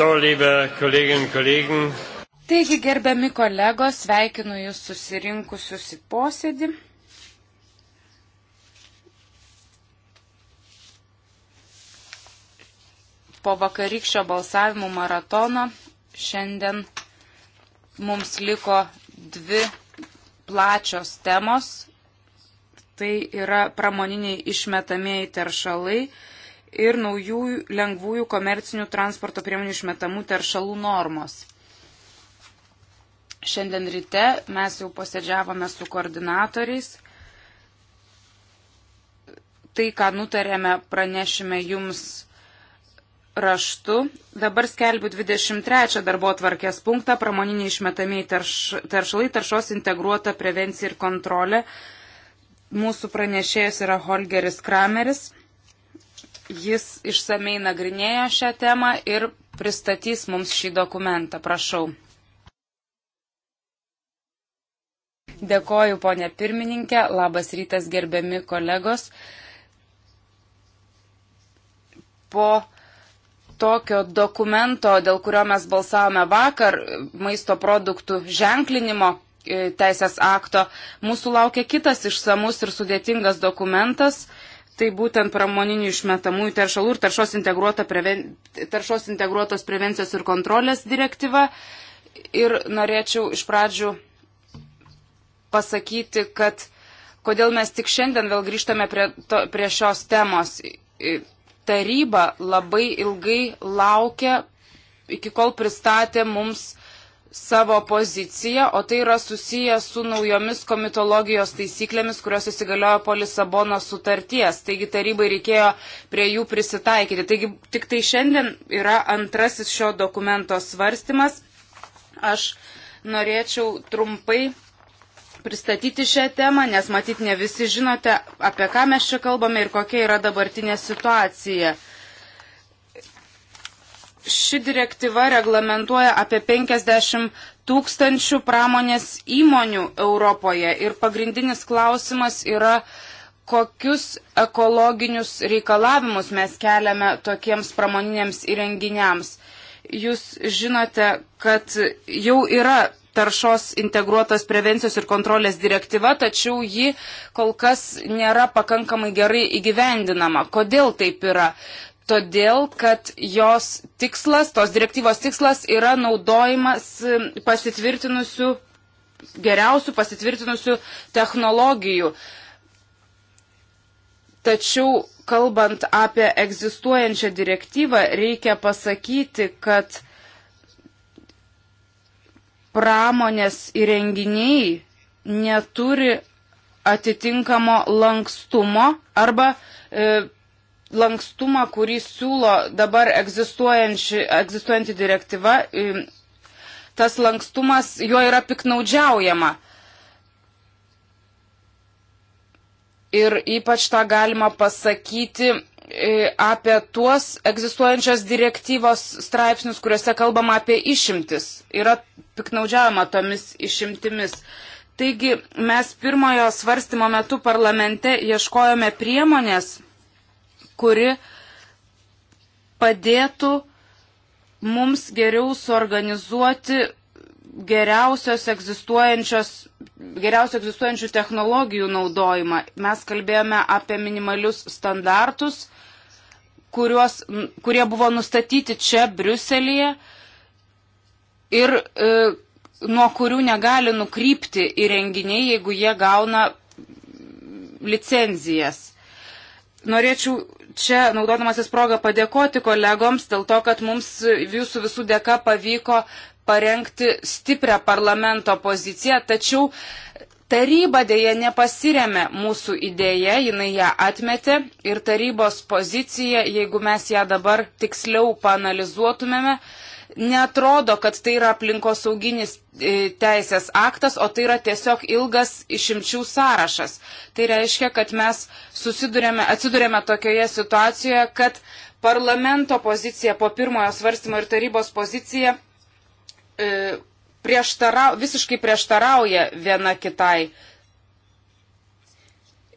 So, liebe Kolleginnen und Kollegen. Taigi, gerbiami kolegos, sveikinu Jūs susirinkusius į posėdį. Po vakarykščio balsavimų maratono šiandien mums liko dvi plačios temos. Tai yra pramoniniai išmetamieji teršalai ir naujų lengvųjų komercinių transporto priemonių išmetamų teršalų normos. Šiandien ryte mes jau posėdžiavome su koordinatoriais. Tai, ką nutarėme, pranešime jums raštu. Dabar skelbiu 23 darbo tvarkės punktą - pramoniniai išmetamiai terš, teršalai, taršos integruota prevencija ir kontrolė. Mūsų pranešėjas yra Holgeris Krameris. Jis išsamei nagrinėjo šią temą ir pristatys mums šį dokumentą. Prašau. Dėkoju, ponė pirmininkė. Labas rytas, gerbiami kolegos. Po tokio dokumento, dėl kurio mes balsavome vakar, maisto produktų ženklinimo e, teisės akto, mūsų laukia kitas išsamus ir sudėtingas dokumentas tai būtent pramoninių išmetamųjų teršalų ir taršos, preven... taršos integruotos prevencijos ir kontrolės direktyva. Ir norėčiau iš pradžių pasakyti, kad kodėl mes tik šiandien vėl grįžtame prie, to, prie šios temos. Taryba labai ilgai laukia, iki kol pristatė mums savo poziciją, o tai yra susiję su naujomis komitologijos taisyklėmis, kurios įsigaliojo po Lisabono sutarties. Taigi tarybai reikėjo prie jų prisitaikyti. Taigi tik tai šiandien yra antrasis šio dokumento svarstymas. Aš norėčiau trumpai pristatyti šią temą, nes matyt ne visi žinote, apie ką mes čia kalbame ir kokia yra dabartinė situacija ši direktyva reglamentuoja apie 50 tūkstančių pramonės įmonių Europoje ir pagrindinis klausimas yra, kokius ekologinius reikalavimus mes keliame tokiems pramoniniams įrenginiams. Jūs žinote, kad jau yra taršos integruotos prevencijos ir kontrolės direktyva, tačiau ji kol kas nėra pakankamai gerai įgyvendinama. Kodėl taip yra? todėl, kad jos tikslas, tos direktyvos tikslas yra naudojimas pasitvirtinusių, geriausių pasitvirtinusių technologijų. Tačiau, kalbant apie egzistuojančią direktyvą, reikia pasakyti, kad pramonės įrenginiai neturi atitinkamo lankstumo arba e, lankstumą, kurį siūlo dabar egzistuojanti direktyva, tas lankstumas, juo yra piknaudžiaujama. Ir ypač tą galima pasakyti e, apie tuos egzistuojančios direktyvos straipsnius, kuriuose kalbama apie išimtis. Yra piknaudžiavama tomis išimtimis. Taigi mes pirmojo svarstymo metu parlamente ieškojome priemonės, kuri padėtų mums geriau suorganizuoti geriausios egzistuojančios, geriausios egzistuojančių technologijų naudojimą. Mes kalbėjome apie minimalius standartus, kuriuos, kurie buvo nustatyti čia, Briuselėje, ir e, nuo kurių negali nukrypti įrenginiai, jeigu jie gauna licenzijas norėčiau čia, naudodamasis progą, padėkoti kolegoms dėl to, kad mums jūsų visų dėka pavyko parengti stiprią parlamento poziciją, tačiau taryba dėje nepasiremė mūsų idėją, jinai ją atmetė ir tarybos pozicija, jeigu mes ją dabar tiksliau panalizuotumėme, netrodo, kad tai yra aplinkosauginis e, teisės aktas, o tai yra tiesiog ilgas išimčių sąrašas. Tai reiškia, kad mes atsidurėme tokioje situacijoje, kad parlamento pozicija po pirmojo svarstymo ir tarybos pozicija e, prieštara, visiškai prieštarauja viena kitai.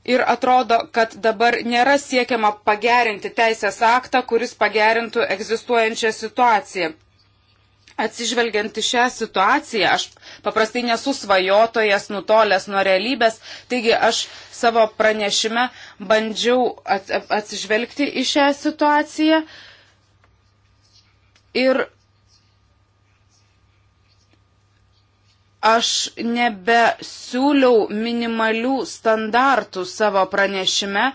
Ir atrodo, kad dabar nėra siekiama pagerinti teisės aktą, kuris pagerintų egzistuojančią situaciją. Atsižvelgiant į šią situaciją, aš paprastai nesu svajotojas, nutolęs nuo realybės, taigi aš savo pranešime bandžiau atsižvelgti į šią situaciją ir aš nebesiūliau minimalių standartų savo pranešime,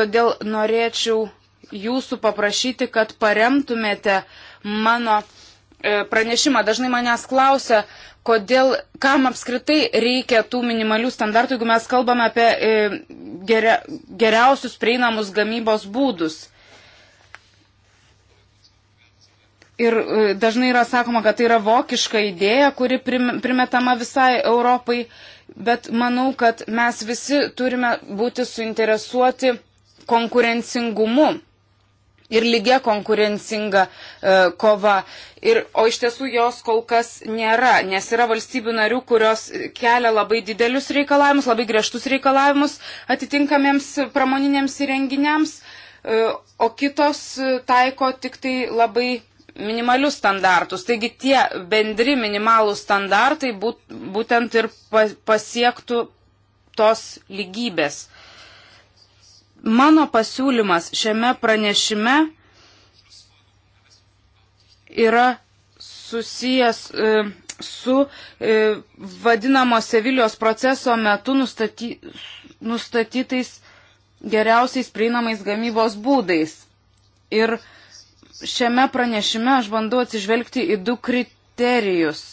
todėl norėčiau jūsų paprašyti, kad paremtumėte mano e, pranešimą. Dažnai manęs klausia, kodėl, kam apskritai reikia tų minimalių standartų, jeigu mes kalbame apie e, geria, geriausius prieinamus gamybos būdus. Ir e, dažnai yra sakoma, kad tai yra vokiška idėja, kuri primetama visai Europai, bet manau, kad mes visi turime būti suinteresuoti konkurencingumu ir lygia konkurencinga e, kova. Ir, o iš tiesų jos kol kas nėra, nes yra valstybių narių, kurios kelia labai didelius reikalavimus, labai griežtus reikalavimus atitinkamiems pramoniniams įrenginiams, e, o kitos taiko tik tai labai minimalius standartus. Taigi tie bendri minimalūs standartai būt, būtent ir pasiektų tos lygybės. Mano pasiūlymas šiame pranešime yra susijęs e, su e, vadinamo Sevilijos proceso metu nustaty, nustatytais geriausiais prieinamais gamybos būdais. Ir šiame pranešime aš bandau atsižvelgti į du kriterijus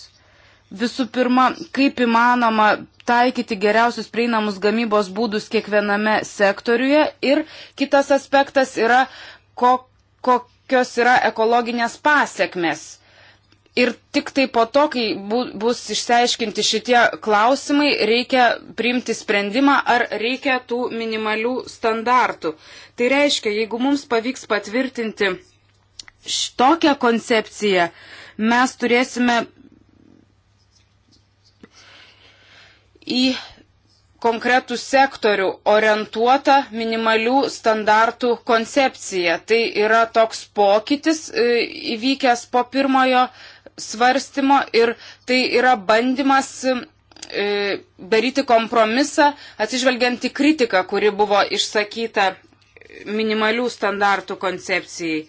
visų pirma, kaip įmanoma taikyti geriausius prieinamus gamybos būdus kiekviename sektoriuje ir kitas aspektas yra, ko, kokios yra ekologinės pasiekmes. Ir tik tai po to, kai bu, bus išsiaiškinti šitie klausimai, reikia priimti sprendimą, ar reikia tų minimalių standartų. Tai reiškia, jeigu mums pavyks patvirtinti šitokią koncepciją, mes turėsime į konkretų sektorių orientuota minimalių standartų koncepcija. Tai yra toks pokytis e, įvykęs po pirmojo svarstymo ir tai yra bandymas e, daryti kompromisą, atsižvelgiant į kritiką, kuri buvo išsakyta minimalių standartų koncepcijai.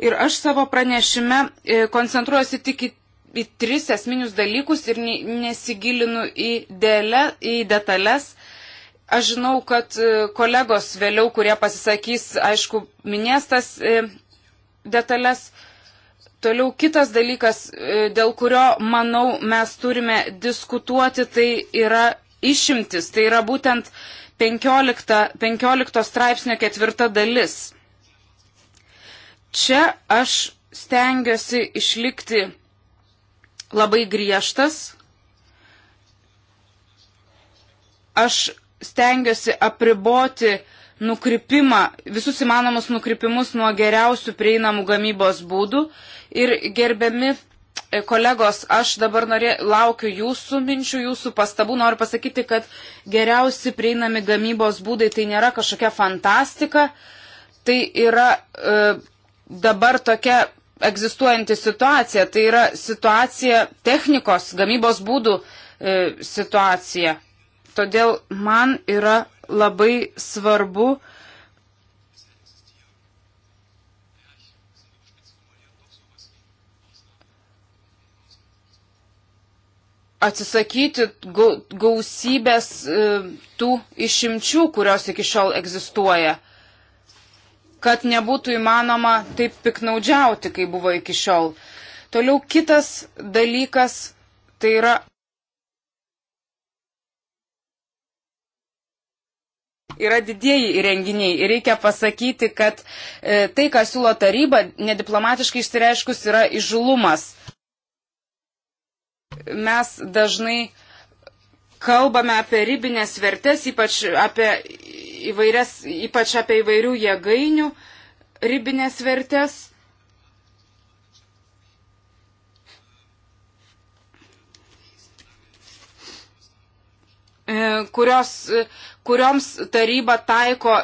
Ir aš savo pranešime e, koncentruosi tik į į tris esminius dalykus ir nesigilinu į, dėlę, į detalės. Aš žinau, kad e, kolegos vėliau, kurie pasisakys, aišku, minės tas e, detalės. Toliau kitas dalykas, e, dėl kurio, manau, mes turime diskutuoti, tai yra išimtis. Tai yra būtent 15, 15 straipsnio ketvirta dalis. Čia aš stengiuosi išlikti labai griežtas. Aš stengiuosi apriboti nukrypimą, visus įmanomus nukrypimus nuo geriausių prieinamų gamybos būdų. Ir gerbiami e, kolegos, aš dabar norė, laukiu jūsų minčių, jūsų pastabų. Noriu pasakyti, kad geriausi prieinami gamybos būdai tai nėra kažkokia fantastika. Tai yra e, dabar tokia egzistuojanti situacija. Tai yra situacija technikos, gamybos būdų e, situacija. Todėl man yra labai svarbu, atsisakyti gausybės e, tų išimčių, kurios iki šiol egzistuoja kad nebūtų įmanoma taip piknaudžiauti, kaip buvo iki šiol. Toliau kitas dalykas tai yra. Yra didieji įrenginiai ir reikia pasakyti, kad e, tai, ką siūlo taryba, nediplomatiškai išsireiškus yra išžulumas. Mes dažnai kalbame apie ribinės vertės, ypač apie, įvairias, ypač apie įvairių jėgainių ribinės vertės. E, kurios, kurioms taryba taiko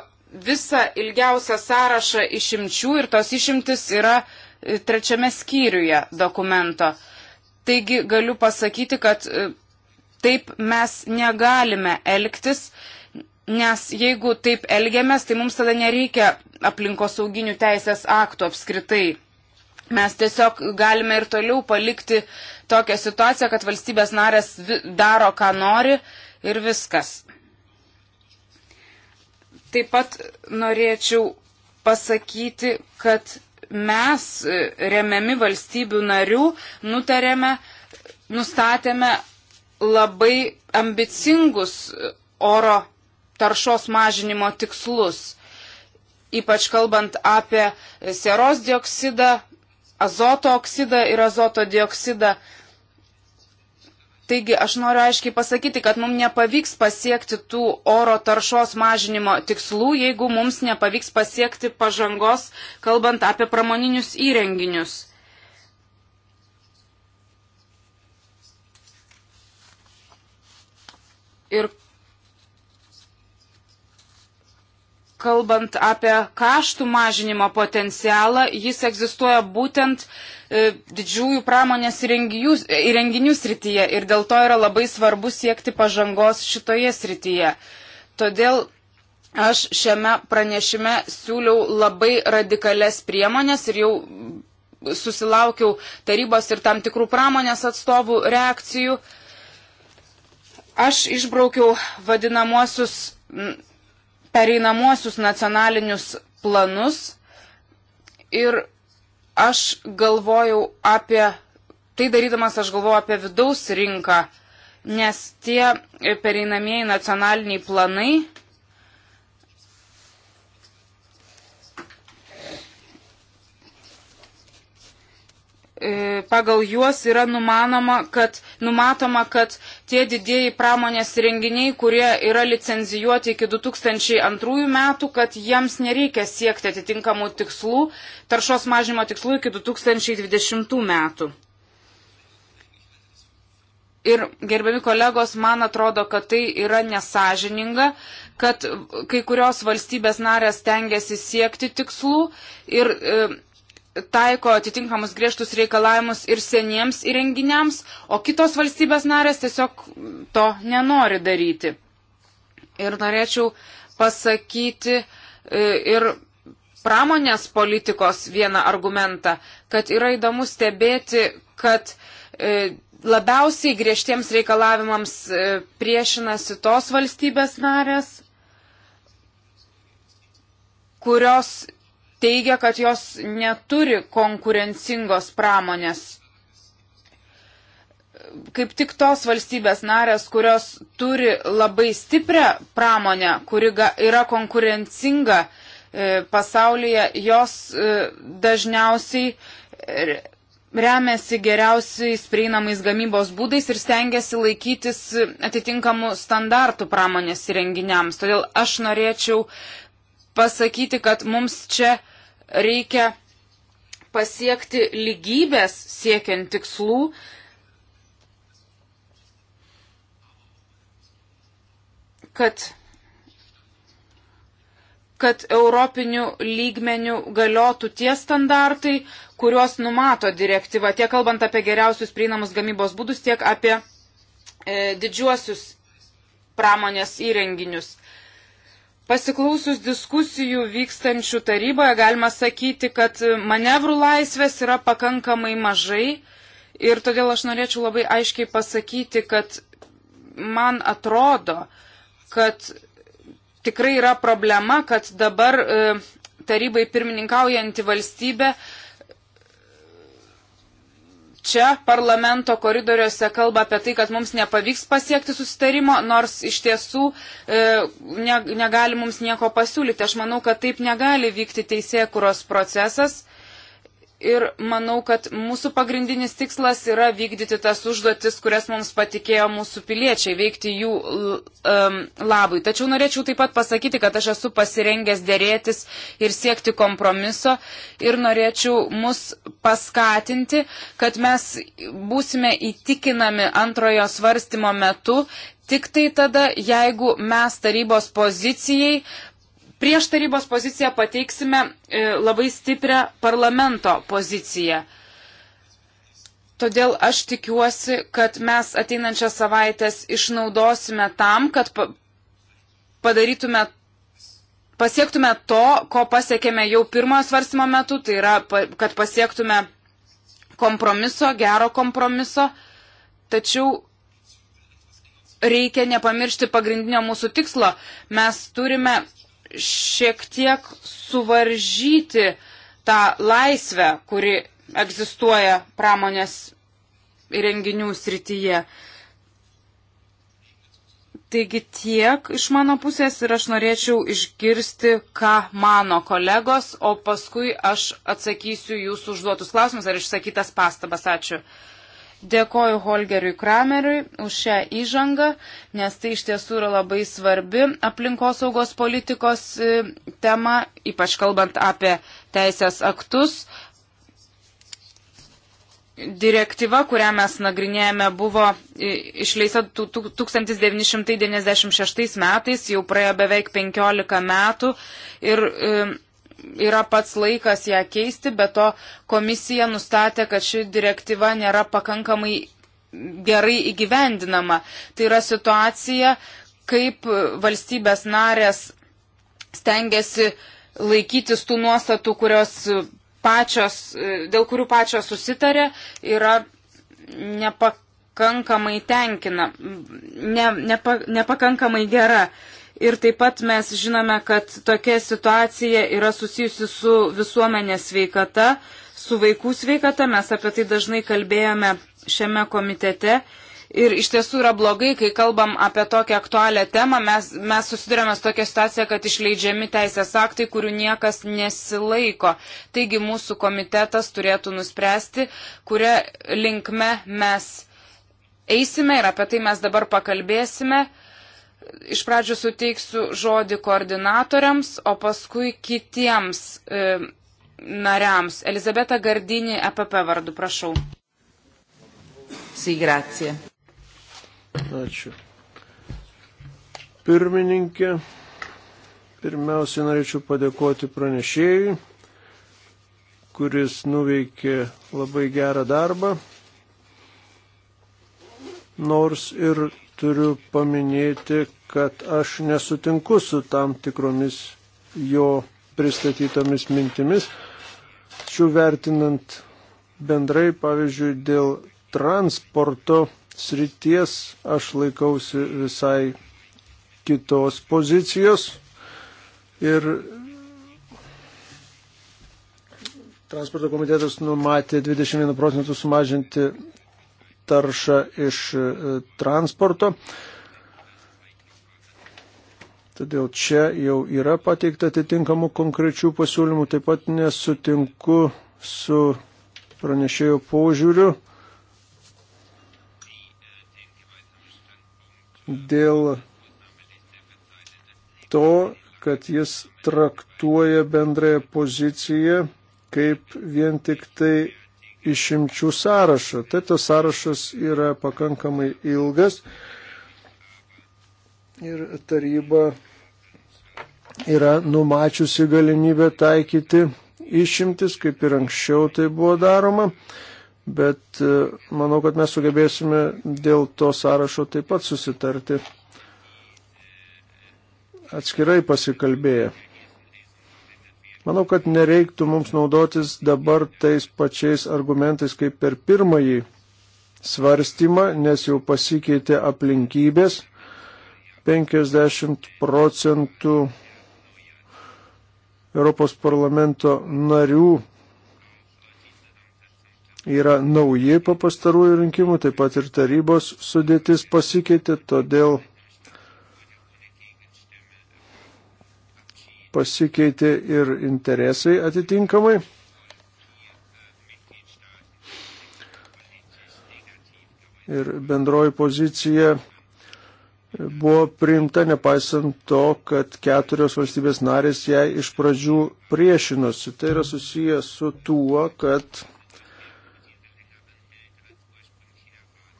visą ilgiausią sąrašą išimčių ir tos išimtis yra e, trečiame skyriuje dokumento. Taigi galiu pasakyti, kad e, Taip mes negalime elgtis, nes jeigu taip elgiamės, tai mums tada nereikia aplinkosauginių teisės aktų apskritai. Mes tiesiog galime ir toliau palikti tokią situaciją, kad valstybės narės daro, ką nori ir viskas. Taip pat norėčiau pasakyti, kad mes remiami valstybių narių nutarėme, nustatėme labai ambicingus oro taršos mažinimo tikslus, ypač kalbant apie seros dioksidą, azoto oksidą ir azoto dioksidą. Taigi aš noriu aiškiai pasakyti, kad mums nepavyks pasiekti tų oro taršos mažinimo tikslų, jeigu mums nepavyks pasiekti pažangos, kalbant apie pramoninius įrenginius. ir kalbant apie kaštų mažinimo potencialą, jis egzistuoja būtent e, didžiųjų pramonės įrenginių, įrenginių srityje ir dėl to yra labai svarbu siekti pažangos šitoje srityje. Todėl aš šiame pranešime siūliau labai radikales priemonės ir jau susilaukiau tarybos ir tam tikrų pramonės atstovų reakcijų. E, Aš išbraukiau vadinamuosius pereinamuosius nacionalinius planus ir aš galvojau apie, tai darydamas aš galvojau apie vidaus rinką, nes tie e, pereinamieji nacionaliniai planai E, pagal juos yra numanoma, kad, numatoma, kad tie didieji pramonės renginiai, kurie yra licenzijuoti iki 2002 metų, kad jiems nereikia siekti atitinkamų tikslų, taršos mažimo tikslų iki 2020 metų. Ir gerbiami kolegos, man atrodo, kad tai yra nesažininga, kad kai kurios valstybės narės tengiasi siekti tikslų ir e, taiko atitinkamus griežtus reikalavimus ir seniems įrenginiams, o kitos valstybės narės tiesiog to nenori daryti. Ir norėčiau pasakyti e, ir pramonės politikos vieną argumentą, kad yra įdomu stebėti, kad e, labiausiai griežtiems reikalavimams e, priešinasi tos valstybės narės, kurios teigia, kad jos neturi konkurencingos pramonės. Kaip tik tos valstybės narės, kurios turi labai stiprią pramonę, kuri yra konkurencinga e, pasaulyje, jos e, dažniausiai remiasi geriausiais prieinamais gamybos būdais ir stengiasi laikytis atitinkamų standartų pramonės įrenginiams. Todėl aš norėčiau pasakyti, kad mums čia reikia pasiekti lygybės siekiant tikslų. Kad, kad europinių lygmenių galiotų tie standartai, kuriuos numato direktyva, tiek kalbant apie geriausius prieinamus gamybos būdus, tiek apie e, didžiuosius pramonės įrenginius. Pasiklausius diskusijų vykstančių taryboje galima sakyti, kad manevrų laisvės yra pakankamai mažai ir todėl aš norėčiau labai aiškiai pasakyti, kad man atrodo, kad tikrai yra problema, kad dabar e, tarybai pirmininkaujanti valstybė e, čia parlamento koridoriuose kalba apie tai, kad mums nepavyks pasiekti susitarimo, nors iš tiesų e, ne, negali mums nieko pasiūlyti. Aš manau, kad taip negali vykti teisėkuros procesas. E, ir manau, kad mūsų pagrindinis tikslas yra vykdyti tas užduotis, kurias mums patikėjo mūsų piliečiai, veikti jų um, labui. Tačiau norėčiau taip pat pasakyti, kad aš esu pasirengęs dėrėtis ir siekti kompromiso ir norėčiau mus paskatinti, kad mes būsime įtikinami antrojo svarstymo metu. Tik tai tada, jeigu mes tarybos pozicijai prieš tarybos poziciją pateiksime e, labai stiprią parlamento poziciją. Todėl aš tikiuosi, kad mes ateinančią savaitęs išnaudosime tam, kad padarytume, pasiektume to, ko pasiekėme jau pirmojo svarstymo metu, tai yra, kad pasiektume kompromiso, gero kompromiso, tačiau reikia nepamiršti pagrindinio mūsų tikslo. Mes turime šiek tiek suvaržyti tą laisvę, kuri egzistuoja pramonės renginių srityje. Taigi tiek iš mano pusės ir aš norėčiau išgirsti, ką mano kolegos, o paskui aš atsakysiu jūsų užduotus klausimus ar išsakytas pastabas. Ačiū. Dėkoju Holgeriui Krameriui už šią įžangą, nes tai iš tiesų yra labai svarbi aplinkosaugos politikos e, tema, ypač kalbant apie teisės aktus. Direktyva, kurią mes nagrinėjame, buvo e, išleista 1996 metais, jau praėjo beveik 15 metų ir e, yra pats laikas ją keisti, bet to komisija nustatė, kad ši direktyva nėra pakankamai gerai įgyvendinama. Tai yra situacija, kaip valstybės narės stengiasi laikytis tų nuostatų, kurios pačios, dėl kurių pačios susitarė, yra nepakankamai tenkina, ne, nepa, nepakankamai gera. Ir taip pat mes žinome, kad tokia situacija yra susijusi su visuomenės sveikata, su vaikų sveikata. Mes apie tai dažnai kalbėjome šiame komitete. Ir iš tiesų yra blogai, kai kalbam apie tokią aktualią temą, mes, mes susidurėme su tokia situacija, kad išleidžiami teisės aktai, kurių niekas nesilaiko. Taigi mūsų komitetas turėtų nuspręsti, kuria linkme mes eisime ir apie tai mes dabar pakalbėsime iš pradžių suteiksiu žodį koordinatoriams, o paskui kitiems e, nariams. Elizabeta Gardinį, EPP vardu, prašau. Sì, grazie. Ačiū. Pirmininkė, pirmiausia, norėčiau padėkoti pranešėjui, kuris nuveikė labai gerą darbą. Nors ir turiu paminėti, kad aš nesutinku su tam tikromis jo pristatytomis mintimis. Šių vertinant bendrai, pavyzdžiui, dėl transporto srities aš laikausi visai kitos pozicijos ir transporto komitetas numatė 21 procentų sumažinti taršą iš e, transporto. Uh, Todėl čia jau yra pateikta atitinkamų konkrečių pasiūlymų, taip pat nesutinku su pranešėjo požiūriu dėl to, kad jis traktuoja bendrąją poziciją kaip vien tik tai išimčių sąrašą. Tai tas sąrašas yra pakankamai ilgas ir taryba yra numačiusi galimybę taikyti išimtis, kaip ir anksčiau tai buvo daroma, bet e, manau, kad mes sugebėsime dėl to sąrašo taip pat susitarti atskirai pasikalbėję. Manau, kad nereiktų mums naudotis dabar tais pačiais argumentais kaip per pirmąjį svarstymą, nes jau pasikeitė aplinkybės. 50 procentų Europos parlamento narių yra nauji po pastarųjų rinkimų, taip pat ir tarybos sudėtis pasikeitė, todėl pasikeitė ir interesai atitinkamai. Ir bendroji pozicija buvo priimta, nepaisant to, kad keturios valstybės narės jai iš pradžių priešinosi. Tai yra susijęs su tuo, kad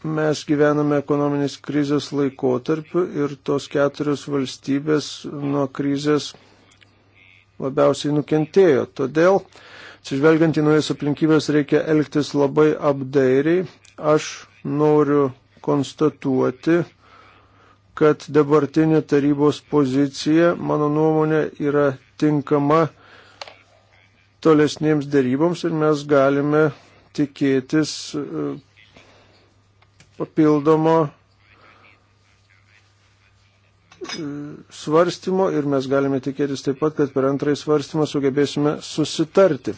mes gyvename ekonominės krizės laikotarpiu ir tos keturios valstybės nuo krizės labiausiai nukentėjo. Todėl, atsižvelgiant į naujas aplinkybės, reikia elgtis labai apdairiai. Aš noriu konstatuoti, kad dabartinė tarybos pozicija, mano nuomonė, yra tinkama tolesniems daryboms ir mes galime tikėtis e, papildomo e, svarstymo ir mes galime tikėtis taip pat, kad per antrąjį svarstymą sugebėsime susitarti.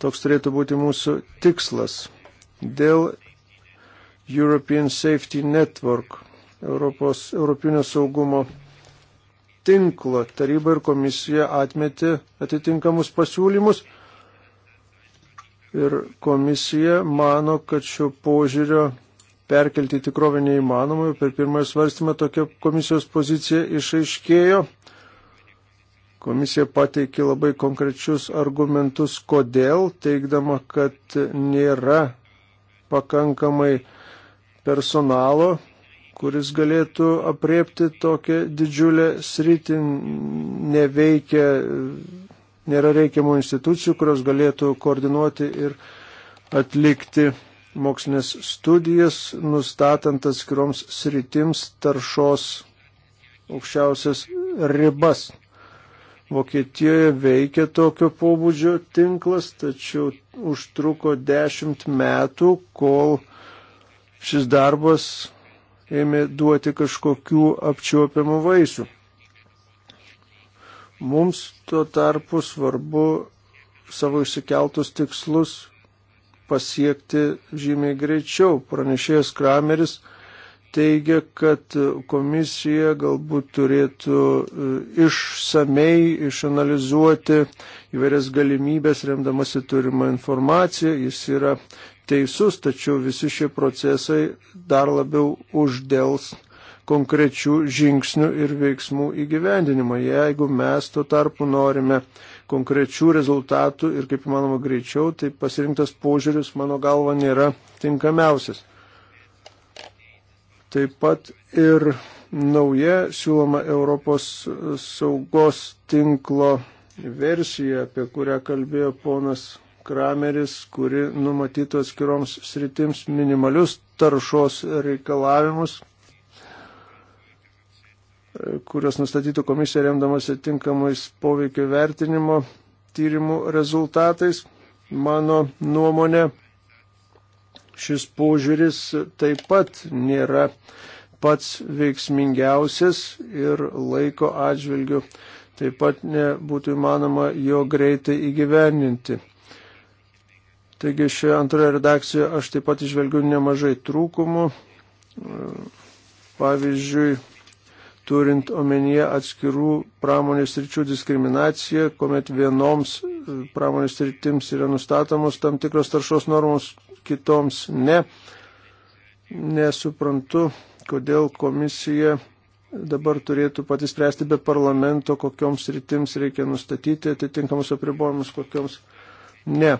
Toks turėtų būti mūsų tikslas dėl European Safety Network Europos, Europinio saugumo tinklą. Taryba ir komisija atmetė atitinkamus pasiūlymus ir komisija mano, kad šio požiūrio perkelti į tikrovę neįmanoma. Per pirmąją svarstymą tokia komisijos pozicija išaiškėjo. Komisija pateikė labai konkrečius argumentus, kodėl, teikdama, kad nėra pakankamai personalo kuris galėtų apriepti tokią didžiulę sritį, neveikia, nėra reikiamų institucijų, kurios galėtų koordinuoti ir atlikti mokslinės studijas, nustatant atskiroms sritims taršos aukščiausias ribas. Vokietijoje veikia tokio pobūdžio tinklas, tačiau užtruko dešimt metų, kol šis darbas ėmė duoti kažkokių apčiuopiamų vaisių. Mums tuo tarpu svarbu savo išsikeltus tikslus pasiekti žymiai greičiau. Pranešėjas Krameris teigia, kad komisija galbūt turėtų e, išsamei išanalizuoti įvairias galimybės remdamasi turimą informaciją. Jis yra teisus, tačiau visi šie procesai dar labiau uždėls konkrečių žingsnių ir veiksmų įgyvendinimą. Jeigu mes tuo tarpu norime konkrečių rezultatų ir kaip įmanoma greičiau, tai pasirinktas požiūris mano galva nėra tinkamiausias. Taip pat ir nauja siūloma Europos saugos tinklo versija, apie kurią kalbėjo ponas Krameris, kuri numatytų atskiroms sritims minimalius taršos reikalavimus, kurios nustatytų komisija remdamasi tinkamais poveikio vertinimo tyrimų rezultatais. Mano nuomonė, šis požiūris taip pat nėra pats veiksmingiausias ir laiko atžvilgiu taip pat nebūtų įmanoma jo greitai įgyveninti. Taigi šioje antroje redakcijoje aš taip pat išvelgiu nemažai trūkumų. Pavyzdžiui, turint omenyje atskirų pramonės ryčių diskriminaciją, kuomet vienoms e, pramonės rytims yra nustatomos tam tikros taršos normos, kitoms ne. Nesuprantu, kodėl komisija dabar turėtų patys spręsti be parlamento, kokioms rytims reikia nustatyti atitinkamus apribojimus, kokioms ne.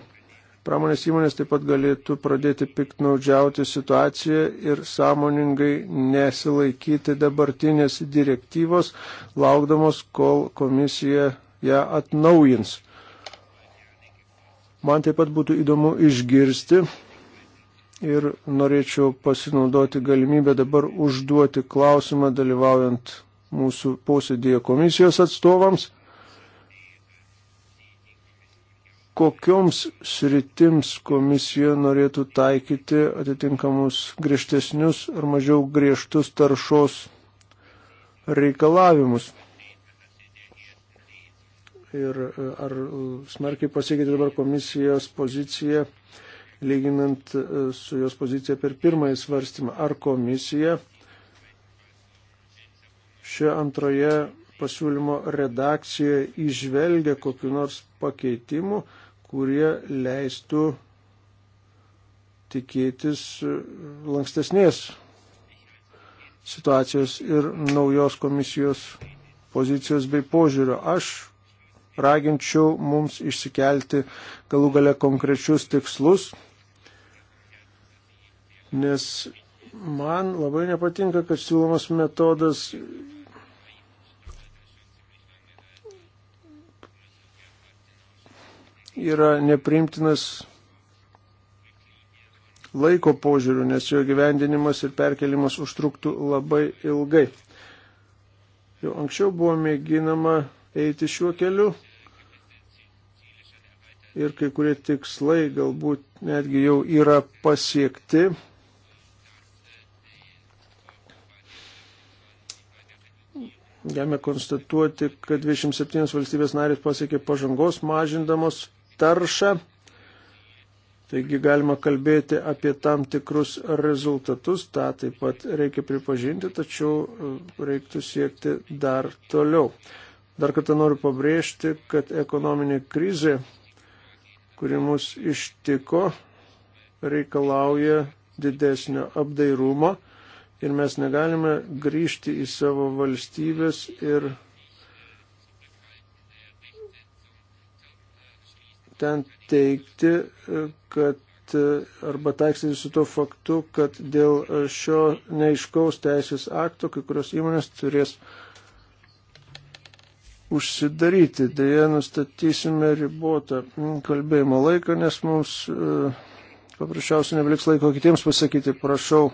Pramonės įmonės taip pat galėtų pradėti piktnaudžiauti situaciją ir sąmoningai nesilaikyti dabartinės direktyvos, laukdamos, kol komisija ją atnaujins. Man taip pat būtų įdomu išgirsti ir norėčiau pasinaudoti galimybę dabar užduoti klausimą dalyvaujant mūsų posėdėje komisijos atstovams. kokioms sritims komisija norėtų taikyti atitinkamus griežtesnius ar mažiau griežtus taršos reikalavimus. Ir e, ar smarkiai pasikeitė dabar komisijos pozicija, lyginant e, su jos pozicija per pirmąjį svarstymą, ar komisija šioje antroje pasiūlymo redakcijoje išvelgia kokiu nors pakeitimu, kurie leistų tikėtis lankstesnės situacijos ir naujos komisijos pozicijos bei požiūrio. Aš raginčiau mums išsikelti galų gale konkrečius tikslus, nes man labai nepatinka, kad siūlomas metodas yra neprimtinas laiko požiūriu, nes jo gyvendinimas ir perkelimas užtruktų labai ilgai. Jau anksčiau buvo mėginama eiti šiuo keliu ir kai kurie tikslai galbūt netgi jau yra pasiekti. Galime konstatuoti, kad 27 valstybės narės pasiekė pažangos mažindamos taršą. Taigi galima kalbėti apie tam tikrus rezultatus, tą taip pat reikia pripažinti, tačiau e, reiktų siekti dar toliau. Dar kartą noriu pabrėžti, kad ekonominė krizė, kuri mus ištiko, reikalauja didesnio apdairumo ir mes negalime grįžti į savo valstybės ir ten teikti, e, kad e, arba taikstyti su tuo faktu, kad dėl e, šio neiškaus teisės akto kai kurios įmonės turės užsidaryti. Deja, nustatysime ribotą kalbėjimo laiką, nes mums paprasčiausiai nebeliks laiko kitiems pasakyti. Prašau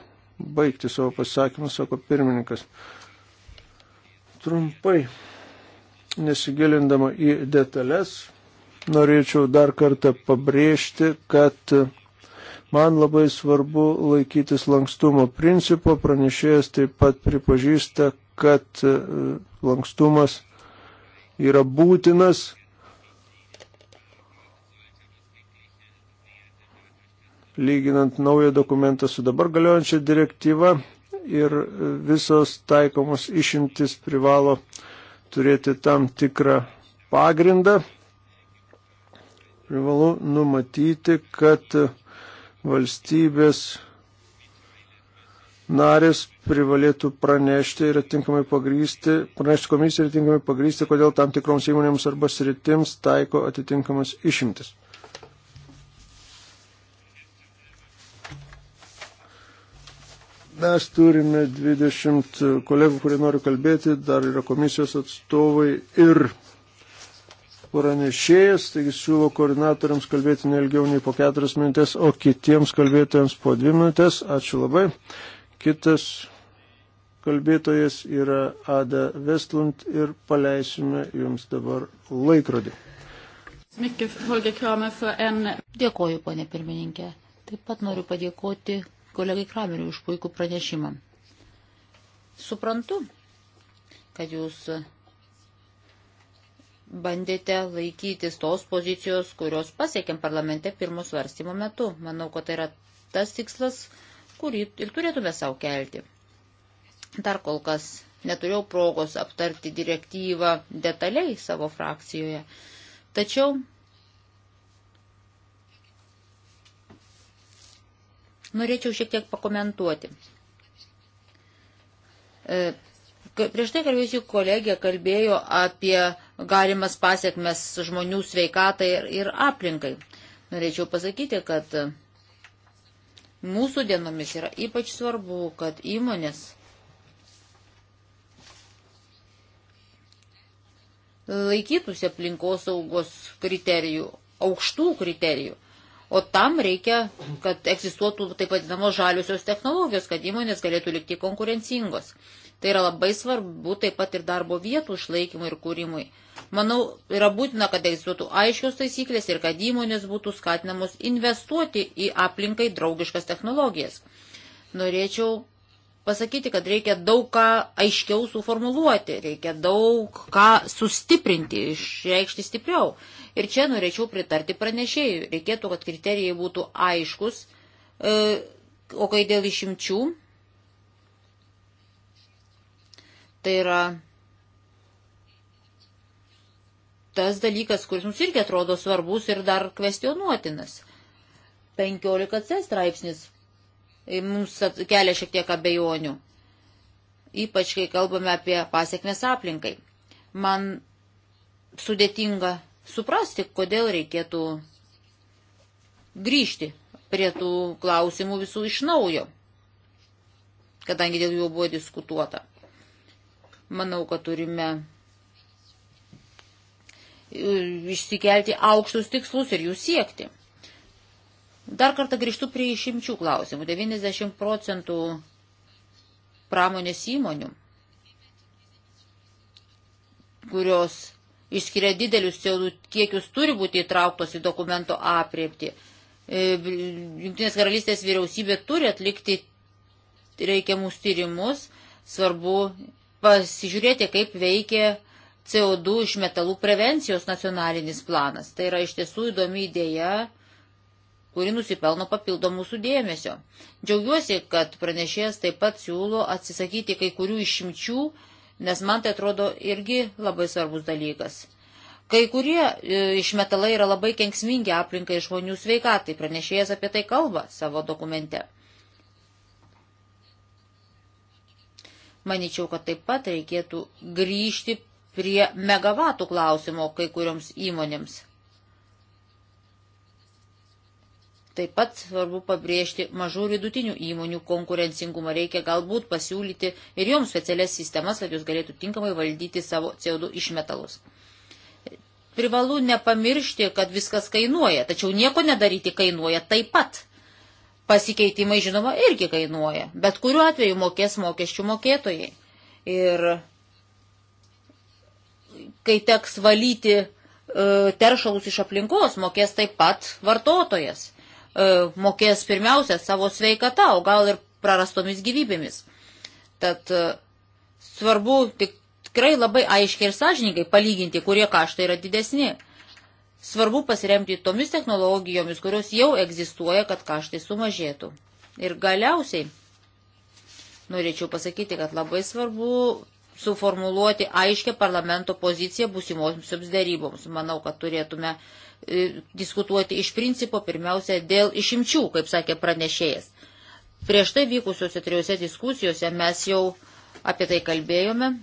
baigti savo pasakymą, sako pirmininkas. Trumpai, nesigilindama į detalės, norėčiau dar kartą pabrėžti, kad man labai svarbu laikytis lankstumo principo. Pranešėjas taip pat pripažįsta, kad e, lankstumas yra būtinas. Lyginant naują dokumentą su dabar galiojančia direktyva ir visos taikomos išimtis privalo turėti tam tikrą pagrindą privalu numatyti, kad valstybės narės privalėtų pranešti ir atinkamai pagrysti, pranešti komisiją ir atinkamai pagrysti, kodėl tam tikroms įmonėms arba sritims taiko atitinkamas išimtis. Mes turime 20 kolegų, kurie nori kalbėti, dar yra komisijos atstovai ir pranešėjas, taigi siūlau koordinatoriams kalbėti nelgiau nei po keturias minutės, o kitiems kalbėtojams po dvi minutės. Ačiū labai. Kitas kalbėtojas yra Ada Vestlund ir paleisime jums dabar laikrodį. Dėkoju, ponė pirmininkė. Taip pat noriu padėkoti kolegai Krameriui už puikų pranešimą. Suprantu, kad jūs bandėte laikytis tos pozicijos, kurios pasiekėm parlamente pirmo svarstymo metu. Manau, kad tai yra tas tikslas, kurį ir turėtume savo kelti. Dar kol kas neturėjau progos aptarti direktyvą detaliai savo frakcijoje. Tačiau norėčiau šiek tiek pakomentuoti. E, Prieš tai kalbėjusi kolegė kalbėjo apie galimas pasiekmes žmonių sveikatai ir, ir aplinkai. Norėčiau pasakyti, kad mūsų dienomis yra ypač svarbu, kad įmonės laikytųsi aplinkos saugos kriterijų, aukštų kriterijų. O tam reikia, kad egzistuotų taip vadinamos žaliosios technologijos, kad įmonės galėtų likti konkurencingos. Tai yra labai svarbu taip pat ir darbo vietų išlaikymui ir kūrimui. Manau, yra būtina, kad egzistuotų aiškios taisyklės ir kad įmonės būtų skatinamos investuoti į aplinkai draugiškas technologijas. Norėčiau pasakyti, kad reikia daug ką aiškiau suformuluoti, reikia daug ką sustiprinti, išreikšti stipriau. Ir čia norėčiau pritarti pranešėjui. Reikėtų, kad kriterijai būtų aiškus, e, o kai dėl išimčių, Tai yra tas dalykas, kuris mums irgi atrodo svarbus ir dar kvestionuotinas. 15c straipsnis mums kelia šiek tiek abejonių, ypač kai kalbame apie pasiekmes aplinkai. Man sudėtinga suprasti, kodėl reikėtų grįžti prie tų klausimų visų iš naujo, kadangi dėl jų buvo diskutuota. Manau, kad turime e, išsikelti aukštus tikslus ir jų siekti. Dar kartą grįžtu prie išimčių klausimų. 90 procentų pramonės įmonių, kurios išskiria didelius CO2 kiekius, turi būti įtrauktos į dokumento apriepti. E, Junktinės karalystės vyriausybė turi atlikti reikiamus tyrimus, svarbu pasižiūrėti, kaip veikia CO2 iš metalų prevencijos nacionalinis planas. Tai yra iš tiesų įdomi idėja, kuri nusipelno papildomų sudėmesio. Džiaugiuosi, kad pranešėjas taip pat siūlo atsisakyti kai kurių išimčių, nes man tai atrodo irgi labai svarbus dalykas. Kai kurie e, išmetalai yra labai kenksmingi aplinkai žmonių sveikatai, pranešėjas apie tai kalba savo dokumente. Maničiau, kad taip pat reikėtų grįžti prie megavatų klausimo kai kurioms įmonėms. Taip pat svarbu pabrėžti mažų ir vidutinių įmonių konkurencingumą. Reikia galbūt pasiūlyti ir joms specialias sistemas, kad jūs galėtų tinkamai valdyti savo CO2 išmetalus. Privalu nepamiršti, kad viskas kainuoja, tačiau nieko nedaryti kainuoja taip pat pasikeitimai, žinoma, irgi kainuoja, bet kuriuo atveju mokės mokesčių mokėtojai. Ir kai teks valyti e, teršalus iš aplinkos, mokės taip pat vartotojas. E, mokės pirmiausia savo sveikata, o gal ir prarastomis gyvybėmis. Tad e, svarbu tik tikrai labai aiškiai ir sąžininkai palyginti, kurie kaštai yra didesni svarbu pasiremti tomis technologijomis, kurios jau egzistuoja, kad kaštai sumažėtų. Ir galiausiai norėčiau pasakyti, kad labai svarbu suformuluoti aiškę parlamento poziciją būsimosioms daryboms. Manau, kad turėtume e, diskutuoti iš principo pirmiausia dėl išimčių, kaip sakė pranešėjas. Prieš tai vykusiuose trijose diskusijose mes jau apie tai kalbėjome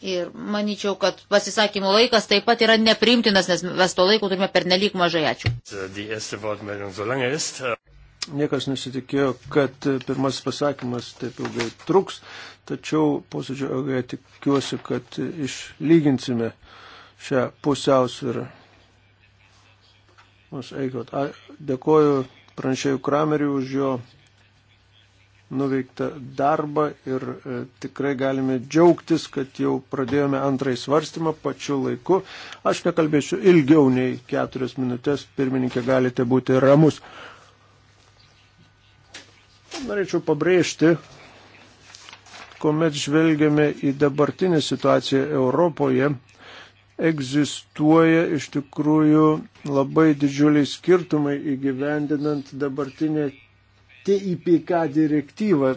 Ir manyčiau, kad pasisakymų laikas taip pat yra neprimtinas, nes mes to laiko turime pernelyg mažai. Ačiū. Niekas nesitikėjo, kad pirmasis pasakymas taip ilgai truks, tačiau posėdžio ilgai tikiuosi, kad išlyginsime šią pusiausvyrą. Dėkoju pranešėjų Krameriui už jo nuveiktą darbą ir e, tikrai galime džiaugtis, kad jau pradėjome antrąjį svarstymą pačiu laiku. Aš nekalbėsiu ilgiau nei keturias minutės, pirmininkė galite būti ramus. Norėčiau pabrėžti, kuomet žvelgiame į dabartinę situaciją Europoje, egzistuoja iš tikrųjų labai didžiuliai skirtumai įgyvendinant dabartinę TIPK direktyvą.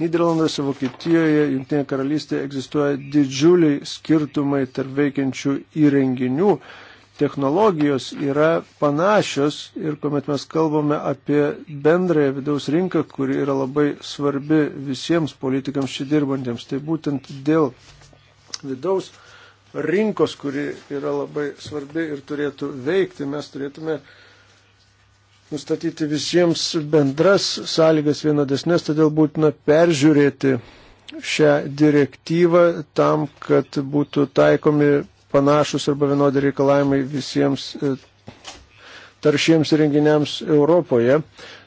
Niderlanduose, Vokietijoje, Junktinėje karalystėje egzistuoja didžiuliai skirtumai tarp veikiančių įrenginių. Technologijos yra panašios ir kuomet mes kalbame apie bendrąją vidaus rinką, kuri yra labai svarbi visiems politikams čia dirbantiems, tai būtent dėl vidaus rinkos, kuri yra labai svarbi ir turėtų veikti, mes turėtume uh, nustatyti visiems bendras sąlygas vienodesnės, todėl būtina peržiūrėti šią direktyvą tam, kad būtų taikomi panašus arba vienodi reikalavimai visiems e, taršiems renginiams Europoje.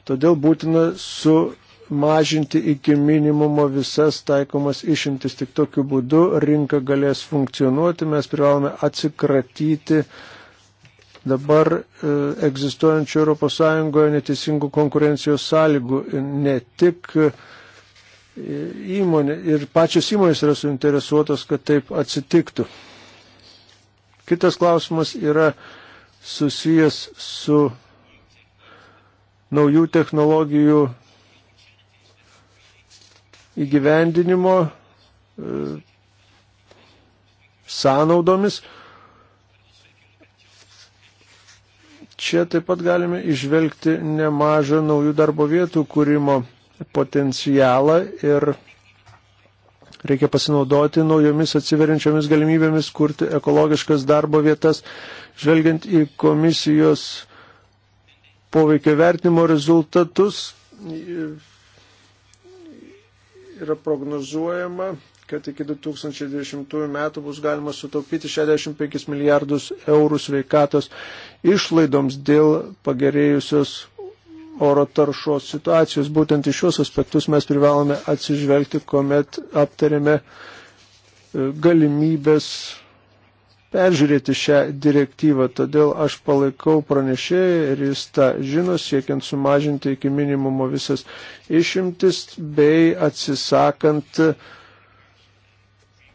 Todėl būtina sumažinti iki minimumo visas taikomas išimtis. Tik tokiu būdu rinka galės funkcionuoti. Mes privalome atsikratyti uh, dabar e, egzistuojančių ES neteisingų konkurencijos sąlygų ne tik e, įmonė ir pačios įmonės yra suinteresuotos, kad taip atsitiktų. Kitas klausimas yra susijęs su naujų technologijų įgyvendinimo e, sąnaudomis. E, Čia taip pat galime išvelgti nemažą naujų darbo vietų kūrimo potencialą ir reikia pasinaudoti naujomis atsiveriančiomis galimybėmis kurti ekologiškas darbo vietas, žvelgiant į komisijos poveikio vertinimo rezultatus yra prognozuojama, kad iki 2020 metų bus galima sutaupyti 65 milijardus eurų sveikatos išlaidoms dėl pagerėjusios oro taršos situacijos. Būtent iš šios aspektus mes privalome atsižvelgti, kuomet aptarėme e, galimybės peržiūrėti šią direktyvą. Todėl aš palaikau pranešėją ir jis tą žino, siekiant sumažinti iki minimumo visas išimtis bei atsisakant uh,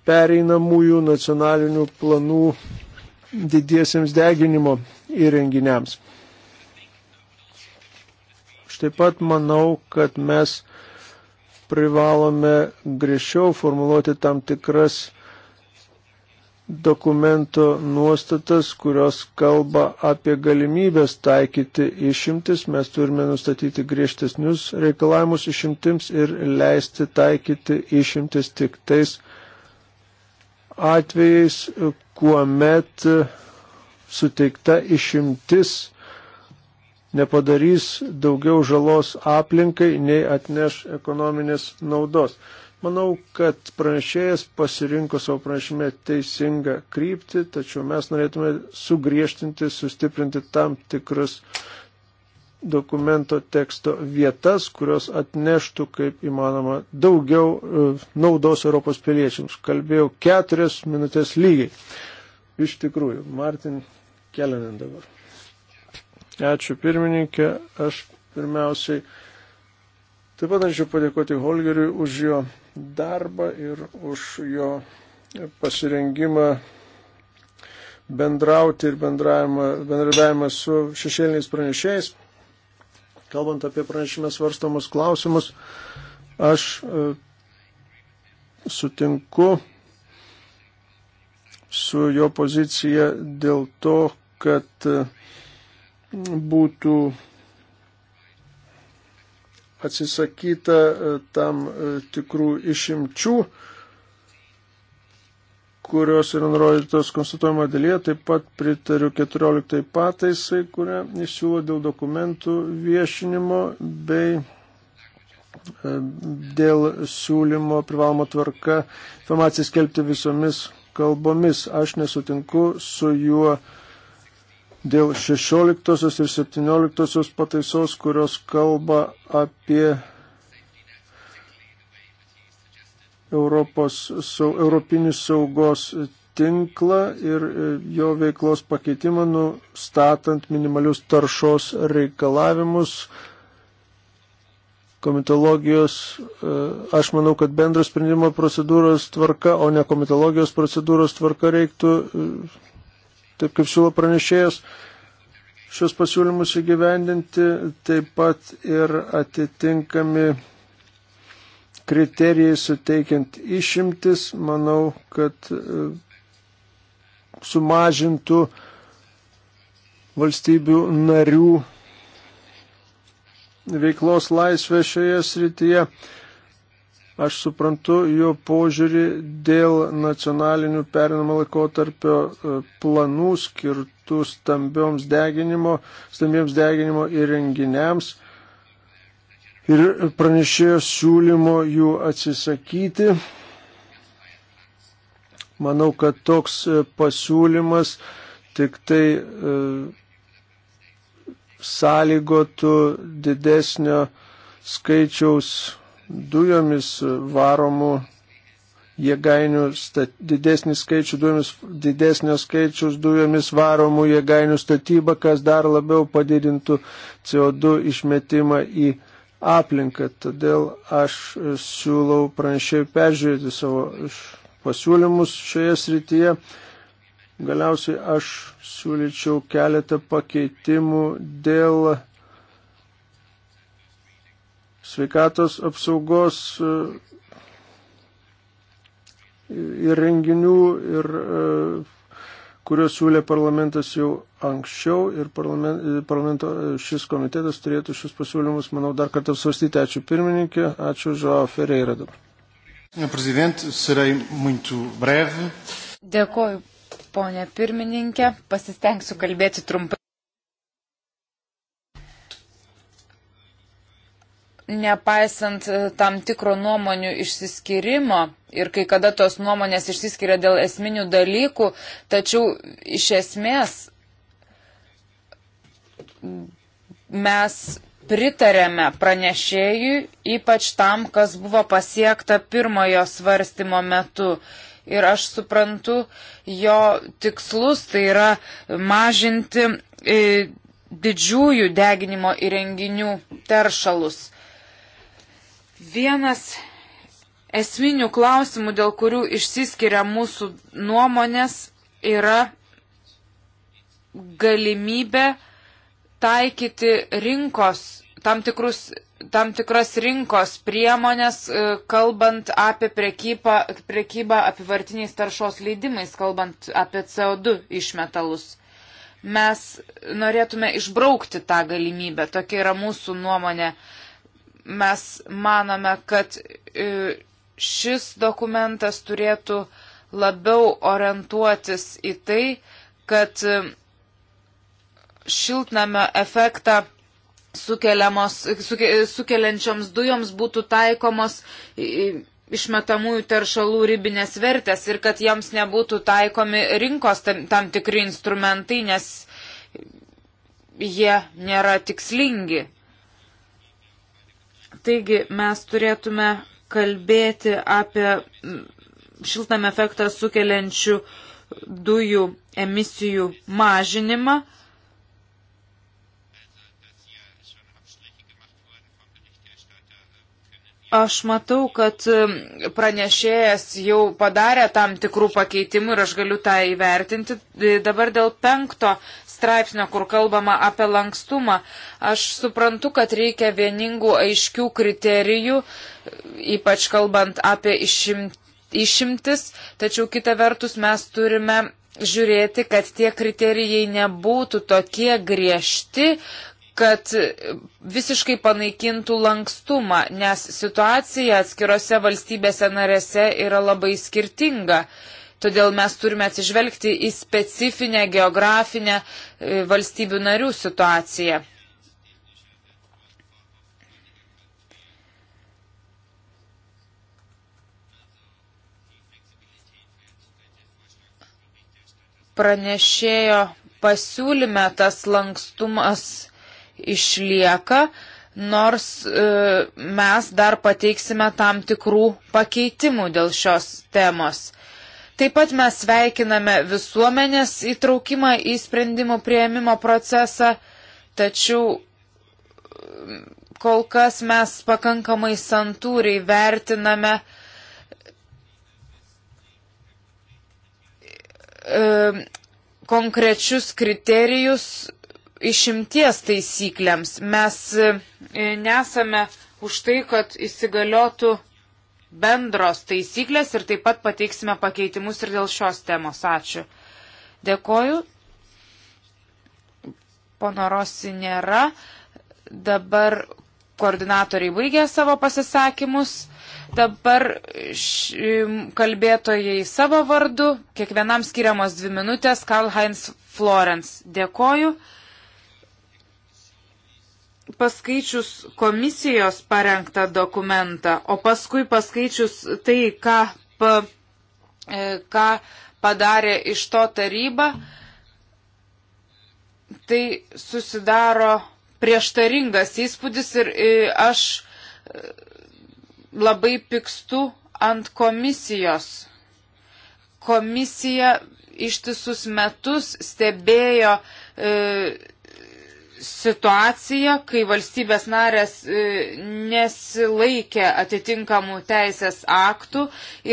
pereinamųjų nacionalinių planų didiesiems deginimo įrenginiams. Aš taip pat manau, kad mes privalome griežčiau formuluoti tam tikras dokumento nuostatas, kurios kalba apie galimybės taikyti išimtis. Mes turime nustatyti griežtesnius reikalavimus išimtims ir leisti taikyti išimtis tik tais atvejais, kuomet suteikta išimtis nepadarys daugiau žalos aplinkai, nei atneš ekonominės naudos. Manau, kad pranešėjas pasirinko savo pranešime teisingą kryptį, tačiau mes norėtume sugriežtinti, sustiprinti tam tikrus dokumento teksto vietas, kurios atneštų kaip įmanoma daugiau e, naudos Europos piliečiams. Kalbėjau keturias minutės lygiai. Iš tikrųjų, Martin Kelenen dabar. Ačiū pirmininkė, aš pirmiausiai taip pat norėčiau padėkoti Holgeriui už jo darbą ir už jo pasirengimą bendrauti ir bendravimą su šešėliniais pranešėjais. Kalbant apie pranešimę svarstomus klausimus, aš e, sutinku su jo pozicija dėl to, kad e, būtų atsisakyta e, tam tikrų išimčių kurios yra nurodytos konstatuojamo dalyje, taip pat pritariu 14 pataisai, kurią įsiūlo dėl dokumentų viešinimo bei e, dėl siūlymo privalomo tvarka informaciją skelbti visomis kalbomis. Aš nesutinku su juo dėl 16 ir 17 pataisos, kurios kalba apie Europos, sau, Europinį saugos tinklą ir e, jo veiklos pakeitimą, nustatant minimalius taršos reikalavimus. Komitologijos, e, aš manau, kad bendro sprendimo procedūros tvarka, o ne komitologijos procedūros tvarka reiktų, e, taip kaip siūlo pranešėjas, šios pasiūlymus įgyvendinti, taip pat ir atitinkami kriterijai suteikiant išimtis, manau, kad e, sumažintų valstybių narių veiklos laisvę šioje srityje. Aš suprantu jo požiūrį dėl nacionalinių perinamo laikotarpio e, planų skirtų stambioms deginimo, stambiems deginimo įrenginiams ir pranešėjo siūlymo jų atsisakyti. Manau, kad toks e, pasiūlymas tik tai e, sąlygotų didesnio skaičiaus dujomis varomų jėgainių, stat, didesnį skaičių dujomis, didesnio skaičiaus dujomis varomų jėgainių statybą, kas dar labiau padidintų CO2 išmetimą į aplinką. Todėl aš siūlau pranešėjai peržiūrėti savo pasiūlymus šioje srityje. Galiausiai aš siūlyčiau keletą pakeitimų dėl sveikatos apsaugos e, ir renginių ir uh, kuriuos siūlė parlamentas jau anksčiau ir parlament, parlamento šis komitetas turėtų šius pasiūlymus, manau, dar kartą svarstyti. Ačiū pirmininkė, ačiū Žao Ferreira dabar. Dėkoju, ponė pirmininkė, pasistengsiu kalbėti trumpai. nepaisant e, tam tikro nuomonių išsiskirimo ir kai kada tos nuomonės išsiskiria dėl esminių dalykų, tačiau iš esmės mes pritarėme pranešėjui, ypač tam, kas buvo pasiekta pirmojo svarstymo metu. Ir aš suprantu jo tikslus, tai yra mažinti e, didžiųjų deginimo įrenginių teršalus. Vienas esminių klausimų, dėl kurių išsiskiria mūsų nuomonės, yra galimybė taikyti rinkos, tam, tikrus, tam tikras rinkos priemonės, e, kalbant apie prekybą, prekybą apivartiniais taršos leidimais, kalbant apie CO2 išmetalus. Mes norėtume išbraukti tą galimybę, tokia yra mūsų nuomonė. Uh, Mes manome, kad e, šis dokumentas turėtų labiau orientuotis į tai, kad e, šiltnamio efektą suke, sukeliančioms dujoms būtų taikomos e, išmetamųjų teršalų ribinės vertės ir kad jiems nebūtų taikomi rinkos tam, tam tikri instrumentai, nes jie nėra tikslingi. Taigi mes turėtume kalbėti apie šiltnamio efektą sukeliančių dujų emisijų mažinimą. Aš matau, kad pranešėjas jau padarė tam tikrų pakeitimų ir aš galiu tą įvertinti. Dabar dėl penkto straipsnio, kur kalbama apie lankstumą. Aš suprantu, kad reikia vieningų aiškių kriterijų, ypač kalbant apie išim, išimtis, tačiau kita vertus mes turime žiūrėti, kad tie kriterijai nebūtų tokie griežti, kad visiškai panaikintų lankstumą, nes situacija atskirose valstybėse narėse yra labai skirtinga. Todėl mes turime atsižvelgti į specifinę geografinę e, valstybių narių situaciją. Pranešėjo pasiūlyme tas lankstumas išlieka, nors e, mes dar pateiksime tam tikrų pakeitimų dėl šios temos. Taip pat mes sveikiname visuomenės įtraukimą į sprendimų prieimimo procesą, tačiau mm, kol kas mes pakankamai santūriai vertiname mm, konkrečius kriterijus išimties taisyklėms. Mes mm, nesame už tai, kad įsigaliotų bendros taisyklės ir taip pat pateiksime pakeitimus ir dėl šios temos. Ačiū. Dėkoju. Pono Rosi nėra. Dabar koordinatoriai baigė savo pasisakymus. Dabar š, kalbėtojai savo vardu. Kiekvienam skiriamos dvi minutės. Karl Heinz Florence. Dėkoju paskaičius komisijos parengtą dokumentą, o paskui paskaičius tai, ką, pa, e, ką padarė iš to taryba, tai susidaro prieštaringas įspūdis ir e, aš e, labai pikstu ant komisijos. Komisija ištisus metus stebėjo e, situacija, kai valstybės narės e, nesilaikė atitinkamų teisės aktų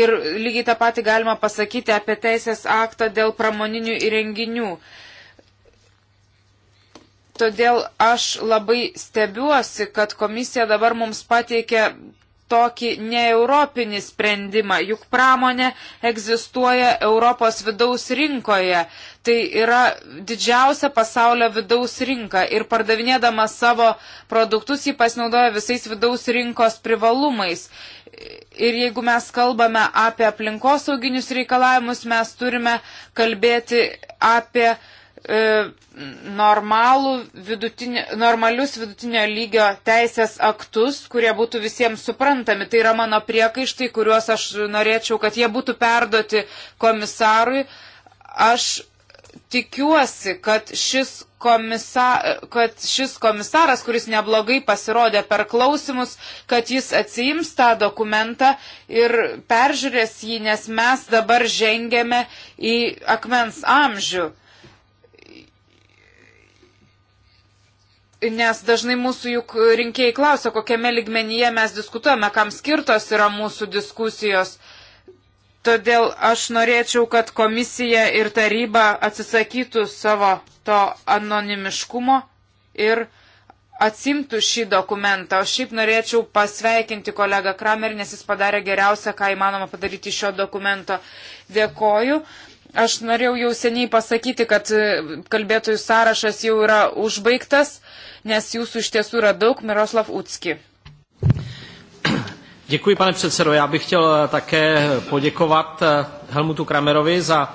ir lygiai tą patį galima pasakyti apie teisės aktą dėl pramoninių įrenginių. Todėl aš labai stebiuosi, kad komisija dabar mums pateikė tokį neeuropinį sprendimą, juk pramonė egzistuoja Europos vidaus rinkoje. Tai yra didžiausia pasaulio vidaus rinka ir pardavinėdama savo produktus jį pasinaudoja visais vidaus rinkos privalumais. Ir jeigu mes kalbame apie aplinkosauginius reikalavimus, mes turime kalbėti apie E, normalų vidutinio, normalius vidutinio lygio teisės aktus, kurie būtų visiems suprantami. Tai yra mano priekaištai, kuriuos aš norėčiau, kad jie būtų perduoti komisarui. Aš tikiuosi, kad šis, komisa, kad šis komisaras, kuris neblogai pasirodė per klausimus, kad jis atsiims tą dokumentą ir peržiūrės jį, nes mes dabar žengėme į akmens amžių. Nes dažnai mūsų juk rinkėjai klausia, kokiame ligmenyje mes diskutuojame, kam skirtos yra mūsų diskusijos. Todėl aš norėčiau, kad komisija ir taryba atsisakytų savo to anonimiškumo ir atsimtų šį dokumentą. O šiaip norėčiau pasveikinti kolegą Kramer, nes jis padarė geriausią, ką įmanoma padaryti šio dokumento. Dėkoju. Aš norėjau jau seniai pasakyti, kad kalbėtojų sąrašas jau yra užbaigtas nes jūsų iš tiesų yra daug, Miroslav Utski. Děkuji, pane předsedo. Já bych chtěl eh, také poděkovat eh, Helmutu Kramerovi za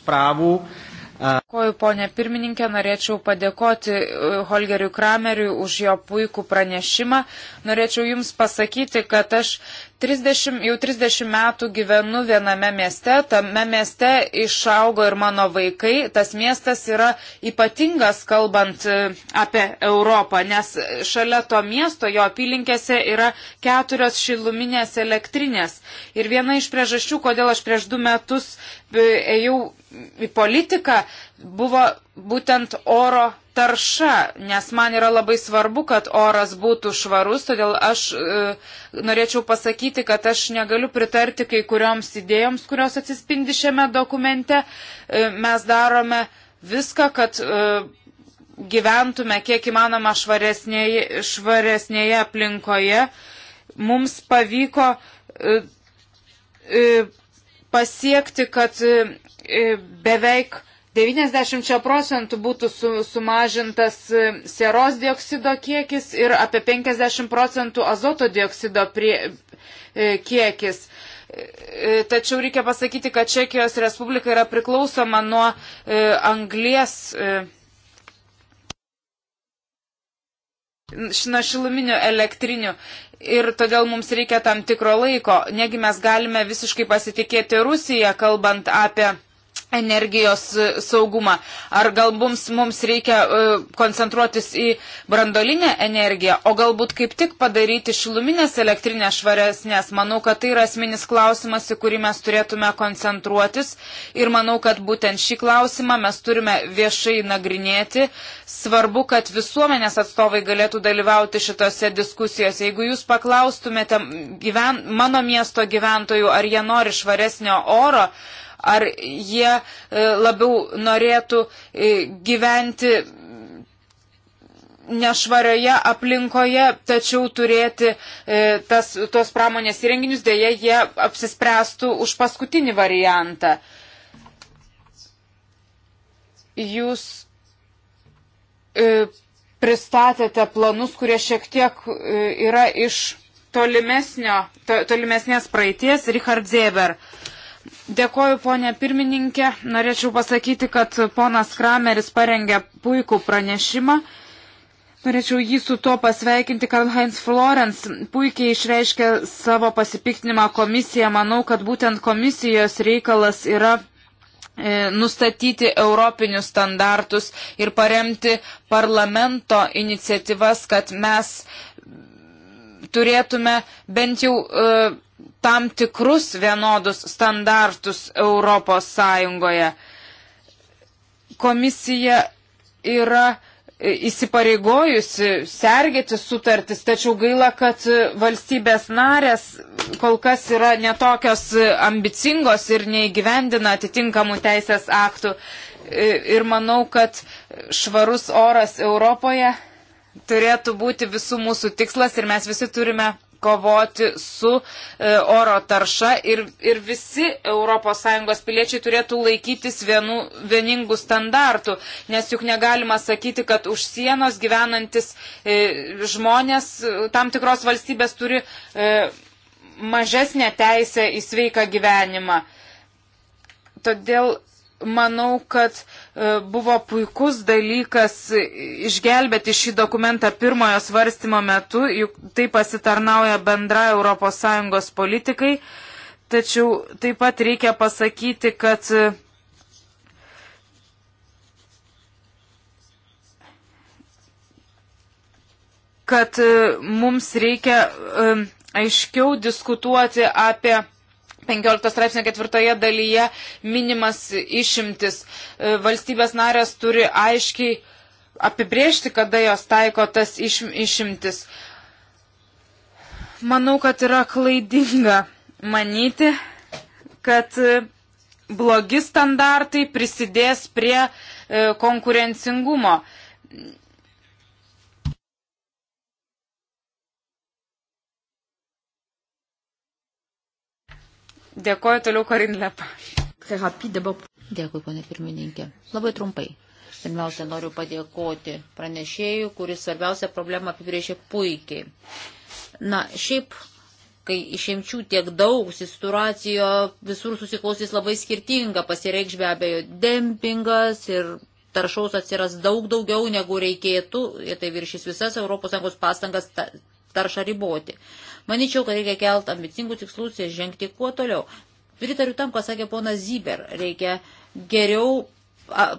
zprávu. Dėkoju, ponė pirmininkė, norėčiau padėkoti e, Holgeriu Krameriui už jo puikų pranešimą. Norėčiau Jums pasakyti, kad aš 30, jau 30 metų gyvenu viename mieste, tame mieste išaugo ir mano vaikai. Tas miestas yra ypatingas, kalbant e, apie Europą, nes šalia to miesto jo apylinkėse yra keturios šiluminės elektrinės. Ir viena iš priežasčių, kodėl aš prieš du metus e, ėjau į politiką buvo būtent oro tarša, nes man yra labai svarbu, kad oras būtų švarus, todėl aš e, norėčiau pasakyti, kad aš negaliu pritarti kai kurioms idėjoms, kurios atsispindi šiame dokumente. E, mes darome viską, kad e, gyventume kiek įmanoma švaresnėje, švaresnėje aplinkoje. Mums pavyko e, e, pasiekti, kad e, E, beveik 90 procentų būtų su, sumažintas e, seros dioksido kiekis ir apie 50 procentų azoto dioksido prie, e, kiekis. E, tačiau reikia pasakyti, kad Čekijos Respublika yra priklausoma nuo e, anglies. E, nuo šiluminių elektrinių ir todėl mums reikia tam tikro laiko. Negi mes galime visiškai pasitikėti Rusiją, kalbant apie energijos e, saugumą. Ar gal mums, mums reikia uh, koncentruotis į brandolinę energiją, o galbūt kaip tik padaryti šiluminės elektrinės švaresnės. Manau, kad tai yra asmenis klausimas, į kurį mes turėtume koncentruotis ir manau, kad būtent šį klausimą mes turime viešai nagrinėti. Svarbu, kad visuomenės atstovai galėtų dalyvauti šitose diskusijose. Jeigu jūs paklaustumėte gyven, mano miesto gyventojų, ar jie nori švaresnio oro, uh, Ar jie e, labiau norėtų e, gyventi nešvarioje aplinkoje, tačiau turėti e, tas, tos pramonės įrenginius, dėje jie apsispręstų už paskutinį variantą. Jūs pristatėte planus, kurie šiek tiek yra iš tolimesnio, to, tolimesnės praeities, Richard Zeber. E, Dėkoju, ponė pirmininkė. Norėčiau pasakyti, kad ponas Krameris parengė puikų pranešimą. Norėčiau jį su tuo pasveikinti, kad Heinz Florence puikiai išreiškė savo pasipiktinimą komisiją. Manau, kad būtent komisijos reikalas yra e, nustatyti europinius standartus ir paremti parlamento iniciatyvas, kad mes turėtume bent jau e, tam tikrus vienodus standartus Europos Sąjungoje. Komisija yra e, įsipareigojusi sergėti sutartis, tačiau gaila, kad valstybės narės kol kas yra netokios ambicingos ir neįgyvendina atitinkamų teisės aktų. E, ir manau, kad švarus oras Europoje turėtų būti visų mūsų tikslas ir mes visi turime kovoti su e, oro tarša ir, ir visi ES piliečiai turėtų laikytis vienu, vieningų standartų, nes juk negalima sakyti, kad už sienos gyvenantis e, žmonės e, tam tikros valstybės turi e, mažesnę teisę į sveiką gyvenimą. Todėl manau, kad e, buvo puikus dalykas išgelbėti šį dokumentą pirmojo svarstymo metu, juk tai pasitarnauja bendra ES politikai. Tačiau taip pat reikia pasakyti, kad e, kad e, mums reikia aiškiau diskutuoti apie 15 straipsnio ketvirtoje dalyje minimas išimtis. E, valstybės narės turi aiškiai apibriežti, kada jos taiko tas iš, išimtis. Manau, kad yra klaidinga manyti, kad blogi standartai prisidės prie e, konkurencingumo. Dėkoju toliau Karin Lepa. Dėkui, ponė pirmininkė. Labai trumpai. Pirmiausia, noriu padėkoti pranešėjui, kuris svarbiausia problemą apibrėžė puikiai. Na, šiaip, kai išimčių tiek daug, situacija visur susiklostys labai skirtinga, pasireikš be abejo dempingas ir taršaus atsiras daug daugiau negu reikėtų, ir tai viršys visas ES pastangas taršą riboti. Maničiau, kad reikia kelt ambicingų tikslus ir žengti kuo toliau. Pritariu tam, ką sakė ponas Zyber, reikia geriau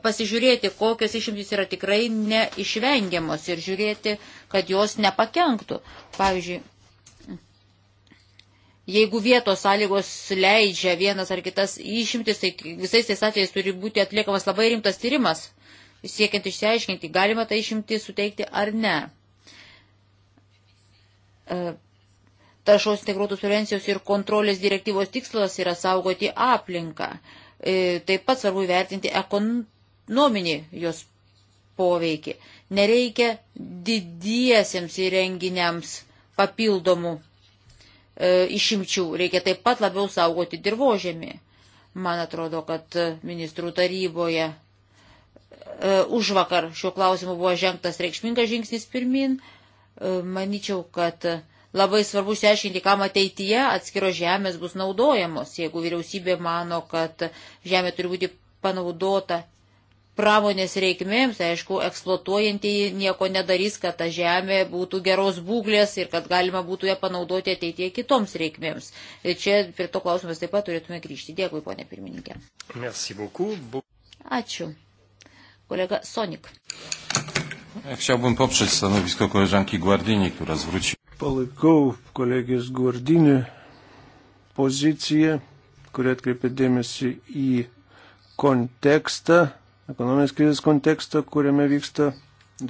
pasižiūrėti, kokios išimtys yra tikrai neišvengiamos ir žiūrėti, kad jos nepakenktų. Pavyzdžiui, jeigu vietos sąlygos leidžia vienas ar kitas išimtis, tai visais tais atvejais turi būti atliekamas labai rimtas tyrimas, siekiant išsiaiškinti, galima tą išimtį suteikti ar ne. E, taršos integruotos prevencijos ir kontrolės direktyvos tikslas yra saugoti aplinką. E, taip pat svarbu įvertinti ekonominį jos poveikį. Nereikia didiesiems įrenginiams papildomų e, išimčių. Reikia taip pat labiau saugoti dirbožėmį. Man atrodo, kad ministrų taryboje e, už vakar šiuo klausimu buvo žengtas reikšmingas žingsnis pirmin. E, manyčiau, kad e, labai svarbu išsiaiškinti, kam ateityje atskiro žemės bus naudojamos. Jeigu vyriausybė mano, kad žemė turi būti panaudota pramonės reikmėms, tai aišku, eksploatuojantieji nieko nedarys, kad ta žemė būtų geros būklės ir kad galima būtų ją panaudoti ateitie kitoms reikmėms. Ir čia prie to klausimas taip pat turėtume grįžti. Dėkui, ponė pirmininkė. Merci beaucoup. Ačiū. Kolega Sonik. Ja chciałbym poprzeć stanowisko koleżanki Guardini, która zwróciła. Palaikau kolegijos Guardinį poziciją, kuri atkreipia dėmesį į kontekstą, ekonominės krizės kontekstą, kuriame vyksta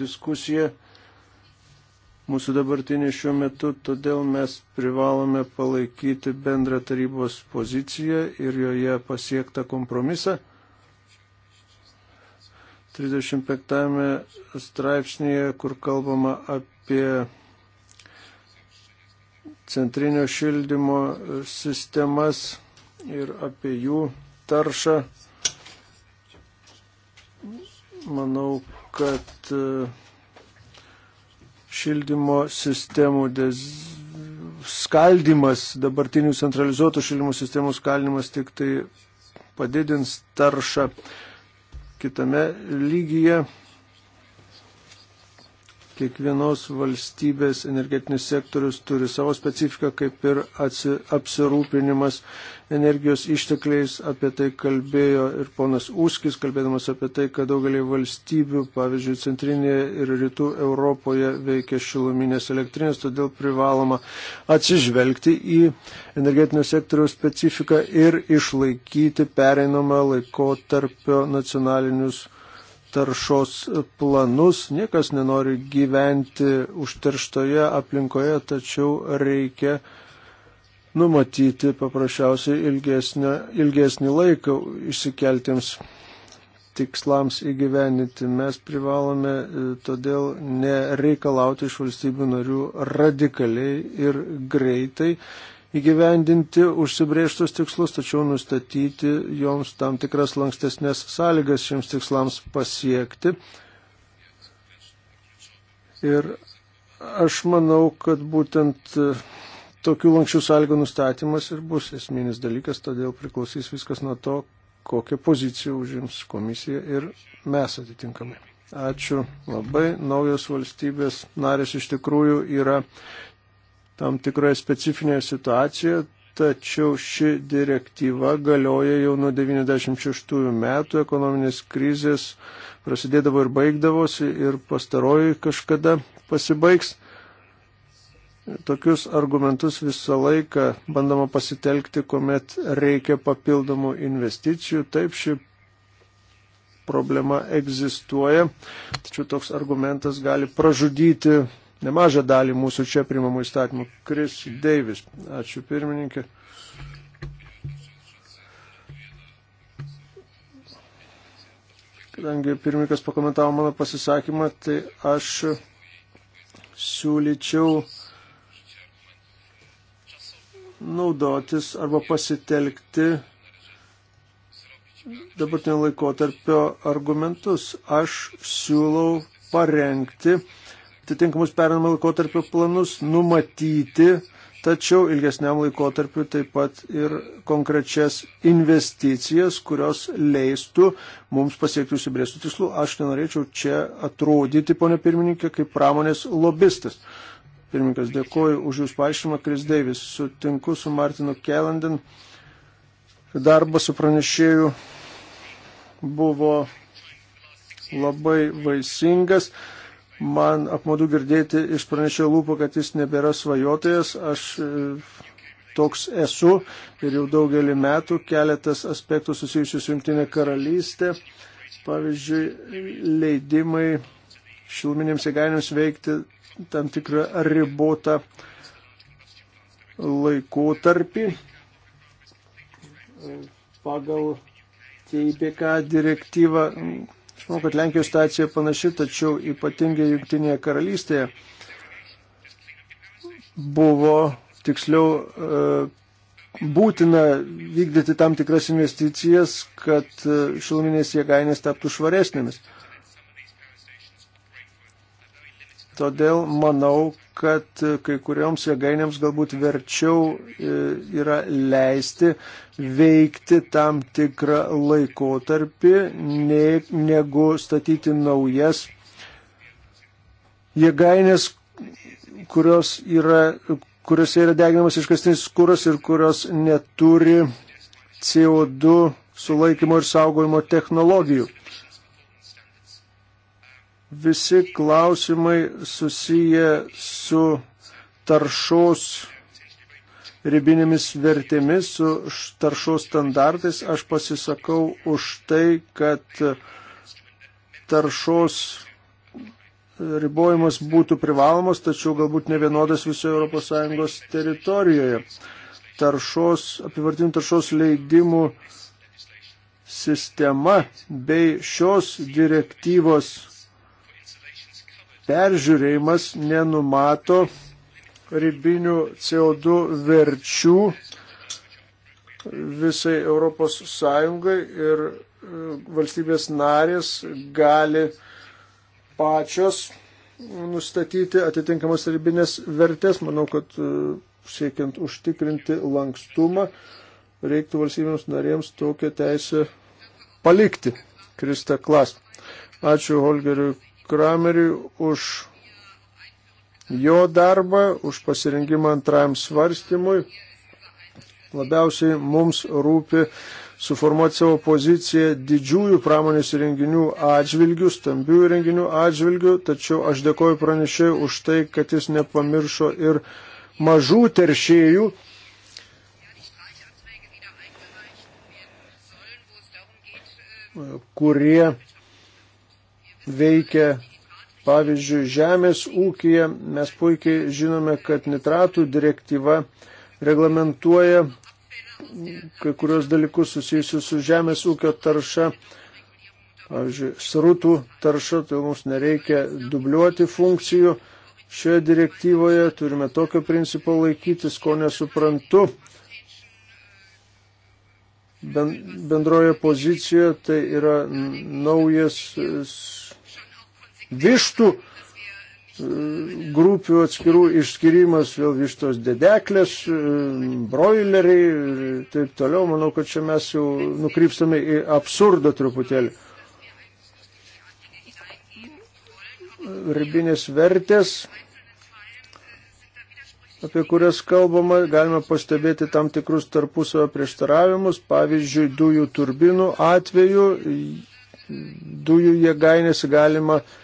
diskusija mūsų dabartinė šiuo metu, todėl mes privalome palaikyti bendrą tarybos poziciją ir joje pasiektą kompromisą. 35 straipsnėje, kur kalbama apie centrinio šildymo sistemas ir apie jų taršą. Manau, kad e, šildymo sistemų dez... skaldimas, dabartinių centralizuotų šildymo sistemų skaldimas tik tai padidins taršą kitame lygyje Kiekvienos valstybės energetinis sektorius turi savo specifiką, kaip ir atsi, apsirūpinimas energijos ištekliais. Apie tai kalbėjo ir ponas Ūskis, kalbėdamas apie tai, kad daugelį valstybių, pavyzdžiui, centrinėje ir rytų Europoje veikia šiluminės elektrinės, todėl privaloma atsižvelgti į energetinio sektoriaus specifiką ir išlaikyti pereinamą laikotarpio nacionalinius taršos planus. Niekas nenori gyventi užterštoje aplinkoje, tačiau reikia numatyti paprasčiausiai ilgesnį, ilgesnį laiką išsikeltiems tikslams įgyveninti. Mes privalome e, todėl nereikalauti iš valstybių narių radikaliai ir greitai įgyvendinti užsibrėžtus tikslus, tačiau nustatyti joms tam tikras lankstesnės sąlygas šiems tikslams pasiekti. Ir aš manau, kad būtent e, tokių lankščių sąlygų nustatymas ir bus esminis dalykas, todėl priklausys viskas nuo to, kokią poziciją užims komisija ir mes atitinkamai. Ačiū labai. Naujos valstybės narės iš tikrųjų yra tam tikroje specifinėje situacijoje, tačiau ši direktyva galioja jau nuo 96 metų, ekonominės krizės prasidėdavo ir baigdavosi ir pastaroji kažkada pasibaigs. Tokius argumentus visą laiką bandoma pasitelkti, kuomet reikia papildomų investicijų. Taip, ši problema egzistuoja, tačiau toks argumentas gali pražudyti nemažą dalį mūsų čia primamų įstatymų. Kris Deivis. Ačiū pirmininkė. Kadangi pirmininkas pakomentavo mano pasisakymą, tai aš siūlyčiau naudotis arba pasitelkti dabartinio laikotarpio argumentus. Aš siūlau parengti atitinkamus perinamą laikotarpio planus numatyti, tačiau ilgesniam laikotarpiu taip pat ir konkrečias investicijas, kurios leistų mums pasiekti užsibrėstų tikslų. Aš nenorėčiau čia atrodyti, ponė pirmininkė, kaip pramonės lobistas. Pirmininkas, dėkoju už Jūsų paaiškinimą, Kris Deivis. Sutinku su Martinu Kelanden. Darbas su pranešėju buvo labai vaisingas man apmaudu girdėti iš pranešėjo lūpų, kad jis nebėra svajotojas. Aš e, toks esu ir jau daugelį metų keletas aspektų susijusių su Junktinė karalystė. Pavyzdžiui, leidimai šilminėms įgainėms veikti tam tikrą ribotą laikotarpį pagal TIPK direktyvą Aš manau, kad Lenkijos situacija panaši, tačiau ypatingai Junktinėje karalystėje buvo tiksliau e, būtina vykdyti tam tikras investicijas, kad e, šiluminės jėgainės taptų švaresnėmis. Todėl manau, kad kai kurioms jėgainėms galbūt verčiau e, yra leisti veikti tam tikrą laikotarpį, negu statyti naujas jėgainės, kurios yra, kuriuose yra deginamas iškastinis kuras ir kurios neturi CO2 sulaikymo ir saugojimo technologijų. Visi klausimai susiję su taršos ribinėmis vertėmis, su taršos standartais. Aš pasisakau už tai, kad taršos ribojimas būtų privalomas, tačiau galbūt ne vienodas visoje ES teritorijoje. Taršos, apivartinių taršos leidimų sistema bei šios direktyvos peržiūrėjimas nenumato ribinių CO2 verčių visai Europos Sąjungai ir e, valstybės narės gali pačios nustatyti atitinkamas ribinės vertės. Manau, kad e, siekiant užtikrinti lankstumą, reiktų valstybėms narėms tokią teisę palikti. Krista Klas. Ačiū Holgeriui Krameriui už jo darbą, už pasirinkimą antrajam svarstymui. Labiausiai mums rūpi suformuoti savo poziciją didžiųjų pramonės renginių atžvilgių, stambių renginių atžvilgių, tačiau aš dėkoju pranešėjui už tai, kad jis nepamiršo ir mažų teršėjų. kurie veikia Pavyzdžiui, žemės ūkija mes puikiai žinome, kad nitratų direktyva reglamentuoja kai kurios dalykus susijusius su žemės ūkio tarša, pavyzdžiui, srutų tarša, tai mums nereikia dubliuoti funkcijų. Šioje direktyvoje turime tokio principo laikytis, ko nesuprantu. Bendroje pozicijoje tai yra naujas vištų e, grupių atskirų išskirimas, vėl vištos dedeklės, e, broileriai ir taip toliau. Manau, kad čia mes jau nukrypstame į absurdą truputėlį. Ribinės vertės, apie kurias kalbama, galima pastebėti tam tikrus tarpusavio prieštaravimus, pavyzdžiui, dujų turbinų atveju dujų jėgainės galima uh,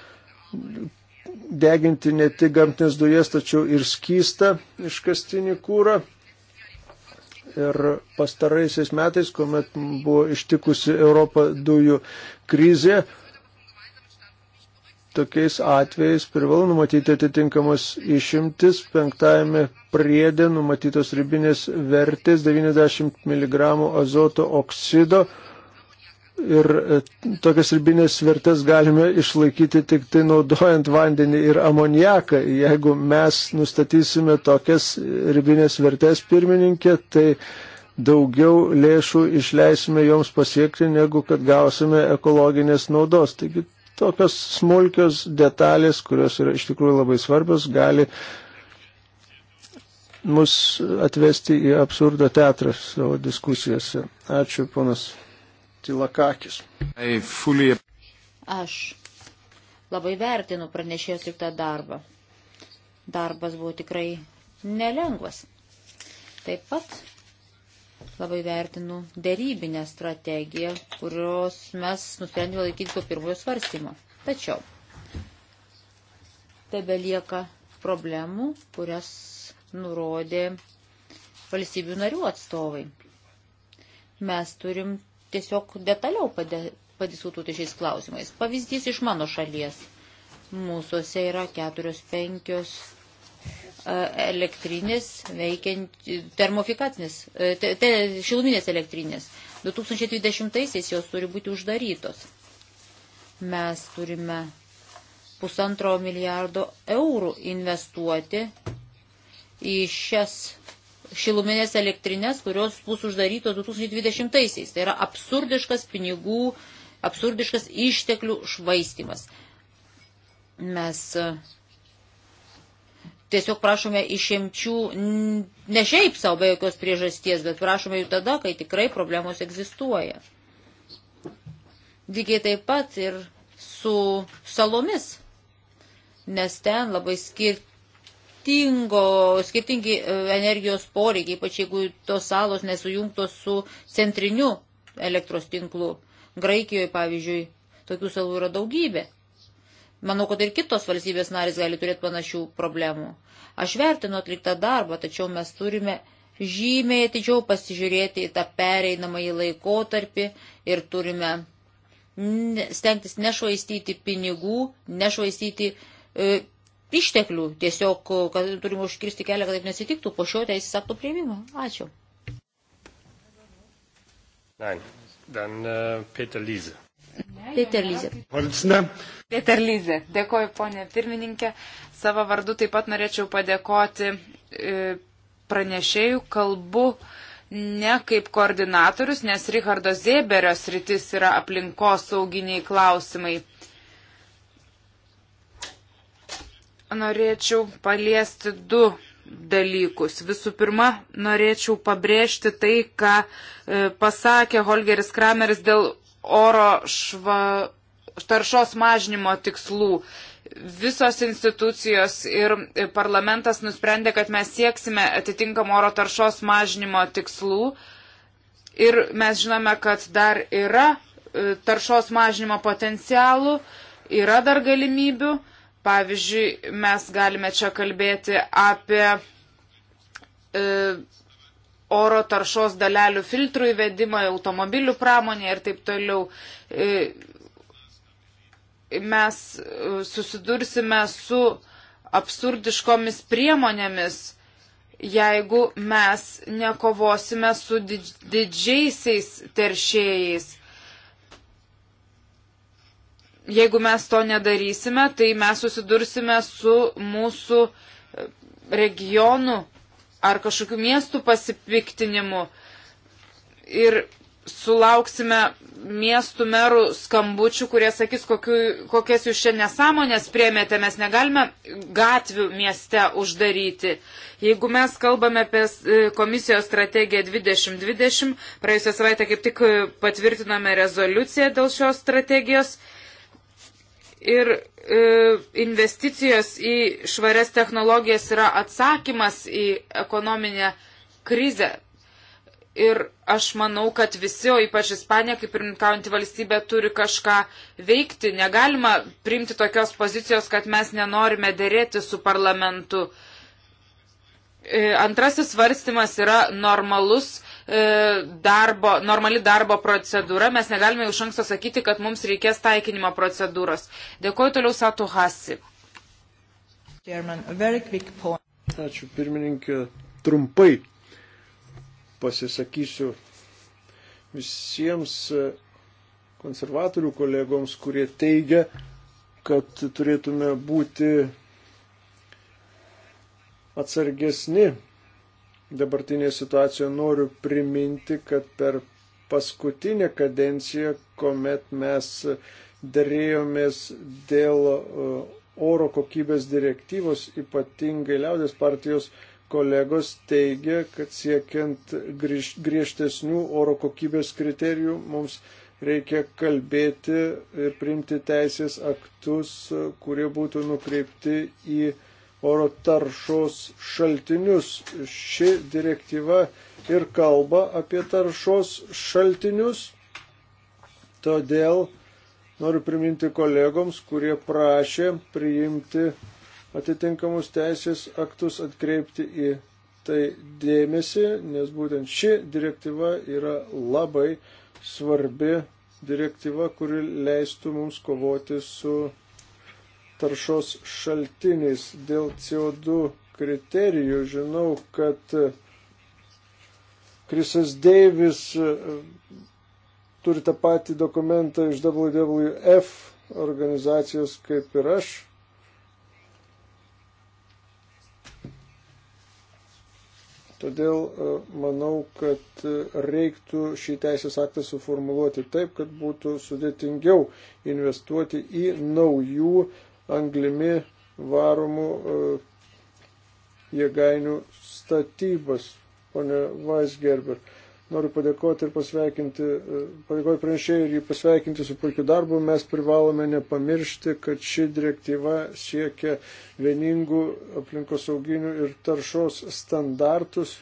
deginti ne tik gamtinės dujas, tačiau ir skystą iškastinį kūrą. Ir pastaraisiais metais, kuomet buvo ištikusi Europą dujų krizė, tokiais atvejais privalu numatyti atitinkamas išimtis. Penktajame priedė numatytos ribinės vertės 90 mg azoto oksido Ir e, tokias ribinės vertės galime išlaikyti tik tai naudojant vandenį ir amoniaką. Jeigu mes nustatysime tokias ribinės vertės pirmininkė, tai daugiau lėšų išleisime joms pasiekti, negu kad gausime ekologinės naudos. Taigi tokios smulkios detalės, kurios yra iš tikrųjų labai svarbios, gali mus atvesti į absurdo teatrą savo diskusijose. Ačiū, ponas. Tilakakis. Aš labai vertinu pranešėjus ir tą darbą. Darbas buvo tikrai nelengvas. Taip pat labai vertinu dėrybinę strategiją, kurios mes nusprendėme laikyti po pirmojo svarstymo. Tačiau tebe lieka problemų, kurias nurodė valstybių narių atstovai. Mes turim tiesiog detaliau padiskutuoti šiais klausimais. Pavyzdys iš mano šalies. Mūsųse yra keturios, penkios e, elektrinės veikiant termofikacinės, e, te, te, šiluminės elektrinės. 2020-aisiais jos turi būti uždarytos. Mes turime pusantro milijardo eurų investuoti į šias šiluminės elektrinės, kurios bus uždarytos 2020-aisiais. Tai yra absurdiškas pinigų, absurdiškas išteklių švaistimas. Mes e, tiesiog prašome išimčių ne šiaip savo be jokios priežasties, bet prašome jų tada, kai tikrai problemos egzistuoja. Lygiai taip pat ir su salomis, nes ten labai skirti skirtingo, skirtingi e, energijos poreikiai, ypač jeigu tos salos nesujungtos su centriniu elektros tinklu. Graikijoje, pavyzdžiui, tokių salų yra daugybė. Manau, kad ir kitos valstybės narys gali turėti panašių problemų. Aš vertinu atliktą darbą, tačiau mes turime žymiai atidžiau pasižiūrėti į tą pereinamąjį laikotarpį ir turime stengtis nešvaistyti pinigų, nešvaistyti e, išteklių, tiesiog, e, kad turime užkirsti kelią, kad taip nesitiktų po šio teisės aktų prieimimo. Ačiū. Nein. Dan uh, e, Peter Lyze. Peter Lyze. Peter Lyze. Dėkoju, ponė pirmininkė. Savo vardu taip pat norėčiau padėkoti e, pranešėjų kalbu ne kaip koordinatorius, nes Richardo Zėberio sritis yra aplinkos sauginiai klausimai. norėčiau paliesti du dalykus. Visų pirma, norėčiau pabrėžti tai, ką e, pasakė Holgeris Krameris dėl oro šva... taršos mažinimo tikslų. Visos institucijos ir parlamentas nusprendė, kad mes sieksime atitinkamų oro taršos mažinimo tikslų. Ir mes žinome, kad dar yra e, taršos mažinimo potencialų, yra dar galimybių Pavyzdžiui, mes galime čia kalbėti apie e, oro taršos dalelių filtrų įvedimą automobilių pramonėje ir taip toliau. E, mes e, susidursime su absurdiškomis priemonėmis, jeigu mes nekovosime su didžiaisiais teršėjais jeigu mes to nedarysime, tai mes susidursime su mūsų e, regionų ar kažkokių miestų pasipiktinimu ir sulauksime miestų merų skambučių, kurie sakys, kokiu, kokias jūs čia nesąmonės priemėte, mes negalime gatvių mieste uždaryti. Jeigu mes kalbame apie e, komisijos strategiją 2020, praėjusią savaitę kaip tik e, patvirtinome rezoliuciją dėl šios strategijos, ir e, investicijos į švarias technologijas yra atsakymas į ekonominę krizę. Ir aš manau, kad visi, o ypač Ispanija, kaip pirmininkaujanti valstybė, turi kažką veikti. Negalima priimti tokios pozicijos, kad mes nenorime dėrėti su parlamentu. E, antrasis svarstymas yra normalus E, darbo, normali darbo procedūra, mes negalime iš anksto sakyti, kad mums reikės taikinimo procedūros. Dėkuoju toliau Satu Hasi. Ačiū pirmininkė, trumpai pasisakysiu visiems e, konservatorių kolegoms, kurie teigia, kad turėtume būti atsargesni dabartinėje situacijoje noriu priminti, kad per paskutinę kadenciją, kuomet mes dėrėjomės dėl uh, oro kokybės direktyvos, ypatingai liaudės partijos kolegos teigia, kad siekiant griežtesnių oro kokybės kriterijų mums reikia kalbėti ir priimti teisės aktus, kurie būtų nukreipti į oro taršos šaltinius. Ši direktyva ir kalba apie taršos šaltinius. Todėl noriu priminti kolegoms, kurie prašė priimti atitinkamus teisės aktus atkreipti į tai dėmesį, nes būtent ši direktyva yra labai svarbi direktyva, kuri leistų mums kovoti su taršos šaltiniais. Dėl CO2 kriterijų žinau, kad Krisas e, Deivis e, turi tą patį dokumentą iš WWF organizacijos kaip ir aš. Todėl e, manau, kad reiktų šį teisės aktą suformuoluoti taip, kad būtų sudėtingiau investuoti į naujų anglimi varomų e, jėgainių statybas, ponė Weisgerber. Noriu padėkoti ir pasveikinti, e, padėkoti pranešėjai ir jį pasveikinti su puikiu darbu. Mes privalome nepamiršti, kad ši direktyva siekia vieningų aplinkosauginių ir taršos standartus,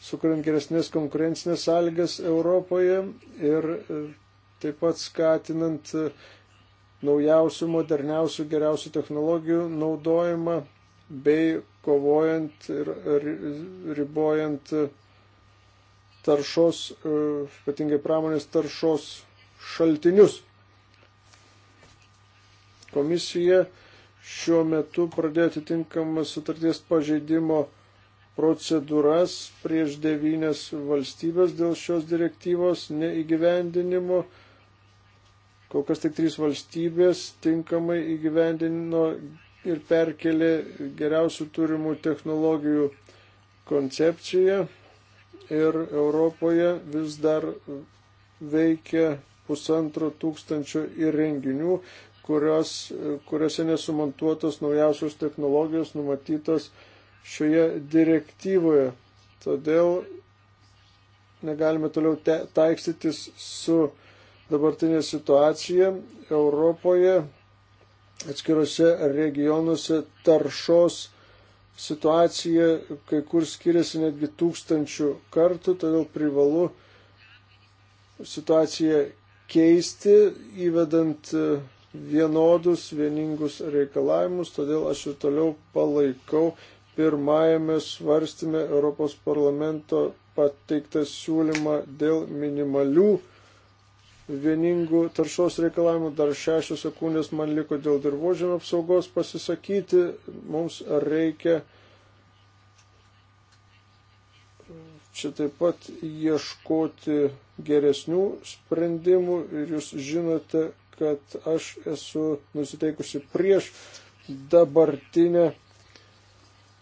sukuriant geresnės konkurencinės sąlygas Europoje ir e, taip pat skatinant naujausių, moderniausių, geriausių technologijų naudojimą bei kovojant ir ribojant e, taršos, e, ypatingai pramonės taršos šaltinius. Komisija šiuo metu pradėjo atitinkamas sutarties pažeidimo procedūras prieš devynės valstybės dėl šios direktyvos neįgyvendinimo. Kol kas tik trys valstybės tinkamai įgyvendino ir perkelė geriausių turimų technologijų koncepciją ir Europoje vis dar veikia pusantro tūkstančio įrenginių, kurios, kuriuose nesumontuotos naujausios technologijos numatytos šioje direktyvoje. Todėl negalime toliau taikstytis su dabartinė situacija Europoje atskiruose regionuose taršos situacija kai kur skiriasi netgi tūkstančių kartų, todėl privalu situaciją keisti, įvedant e, vienodus, vieningus reikalavimus, todėl aš ir toliau palaikau pirmajame svarstymė Europos parlamento pateiktą siūlymą dėl minimalių vieningų taršos reikalavimų. Dar šešios sekundės man liko dėl dirbožėmio apsaugos pasisakyti. Mums reikia čia taip pat ieškoti geresnių sprendimų ir jūs žinote, kad aš esu nusiteikusi prieš dabartinę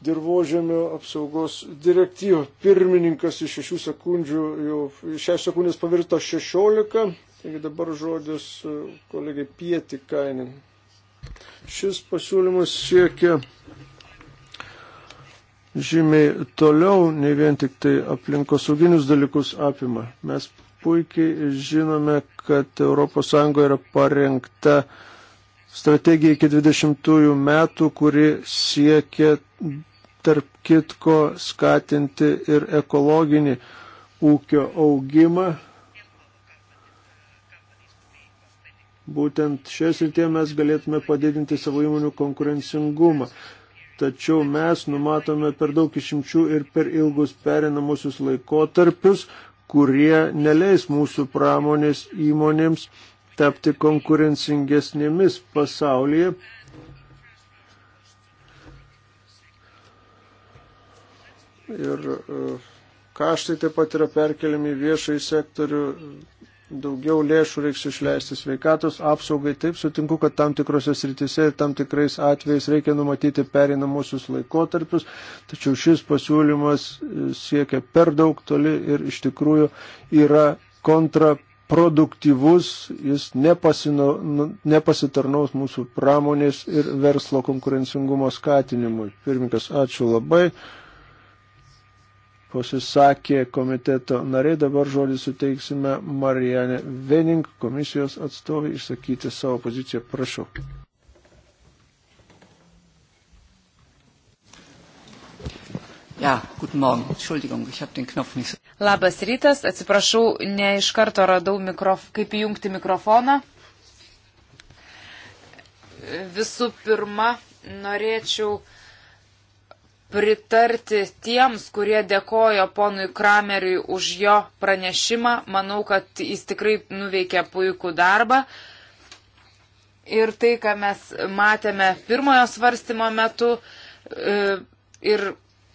dirbožėmio apsaugos direktyvą. Pirmininkas iš 6 sekundžių jau 6 sekundės pavirto 16. Taigi dabar žodis e, kolegai Pieti Kainin. Šis pasiūlymas siekia žymiai toliau, ne vien tik tai aplinkosauginius dalykus apima. Mes puikiai žinome, kad ES yra parengta strategija iki 20 metų, kuri siekia tarp kitko skatinti ir ekologinį ūkio augimą Būtent šioje srityje mes galėtume padidinti savo įmonių konkurencingumą. Tačiau mes numatome per daug išimčių ir per ilgus perinamusius laikotarpius, kurie neleis mūsų pramonės įmonėms tapti konkurencingesnėmis pasaulyje. Ir e, kaštai taip pat yra perkeliami viešai sektoriu daugiau lėšų reiks išleisti sveikatos apsaugai. Taip sutinku, kad tam tikrose sritise ir tam tikrais atvejais reikia numatyti pereinamosius laikotarpius, tačiau šis pasiūlymas e, siekia per daug toli ir iš tikrųjų yra kontraproduktyvus, jis nepasino, nu, nepasitarnaus mūsų pramonės ir verslo konkurencingumo skatinimui. Pirmininkas, ačiū labai pasisakė komiteto nariai. Dabar žodį suteiksime Marijanė Vening, komisijos atstovai, išsakyti savo poziciją. Prašau. Ja, guten Morgen. Entschuldigung, ich habe den Knopf nicht. Labas rytas, atsiprašau, ne iš karto radau, mikrof, kaip įjungti mikrofoną. Visų pirma, norėčiau uh, pritarti tiems, kurie dėkojo ponui Krameriui už jo pranešimą. Manau, kad jis tikrai nuveikė puikų darbą. Ir tai, ką mes matėme pirmojo svarstymo metu e, ir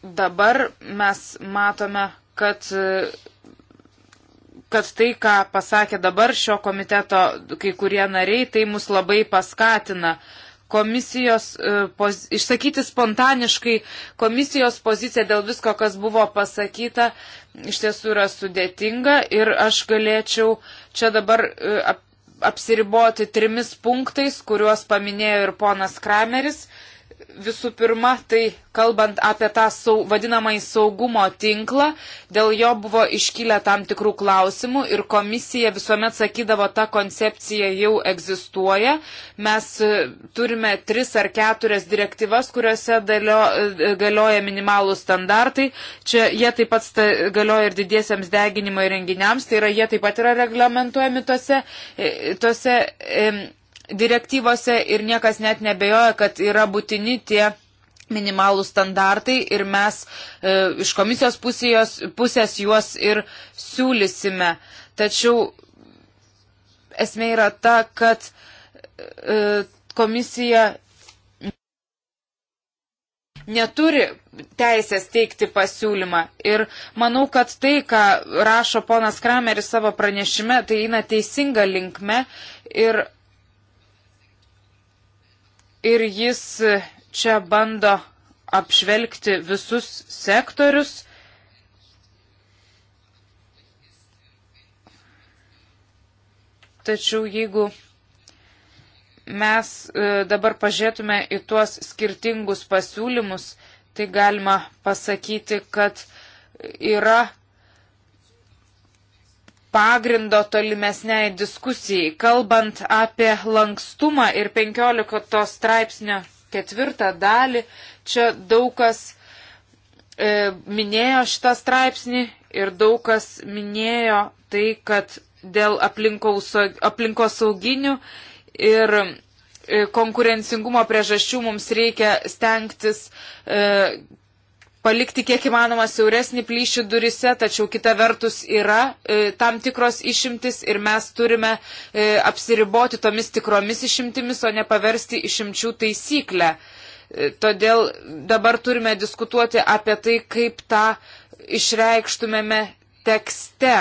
dabar mes matome, kad, kad tai, ką pasakė dabar šio komiteto kai kurie nariai, tai mus labai paskatina. Uh, komisijos, e, poz, išsakyti spontaniškai komisijos poziciją dėl visko, kas buvo pasakyta, iš tiesų yra sudėtinga ir aš galėčiau čia dabar e, ap, apsiriboti trimis punktais, kuriuos paminėjo ir ponas Krameris visų pirma, tai kalbant apie tą sau, vadinamąjį saugumo tinklą, dėl jo buvo iškilę tam tikrų klausimų ir komisija visuomet sakydavo, ta koncepcija jau egzistuoja. Mes e, turime tris ar keturias direktyvas, kuriuose dalio, e, galioja minimalų standartai. Čia jie taip pat galioja ir didiesiams deginimo įrenginiams, tai yra jie taip pat yra reglamentuojami tose. E, tose direktyvose ir niekas net nebejoja, kad yra būtini tie minimalų standartai ir mes e, iš komisijos pusės, pusės juos ir siūlysime. Tačiau esmė yra ta, kad e, komisija neturi teisės teikti pasiūlymą. Ir manau, kad tai, ką rašo ponas Krameris savo pranešime, tai eina teisinga linkme. Ir ir jis čia bando apžvelgti visus sektorius. Tačiau jeigu mes e, dabar pažiūrėtume į tuos skirtingus pasiūlymus, tai galima pasakyti, kad yra pagrindo tolimesniai diskusijai. Kalbant apie lankstumą ir 15 straipsnio ketvirtą dalį, čia daug kas e, minėjo šitą straipsnį ir daug kas minėjo tai, kad dėl aplinkos sauginių ir e, konkurencingumo priežasčių mums reikia stengtis e, palikti kiek įmanoma siauresnį plyšį durise, tačiau kita vertus yra e, tam tikros išimtis ir mes turime e, apsiriboti tomis tikromis išimtimis, o ne paversti išimčių taisyklę. E, todėl dabar turime diskutuoti apie tai, kaip tą išreikštumėme tekste.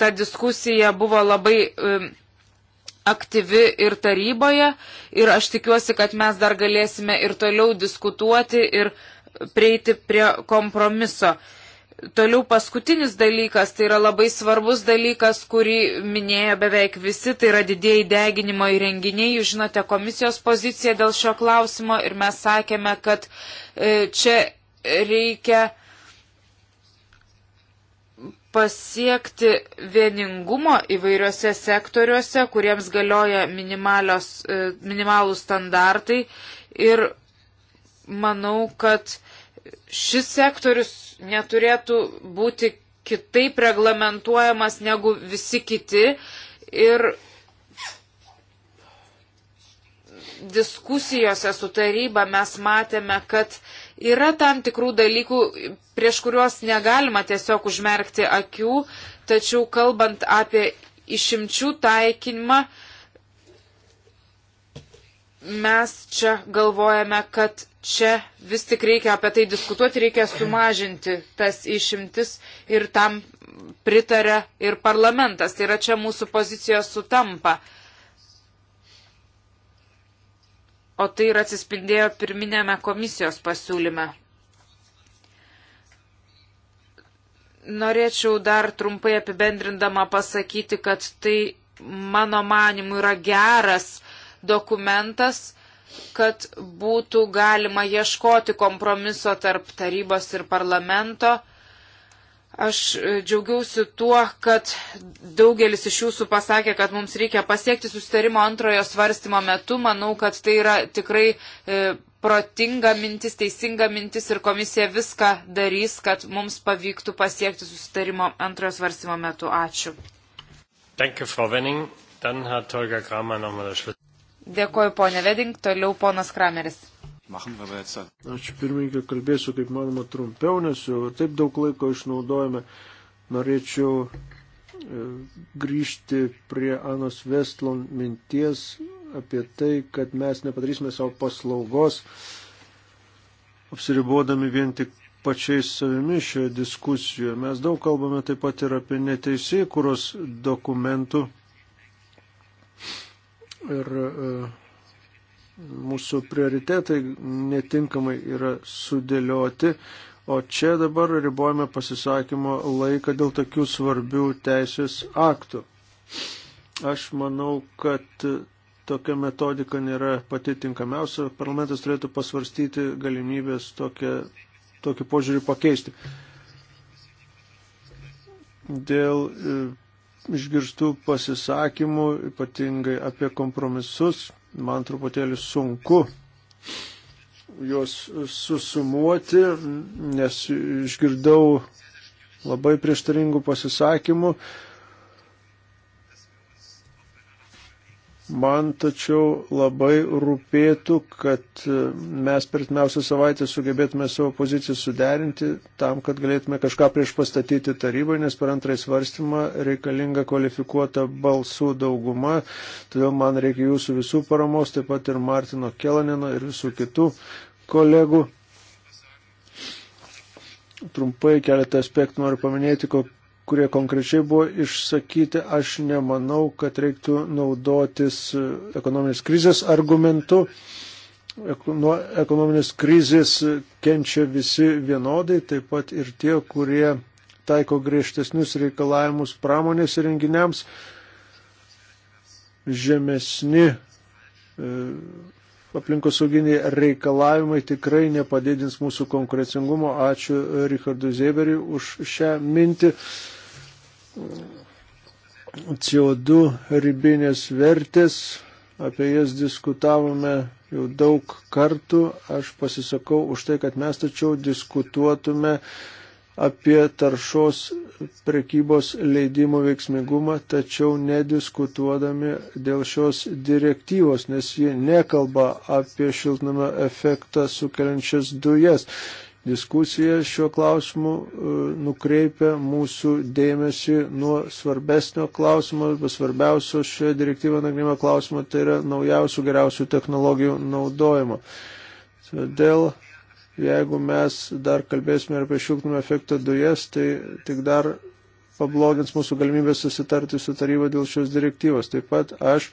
Ta diskusija buvo labai. E, aktyvi ir taryboje ir aš tikiuosi, kad mes dar galėsime ir toliau diskutuoti ir uh, prieiti prie kompromiso. Toliau paskutinis dalykas, tai yra labai svarbus dalykas, kurį minėjo beveik visi, tai yra didėjai deginimo įrenginiai. Jūs žinote komisijos poziciją dėl šio klausimo ir mes sakėme, kad e, čia reikia pasiekti vieningumo įvairiose sektoriuose, kuriems galioja e, minimalūs standartai ir manau, kad šis sektorius neturėtų būti kitaip reglamentuojamas negu visi kiti. Ir diskusijose su taryba mes matėme, kad yra tam tikrų dalykų, prieš kuriuos negalima tiesiog užmerkti akių, tačiau kalbant apie išimčių taikinimą, mes čia galvojame, kad čia vis tik reikia apie tai diskutuoti, reikia sumažinti tas išimtis ir tam pritarė ir parlamentas. Tai yra čia mūsų pozicijos sutampa. O tai ir atsispindėjo pirminėme komisijos pasiūlyme. Norėčiau dar trumpai apibendrindama pasakyti, kad tai mano manimu yra geras dokumentas, kad būtų galima ieškoti kompromiso tarp tarybos ir parlamento. Aš e, džiaugiausi tuo, kad daugelis iš jūsų pasakė, kad mums reikia pasiekti sustarimo antrojo svarstymo metu. Manau, kad tai yra tikrai e, protinga mintis, teisinga mintis ir komisija viską darys, kad mums pavyktų pasiekti sustarimo antrojo svarstymo metu. Ačiū. Danke, Frau Wenning. Dann hat Holger Kramer nochmal das Schluss. Dėkoju, ponė Veding, toliau ponas Krameris. Ačiū pirmininkai, kalbėsiu kaip manoma trumpiau, nes jau taip daug laiko išnaudojame. Norėčiau e, grįžti prie Anos Vestlon minties apie tai, kad mes nepadarysime savo paslaugos, apsiribodami vien tik pačiais savimi šioje diskusijoje. Mes daug kalbame taip pat ir apie neteisėjų, kurios dokumentų ir e, mūsų prioritetai netinkamai yra sudėlioti, o čia dabar ribojame pasisakymo laiką dėl tokių svarbių teisės aktų. Aš manau, kad tokia metodika nėra pati tinkamiausia. Parlamentas turėtų pasvarstyti galimybės tokią, tokį požiūrį pakeisti. Dėl e, išgirstų pasisakymų, ypatingai apie kompromisus, man truputėlį sunku juos susumuoti, nes išgirdau labai prieštaringų pasisakymų. Man tačiau labai rūpėtų, kad e, mes per atmiausią savaitę sugebėtume savo poziciją suderinti tam, kad galėtume kažką prieš pastatyti tarybai, nes per antrąjį svarstymą reikalinga kvalifikuota balsų dauguma. Todėl man reikia jūsų visų paramos, taip pat ir Martino Kelanino ir visų kitų kolegų. Trumpai keletą aspektų noriu paminėti, kol kurie konkrečiai buvo išsakyti, aš nemanau, kad reiktų naudotis e, ekonominės krizės argumentu. Nuo ekonominės krizės kenčia visi vienodai, taip pat ir tie, kurie taiko griežtesnius reikalavimus pramonės renginiams, žemesni e, aplinkosauginiai reikalavimai tikrai nepadidins mūsų konkurencingumo. Ačiū Richardui Zeberiui už šią mintį. CO2 ribinės vertės, apie jas diskutavome jau daug kartų. Aš pasisakau už tai, kad mes tačiau diskutuotume apie taršos prekybos leidimų veiksmingumą, tačiau nediskutuodami dėl šios direktyvos, nes ji nekalba apie šiltnamio efektą sukeliančias dujas. Diskusija šiuo klausimu e, nukreipia mūsų dėmesį nuo svarbesnio klausimo, svarbiausio šioje direktyvoje nagrinimo klausimo, tai yra naujausių geriausių technologijų naudojimo. Todėl jeigu mes dar kalbėsime apie šiltnamio efekto dujas, tai tik dar pablogins mūsų galimybę susitarti su taryba dėl šios direktyvos. Taip pat aš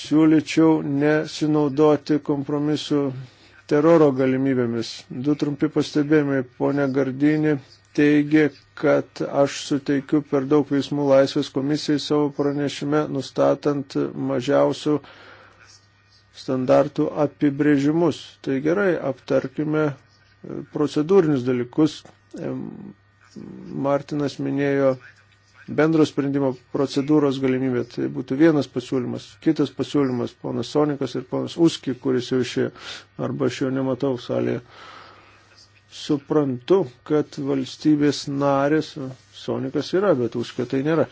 siūlyčiau nesinaudoti kompromisu teroro galimybėmis. Du trumpi pastebėjimai. Pone Gardinį teigia, kad aš suteikiu per daug veiksmų laisvės komisijai savo pranešime, nustatant mažiausių standartų apibrėžimus. Tai gerai, aptarkime procedūrinius dalykus. Martinas minėjo bendro sprendimo procedūros galimybė. Tai būtų vienas pasiūlymas. Kitas pasiūlymas, ponas Sonikas ir ponas Uski, kuris jau išėjo, arba aš jo nematau salėje. Suprantu, kad valstybės narės, Sonikas yra, bet Uski tai nėra.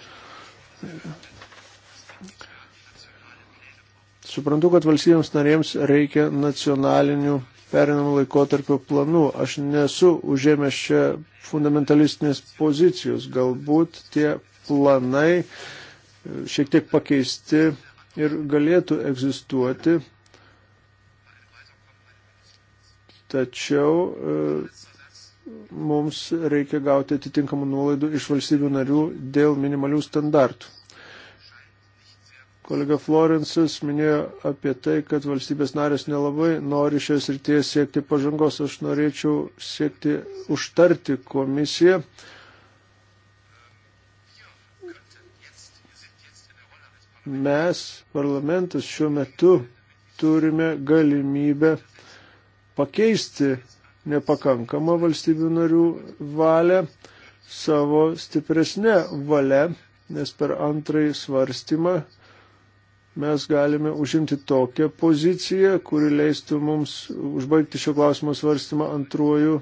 Suprantu, kad valstybėms narėms reikia nacionalinių perinamų laikotarpio planų. Aš nesu užėmęs čia fundamentalistinės pozicijos. Galbūt tie planai e, šiek tiek pakeisti ir galėtų egzistuoti. Tačiau e, mums reikia gauti atitinkamų nuolaidų iš valstybių narių dėl minimalių standartų. Kolega Florencis minėjo apie tai, kad valstybės narės nelabai nori šios rytėje siekti pažangos. Aš norėčiau siekti užtarti komisiją. Mes, parlamentas, šiuo metu turime galimybę pakeisti nepakankamą valstybių narių valią savo stipresnę valią, nes per antrąjį svarstymą mes galime užimti tokią poziciją, kuri leistų mums užbaigti šio klausimo svarstymą antruoju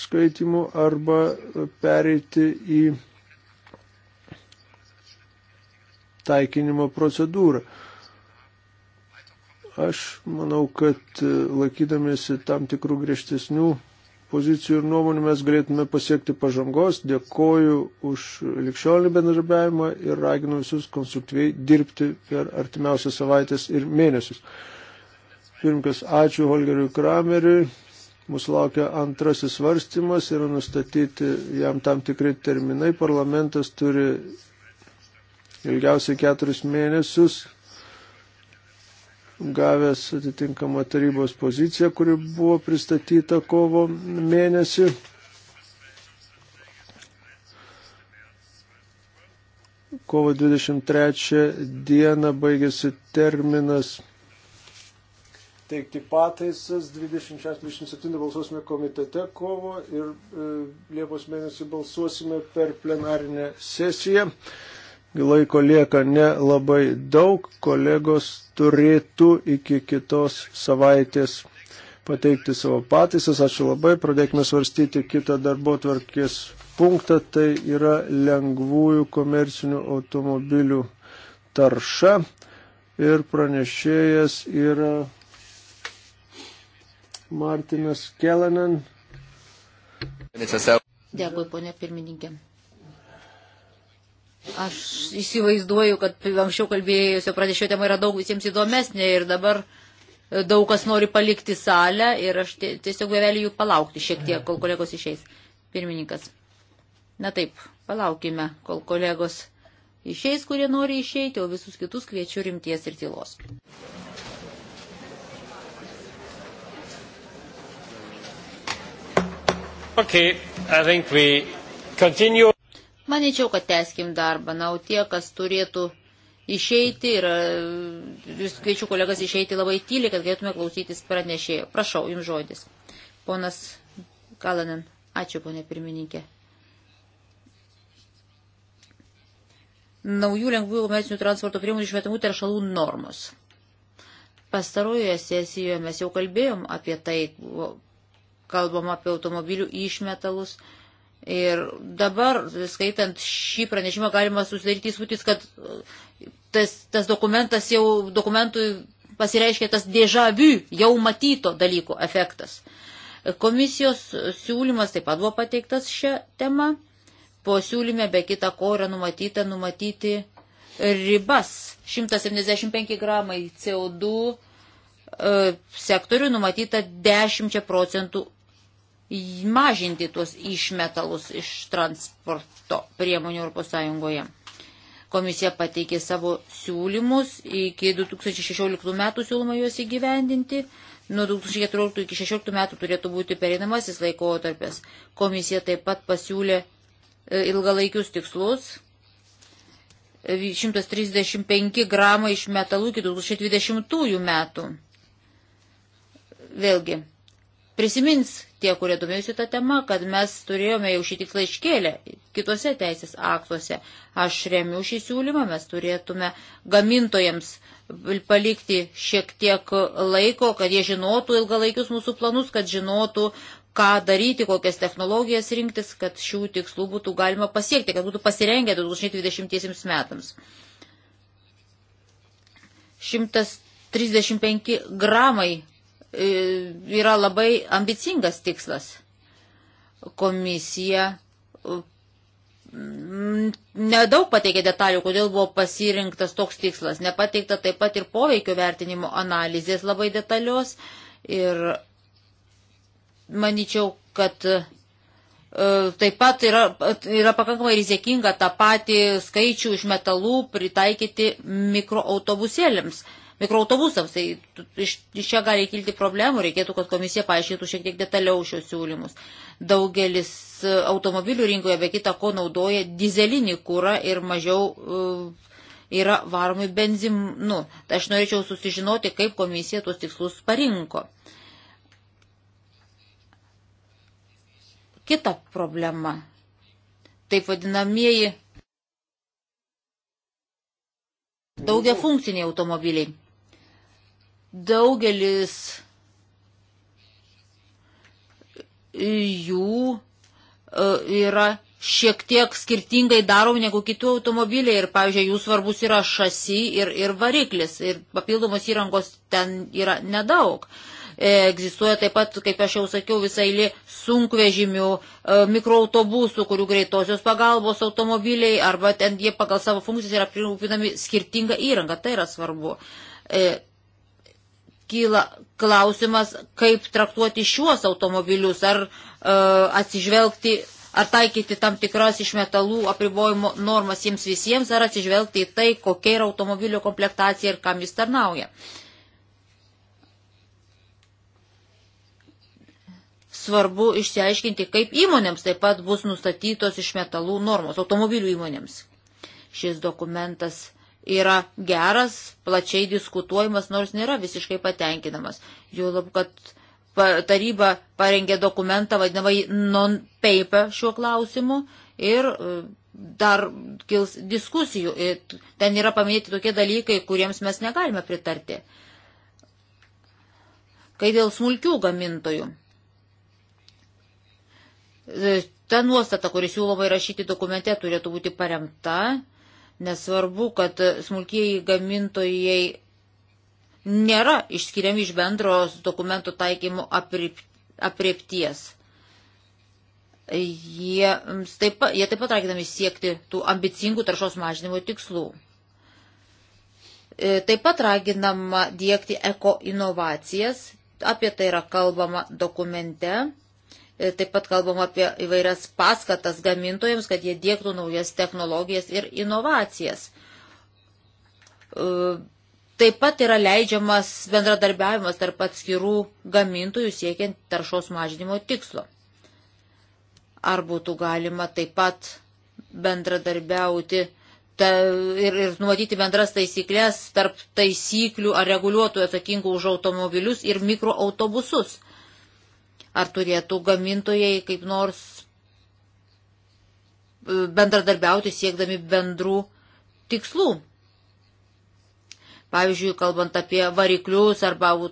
skaitimu arba pereiti į taikinimo procedūrą. Aš manau, kad laikydamėsi tam tikrų griežtesnių pozicijų ir nuomonių mes galėtume pasiekti pažangos. Dėkoju už likščionį bendradarbiavimą ir raginu visus konstruktyviai dirbti per artimiausias savaitės ir mėnesius. Pirmkas, ačiū Holgeriui Krameriui. Mūsų laukia antrasis svarstymas, yra nustatyti jam tam tikri terminai. Parlamentas turi ilgiausiai keturis mėnesius gavęs atitinkamą tarybos poziciją, kuri buvo pristatyta kovo mėnesį. Kovo 23 dieną baigėsi terminas teikti pataisas, 26-27 balsuosime komitete kovo ir e, Liepos mėnesį balsuosime per plenarinę sesiją laiko lieka nelabai daug, kolegos turėtų iki kitos savaitės pateikti savo pataisas. Ačiū labai, pradėkime svarstyti kitą darbo tvarkės punktą, tai yra lengvųjų komercinių automobilių tarša ir pranešėjas yra Martinas Kelanen. Dėkui, ponė pirmininkė. Aš įsivaizduoju, kad anksčiau kalbėjusio pranešio tema yra daug visiems įdomesnė ir dabar e, daug kas nori palikti salę ir aš tiesiog beveliu jų palaukti šiek tiek, kol kolegos išeis. Pirmininkas. Na taip, palaukime, kol kolegos išeis, kurie nori išeiti, o visus kitus kviečiu rimties ir tylos. Okay, I think we continue. Manyčiau, kad teskim darbą. Na, o tie, kas turėtų išeiti ir jūs kviečiu kolegas išeiti labai tyliai, kad galėtume klausytis pranešėjo. Prašau, jums žodis. Ponas Kalanen, ačiū, ponė pirmininkė. Naujų lengvųjų komercinių transporto priemonių išmetamų teršalų normos. Pastarojoje sesijoje mes jau kalbėjom apie tai, kalbam apie automobilių išmetalus Ir dabar, skaitant šį pranešimą, galima susidaryti įspūdis, kad uh, tas, tas dokumentas jau dokumentui pasireiškia tas dėžavių, jau matyto dalyko efektas. Komisijos siūlymas taip pat buvo pateiktas šią temą. Po siūlyme be kita ko yra numatyta numatyti ribas 175 gramai CO2 uh, sektorių numatyta 10 procentų mažinti tuos išmetalus iš transporto priemonių ES. Komisija pateikė savo siūlymus, iki 2016 metų siūloma juos įgyvendinti, nuo 2014 iki 2016 metų turėtų būti pereinamasis laikotarpis. Komisija taip pat pasiūlė e, ilgalaikius tikslus 135 e, gramai iš metalų iki 2020 metų. Vėlgi, prisimins tie, kurie domėjusi tą temą, kad mes turėjome jau šį tikslą iškėlę kitose teisės aktuose. Aš remiu šį siūlymą, mes turėtume gamintojams palikti šiek tiek laiko, kad jie žinotų ilgalaikius mūsų planus, kad žinotų, ką daryti, kokias technologijas rinktis, kad šių tikslų būtų galima pasiekti, kad būtų pasirengę 2020 metams. 135 gramai E, yra labai ambicingas tikslas. Komisija e, nedaug pateikė detalių, kodėl buvo pasirinktas toks tikslas. Nepateikta taip pat ir poveikio vertinimo analizės labai detalios. Ir manyčiau, kad e, taip pat yra, yra pakankamai rizikinga tą patį skaičių iš metalų pritaikyti mikroautobusėlėms mikroautobusams. Tai iš, iš čia gali kilti problemų, reikėtų, kad komisija paaiškintų šiek tiek detaliau šios siūlymus. Daugelis e, automobilių rinkoje be kita ko naudoja dizelinį kūrą ir mažiau uh, yra varomi benzinu. Tai aš norėčiau susižinoti, kaip komisija tuos tikslus parinko. Kita problema. Taip vadinamieji daugia funkciniai automobiliai. Daugelis jų e, yra šiek tiek skirtingai daromi negu kitų automobiliai ir, pavyzdžiui, jų svarbus yra šasi ir, ir variklis ir papildomos įrangos ten yra nedaug. E, egzistuoja taip pat, kaip aš jau sakiau, visai li sunkvežimių, e, mikroautobusų, kurių greitosios pagalbos automobiliai arba ten jie pagal savo funkcijas yra prirūpinami skirtinga įranga, tai yra svarbu. E, kyla klausimas, kaip traktuoti šiuos automobilius, ar e, atsižvelgti, ar taikyti tam tikras iš metalų apribojimo normas jiems visiems, ar atsižvelgti į tai, kokia yra automobilio komplektacija ir kam jis tarnauja. Svarbu išsiaiškinti, kaip įmonėms taip pat bus nustatytos iš metalų normos, automobilių įmonėms. Šis dokumentas yra geras, plačiai diskutuojamas, nors nėra visiškai patenkinamas. Jau lab, kad taryba parengė dokumentą vadinamai non-paper šiuo klausimu ir e, dar kils diskusijų. Ten yra paminėti tokie dalykai, kuriems mes negalime pritarti. Kai dėl smulkių gamintojų. E, ta nuostata, kuris siūloma įrašyti dokumente, turėtų būti paremta Nesvarbu, kad smulkieji gamintojai nėra išskiriami iš bendros dokumentų taikymo apriepties. Jie taip, pat, jie taip pat raginami siekti tų ambicingų taršos mažinimo tikslų. E, taip pat raginama dėkti eko inovacijas, apie tai yra kalbama dokumente E, taip pat kalbam apie įvairias paskatas gamintojams, kad jie dėktų naujas technologijas ir inovacijas. E, taip pat yra leidžiamas bendradarbiavimas tarp atskirų gamintojų siekiant taršos mažinimo tikslo. Ar būtų galima taip pat bendradarbiauti ta, ir, ir numatyti bendras taisyklės tarp taisyklių ar reguliuotojų atsakingų už automobilius ir mikroautobusus. Ar turėtų gamintojai kaip nors e, bendradarbiauti siekdami bendrų tikslų? Pavyzdžiui, kalbant apie variklius arba e,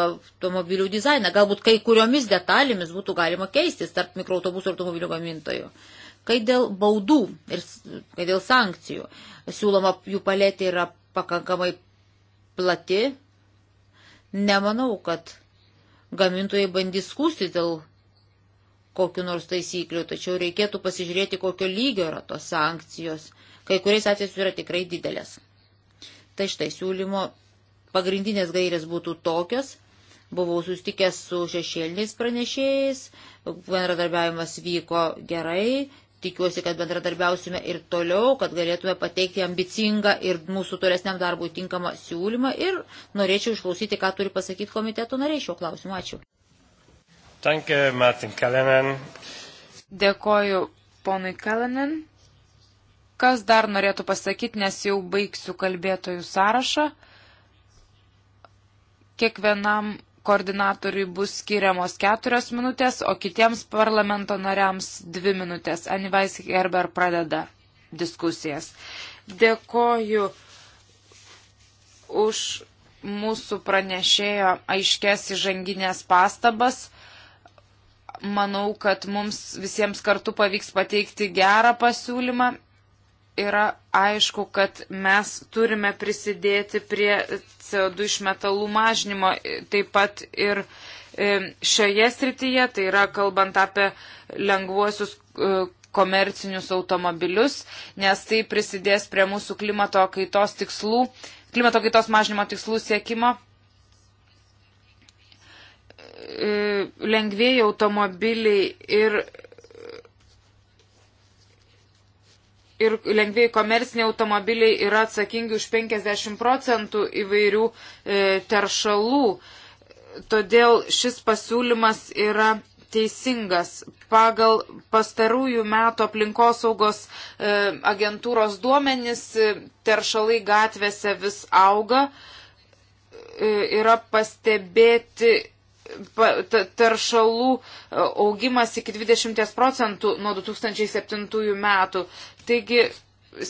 automobilių dizainą, galbūt kai kuriomis detalėmis būtų galima keistis tarp mikroautobusų ir automobilių gamintojų. Kai dėl baudų ir kai dėl sankcijų, siūloma jų paletė yra pakankamai plati, nemanau, kad gamintojai bandys skūsti dėl kokiu nors taisykliu, tačiau reikėtų pasižiūrėti, kokio lygio yra tos sankcijos. Kai kuriais atvejais yra tikrai didelės. Tai štai siūlymo pagrindinės gairės būtų tokios. Buvau sustikęs su šešėliniais pranešėjais, bendradarbiavimas vyko gerai, tikiuosi, kad bendradarbiausime ir toliau, kad galėtume pateikti ambicingą ir mūsų tolesniam darbui tinkamą siūlymą ir norėčiau išklausyti, ką turi pasakyti komiteto nariai šio klausimu. Ačiū. Danke, Martin Kalenen. Dėkoju ponui Kalenen. Kas dar norėtų pasakyti, nes jau baigsiu kalbėtojų sąrašą. Kiekvienam koordinatoriui bus skiriamos keturios minutės, o kitiems parlamento nariams dvi minutės. Anivais Gerber pradeda diskusijas. Dėkoju už mūsų pranešėjo aiškės įžanginės pastabas. Manau, kad mums visiems kartu pavyks pateikti gerą pasiūlymą yra aišku, kad mes turime prisidėti prie CO2 išmetalų mažinimo taip pat ir e, šioje srityje, tai yra kalbant apie lengvuosius e, komercinius automobilius, nes tai prisidės prie mūsų klimato kaitos tikslų, klimato kaitos mažinimo tikslų siekimo. E, Lengvėjai automobiliai ir ir lengviai komerciniai automobiliai yra atsakingi už 50 procentų įvairių e, teršalų. Todėl šis pasiūlymas yra teisingas. Pagal pastarųjų metų aplinkosaugos e, agentūros duomenis e, teršalai gatvėse vis auga. Yra pastebėti taršalų e, augimas iki 20 procentų nuo 2007 metų. Taigi,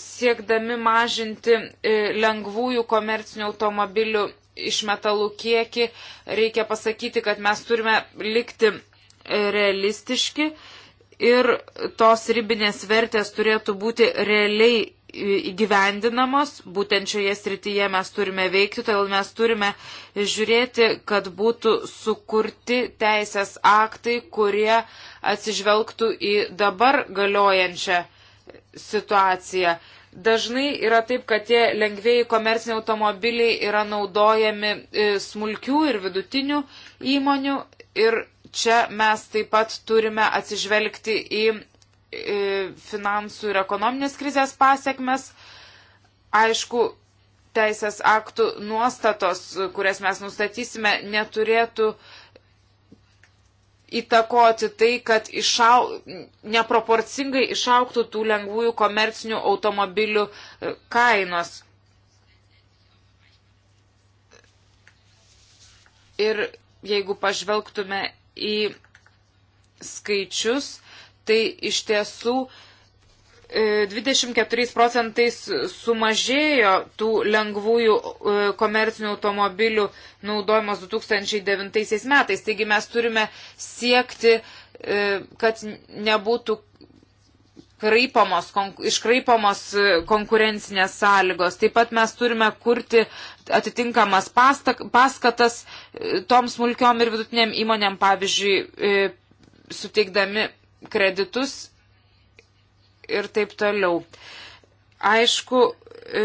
siekdami mažinti e, lengvųjų komercinių automobilių išmetalų kiekį, reikia pasakyti, kad mes turime likti e, realistiški ir tos ribinės vertės turėtų būti realiai įgyvendinamos, būtent šioje srityje mes turime veikti, todėl mes turime žiūrėti, kad būtų sukurti teisės aktai, kurie atsižvelgtų į dabar galiojančią situaciją. Dažnai yra taip, kad tie lengvėjai komerciniai automobiliai yra naudojami e, smulkių ir vidutinių įmonių ir čia mes taip pat turime atsižvelgti į E, finansų ir ekonominės krizės pasiekmes. Aišku, teisės aktų nuostatos, kurias mes nustatysime, neturėtų įtakoti tai, kad išau, neproporcingai išauktų tų lengvųjų komercinių automobilių e, kainos. Ir jeigu pažvelgtume į skaičius, tai iš tiesų 24 e, procentais sumažėjo tų lengvųjų e, komercinių automobilių naudojimas 2009 metais. Taigi mes turime siekti, e, kad nebūtų kraipamos, iškraipamos konkurencinės sąlygos. Taip pat mes turime kurti atitinkamas pastak, paskatas tom smulkiom ir vidutiniam įmonėm, pavyzdžiui, suteikdami kreditus ir taip toliau. Aišku, e,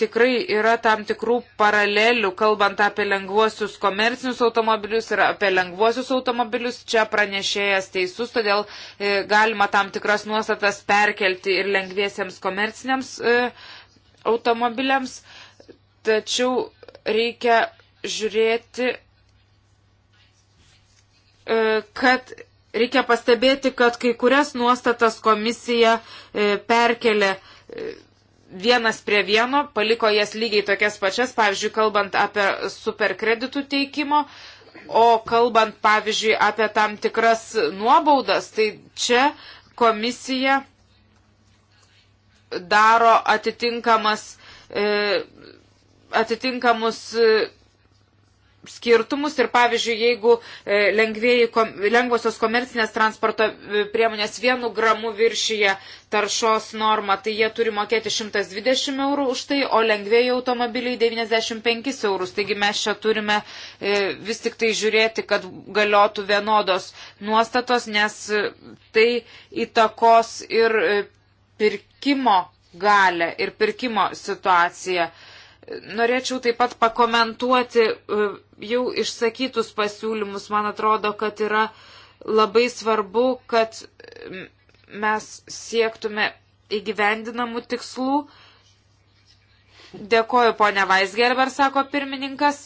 tikrai yra tam tikrų paralelių, kalbant apie lengvuosius komercinius automobilius ir apie lengvuosius automobilius. Čia pranešėjas teisus, todėl e, galima tam tikras nuostatas perkelti ir lengviesiems komerciniams e, automobiliams. Tačiau reikia žiūrėti, kad reikia pastebėti, kad kai kurias nuostatas komisija e, perkelė e, vienas prie vieno, paliko jas lygiai tokias pačias, pavyzdžiui, kalbant apie superkreditų teikimo, o kalbant, pavyzdžiui, apie tam tikras nuobaudas, tai čia komisija daro atitinkamas, e, atitinkamus skirtumus ir pavyzdžiui, jeigu e, lengvėjai, lengvosios komercinės transporto e, priemonės vienu gramu viršyje taršos normą, tai jie turi mokėti 120 eurų už tai, o lengvėjai automobiliai 95 eurus. Taigi mes čia turime e, vis tik tai žiūrėti, kad galiotų vienodos nuostatos, nes tai įtakos ir pirkimo galę ir pirkimo situaciją. Norėčiau taip pat pakomentuoti e, jau išsakytus pasiūlymus. Man atrodo, kad yra labai svarbu, kad mes siektume įgyvendinamų tikslų. Dėkoju, ponia Vaisgerber, sako pirmininkas.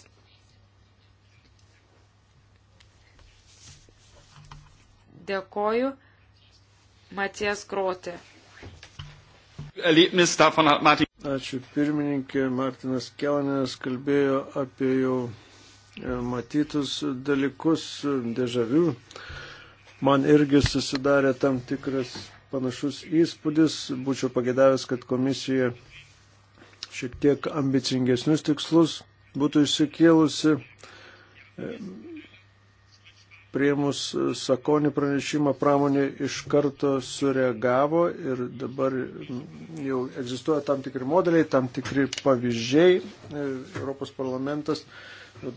Dėkoju, Matijas Groti. Erlebnis davon hat Martin Ačiū pirmininkė. Martinas Kelanės kalbėjo apie jau e, matytus dalykus dėžavių. Man irgi susidarė tam tikras panašus įspūdis. Būčiau pagėdavęs, kad komisija šiek tiek ambicingesnius tikslus būtų išsikėlusi. E, Priemus Sakonį pranešimą pramonė iš karto sureagavo ir dabar jau egzistuoja tam tikri modeliai, tam tikri pavyzdžiai. Europos parlamentas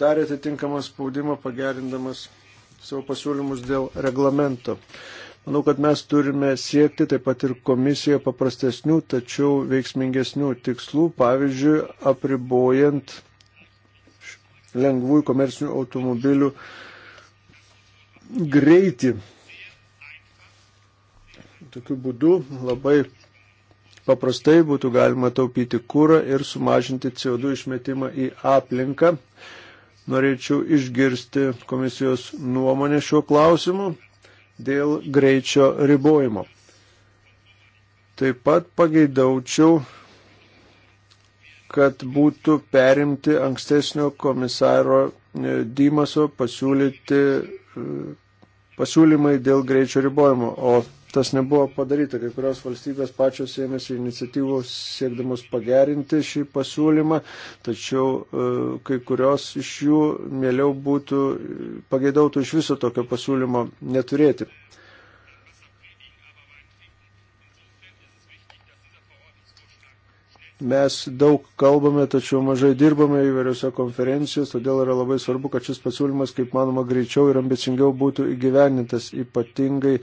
darė atitinkamą spaudimą pagerindamas savo pasiūlymus dėl reglamento. Manau, kad mes turime siekti taip pat ir komisijoje paprastesnių, tačiau veiksmingesnių tikslų, pavyzdžiui, apribojant lengvųjų komercinių automobilių greitį. Tokiu būdu labai paprastai būtų galima taupyti kūrą ir sumažinti CO2 išmetimą į aplinką. Norėčiau išgirsti komisijos nuomonę šiuo klausimu dėl greičio ribojimo. Taip pat pageidaučiau, kad būtų perimti ankstesnio komisaro e, Dymaso pasiūlyti e, pasiūlymai dėl greičio ribojimo, o tas nebuvo padaryta. Kai kurios valstybės pačios ėmėsi iniciatyvų siekdamos pagerinti šį pasiūlymą, tačiau e, kai kurios iš jų mėliau būtų pageidautų iš viso tokio pasiūlymo neturėti. Mes daug kalbame, tačiau mažai dirbame įvairiose konferencijose, todėl yra labai svarbu, kad šis pasiūlymas, kaip manoma, greičiau ir ambicingiau būtų įgyvenintas. Ypatingai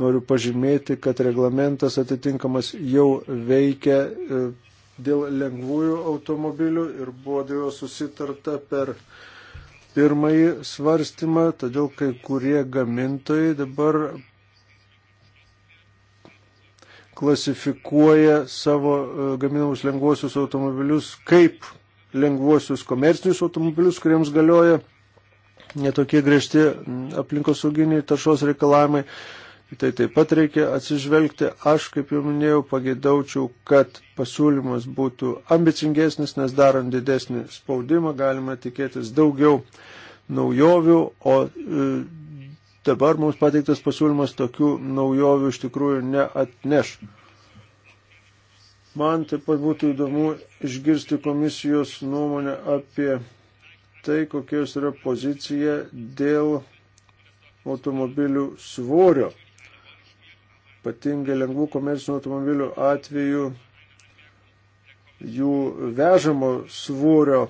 noriu pažymėti, kad reglamentas atitinkamas jau veikia e, dėl lengvųjų automobilių ir buvo dėl jo susitarta per pirmąjį svarstymą, todėl kai kurie gamintojai dabar klasifikuoja savo e, gaminamus lengvuosius automobilius kaip lengvuosius komercinius automobilius, kuriems galioja netokie griežti aplinkosauginiai taršos reikalavimai. Tai taip pat reikia atsižvelgti. Aš, kaip jau minėjau, pagėdaučiau, kad pasiūlymas būtų ambicingesnis, nes darant didesnį spaudimą galima tikėtis daugiau naujovių, o e, dabar mums pateiktas pasiūlymas tokių naujovių iš tikrųjų neatneš. Man taip pat būtų įdomu išgirsti komisijos nuomonę apie tai, kokios yra pozicija dėl automobilių svorio. Patingai lengvų komercinių automobilių atveju jų vežamo svorio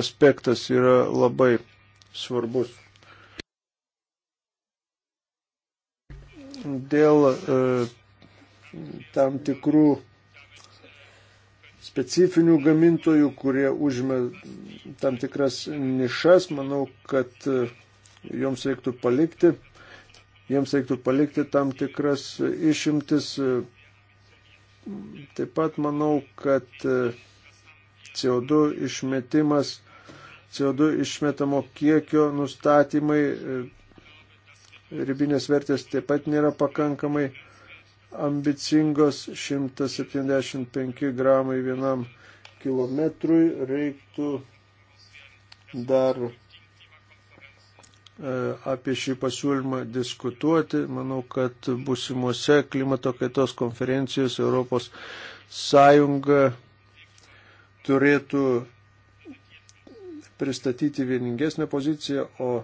aspektas yra labai svarbus. dėl e, tam tikrų specifinių gamintojų, kurie užima tam tikras nišas, manau, kad e, joms reiktų palikti, jiems reiktų palikti tam tikras išimtis. E, taip pat manau, kad CO2 išmetimas, CO2 išmetamo kiekio nustatymai ribinės vertės taip pat nėra pakankamai ambicingos 175 gramai vienam kilometrui reiktų dar e, apie šį pasiūlymą diskutuoti. Manau, kad busimuose klimato kaitos konferencijos Europos Sąjunga turėtų pristatyti vieningesnę poziciją, o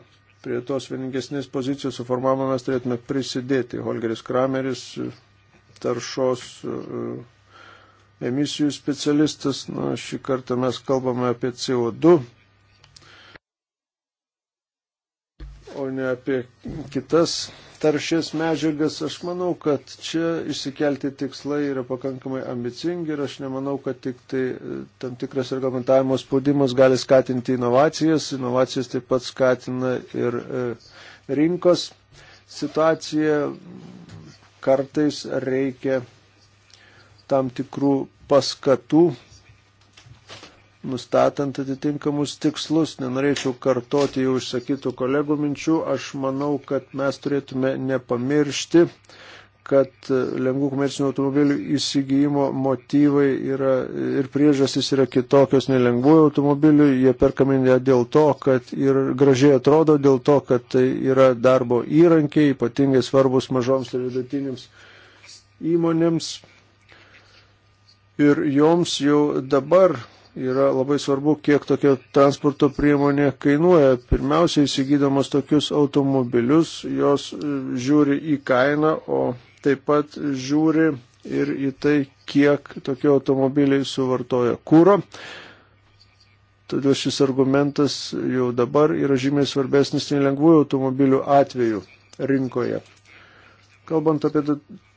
prie tos vieningesnės pozicijos suformavimo mes turėtume prisidėti. Holgeris Krameris, taršos e, emisijų specialistas, na, šį kartą mes kalbame apie CO2 o ne apie kitas taršės medžiagas. Aš manau, kad čia išsikelti tikslai yra pakankamai ambicingi ir aš nemanau, kad tik tai e, tam tikras reglamentavimo spaudimas gali skatinti inovacijas. Inovacijas taip pat skatina ir e, rinkos situacija. Kartais reikia tam tikrų paskatų nustatant atitinkamus tikslus. Nenorėčiau kartoti jau išsakytų kolegų minčių. Aš manau, kad mes turėtume nepamiršti, kad e, lengvų komercinių automobilių įsigijimo motyvai yra, e, ir priežastys yra kitokios nei lengvųjų automobilių. Jie perkami ne dėl to, kad ir gražiai atrodo, dėl to, kad tai yra darbo įrankiai, ypatingai svarbus mažoms ir vidutinėms įmonėms. Ir joms jau dabar yra labai svarbu, kiek tokia transporto priemonė kainuoja. Pirmiausia, įsigydamas tokius automobilius, jos e, žiūri į kainą, o taip pat žiūri ir į tai, kiek tokie automobiliai suvartoja kūro. Todėl šis argumentas jau dabar yra žymiai svarbesnis nei lengvųjų automobilių atveju rinkoje. Kalbant apie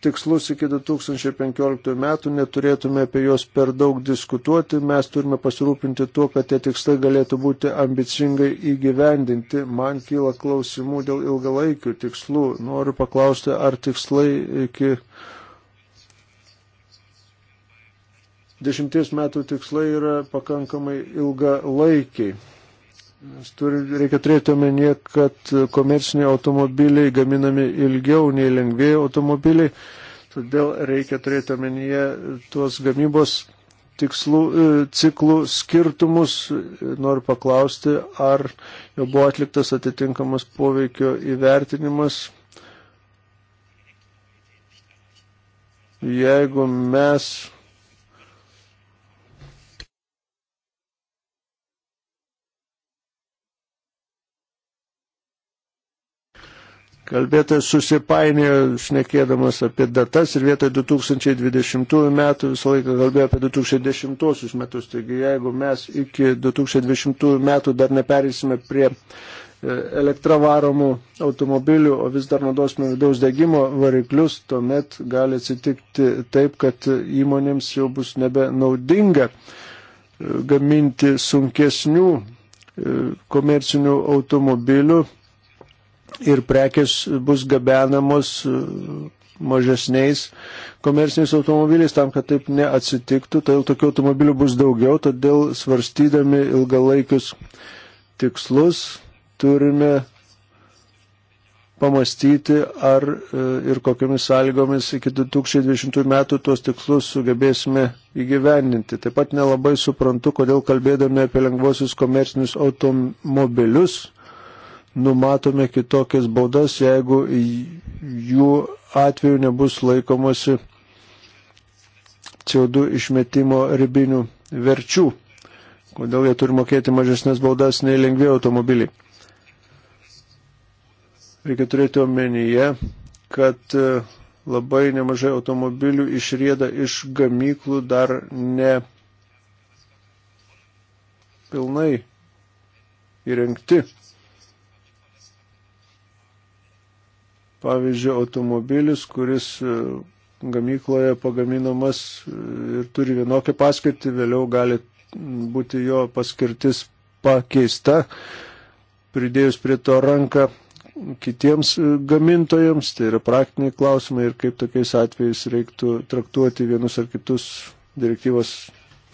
tikslus iki 2015 metų, neturėtume apie juos per daug diskutuoti, mes turime pasirūpinti tuo, kad tie tikslai galėtų būti ambicingai įgyvendinti. Man kyla klausimų dėl ilgalaikių tikslų. Noriu paklausti, ar tikslai iki 10 metų tikslai yra pakankamai ilgalaikiai. Turi, reikia turėti omenyje, kad komerciniai automobiliai gaminami ilgiau nei lengvėjai automobiliai, todėl reikia turėti omenyje tuos gamybos tikslų, e, ciklų skirtumus. Noriu paklausti, ar jau buvo atliktas atitinkamas poveikio įvertinimas. Jeigu mes Kalbėtojas susipainiojo, šnekėdamas apie datas ir vietoj 2020 metų visą laiką kalbėjo apie 2010 metus. Taigi jeigu mes iki 2020 metų dar neperėsime prie e, elektravaromų automobilių, o vis dar naudosime vidaus degimo variklius, tuomet gali atsitikti taip, kad įmonėms jau bus nebenaudinga e, gaminti sunkesnių e, komercinių automobilių ir prekės bus gabenamos e, mažesniais komerciniais automobiliais, tam, kad taip neatsitiktų, tai tokių automobilių bus daugiau, todėl svarstydami ilgalaikius tikslus turime pamastyti, ar e, ir kokiamis sąlygomis iki 2020 metų tuos tikslus sugebėsime įgyvendinti. Taip pat nelabai suprantu, kodėl kalbėdami apie lengvosius komercinius automobilius, numatome kitokias baudas, jeigu jų atveju nebus laikomasi CO2 išmetimo ribinių verčių. Kodėl jie turi mokėti mažesnės baudas nei lengviai automobiliai? Reikia turėti omenyje, kad e, labai nemažai automobilių išrėda iš gamyklų dar ne pilnai įrengti. Pavyzdžiui, automobilis, kuris e, gamykloje pagaminamas e, ir turi vienokią paskirtį, vėliau gali būti jo paskirtis pakeista, pridėjus prie to ranką kitiems e, gamintojams, tai yra praktiniai klausimai ir kaip tokiais atvejais reiktų traktuoti vienus ar kitus direktyvos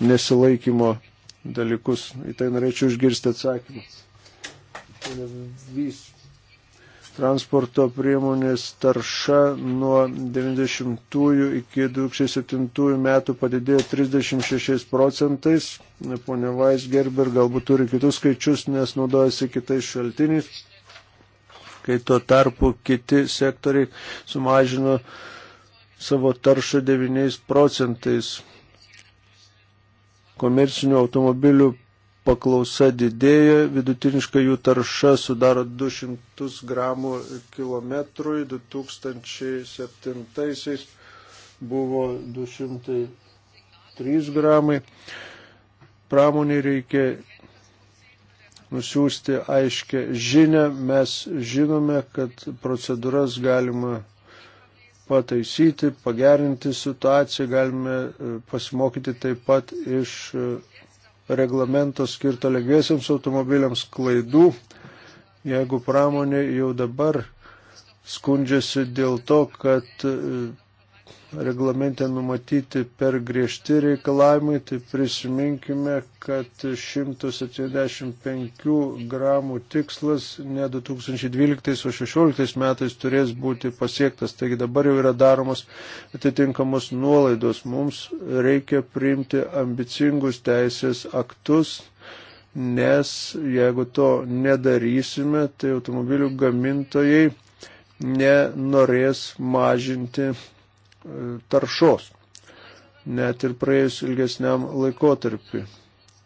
nesilaikymo dalykus. Į tai norėčiau išgirsti atsakymą. Vys transporto priemonės tarša nuo 90-ųjų iki 2007 metų padidėjo 36 procentais. Pone Weisgerber galbūt turi kitus skaičius, nes naudojasi kitais šaltiniais, kai tuo tarpu kiti sektoriai sumažino savo taršą 9 procentais. Komercinių automobilių paklausa didėja, vidutiniškai jų tarša sudaro 200 gramų kilometrui, 2007 buvo 203 gramai. Pramonį reikia nusiųsti aiškę žinę, mes žinome, kad procedūras galima pataisyti, pagerinti situaciją, galime e, pasimokyti taip pat iš e, reglamento skirto lengviesiams automobiliams klaidų, jeigu pramonė jau dabar skundžiasi dėl to, kad e, reglamente numatyti per griežti reikalavimai, tai prisiminkime, kad 175 gramų tikslas ne 2012, o 2016 metais turės būti pasiektas. Taigi dabar jau yra daromos atitinkamos nuolaidos. Mums reikia priimti ambicingus teisės aktus, nes jeigu to nedarysime, tai automobilių gamintojai nenorės mažinti taršos, net ir praėjus ilgesniam laikotarpiu.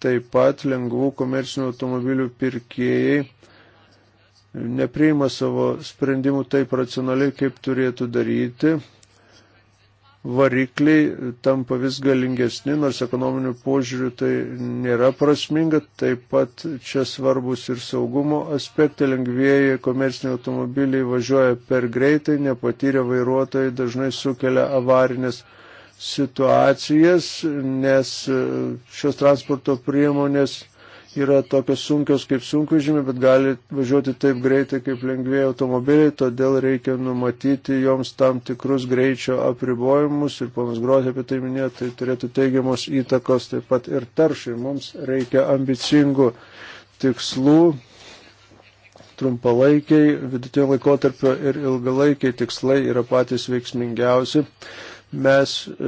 Taip pat lengvų komercinių automobilių pirkėjai nepriima savo sprendimų taip racionaliai, kaip turėtų daryti, varikliai tampa vis galingesni, nors ekonominių požiūrių tai nėra prasminga. Taip pat čia svarbus ir saugumo aspektai. Lengvėjai komerciniai automobiliai važiuoja per greitai, nepatyrę vairuotojai dažnai sukelia avarinės situacijas, nes šios transporto priemonės yra tokios sunkios kaip sunkvežimiai, bet gali važiuoti taip greitai kaip lengvėjai automobiliai, todėl reikia numatyti joms tam tikrus greičio apribojimus ir ponas Grotė apie tai minėjo, tai turėtų teigiamos įtakos taip pat ir taršai. Mums reikia ambicingų tikslų, trumpalaikiai, vidutinio laikotarpio ir ilgalaikiai tikslai yra patys veiksmingiausi mes e,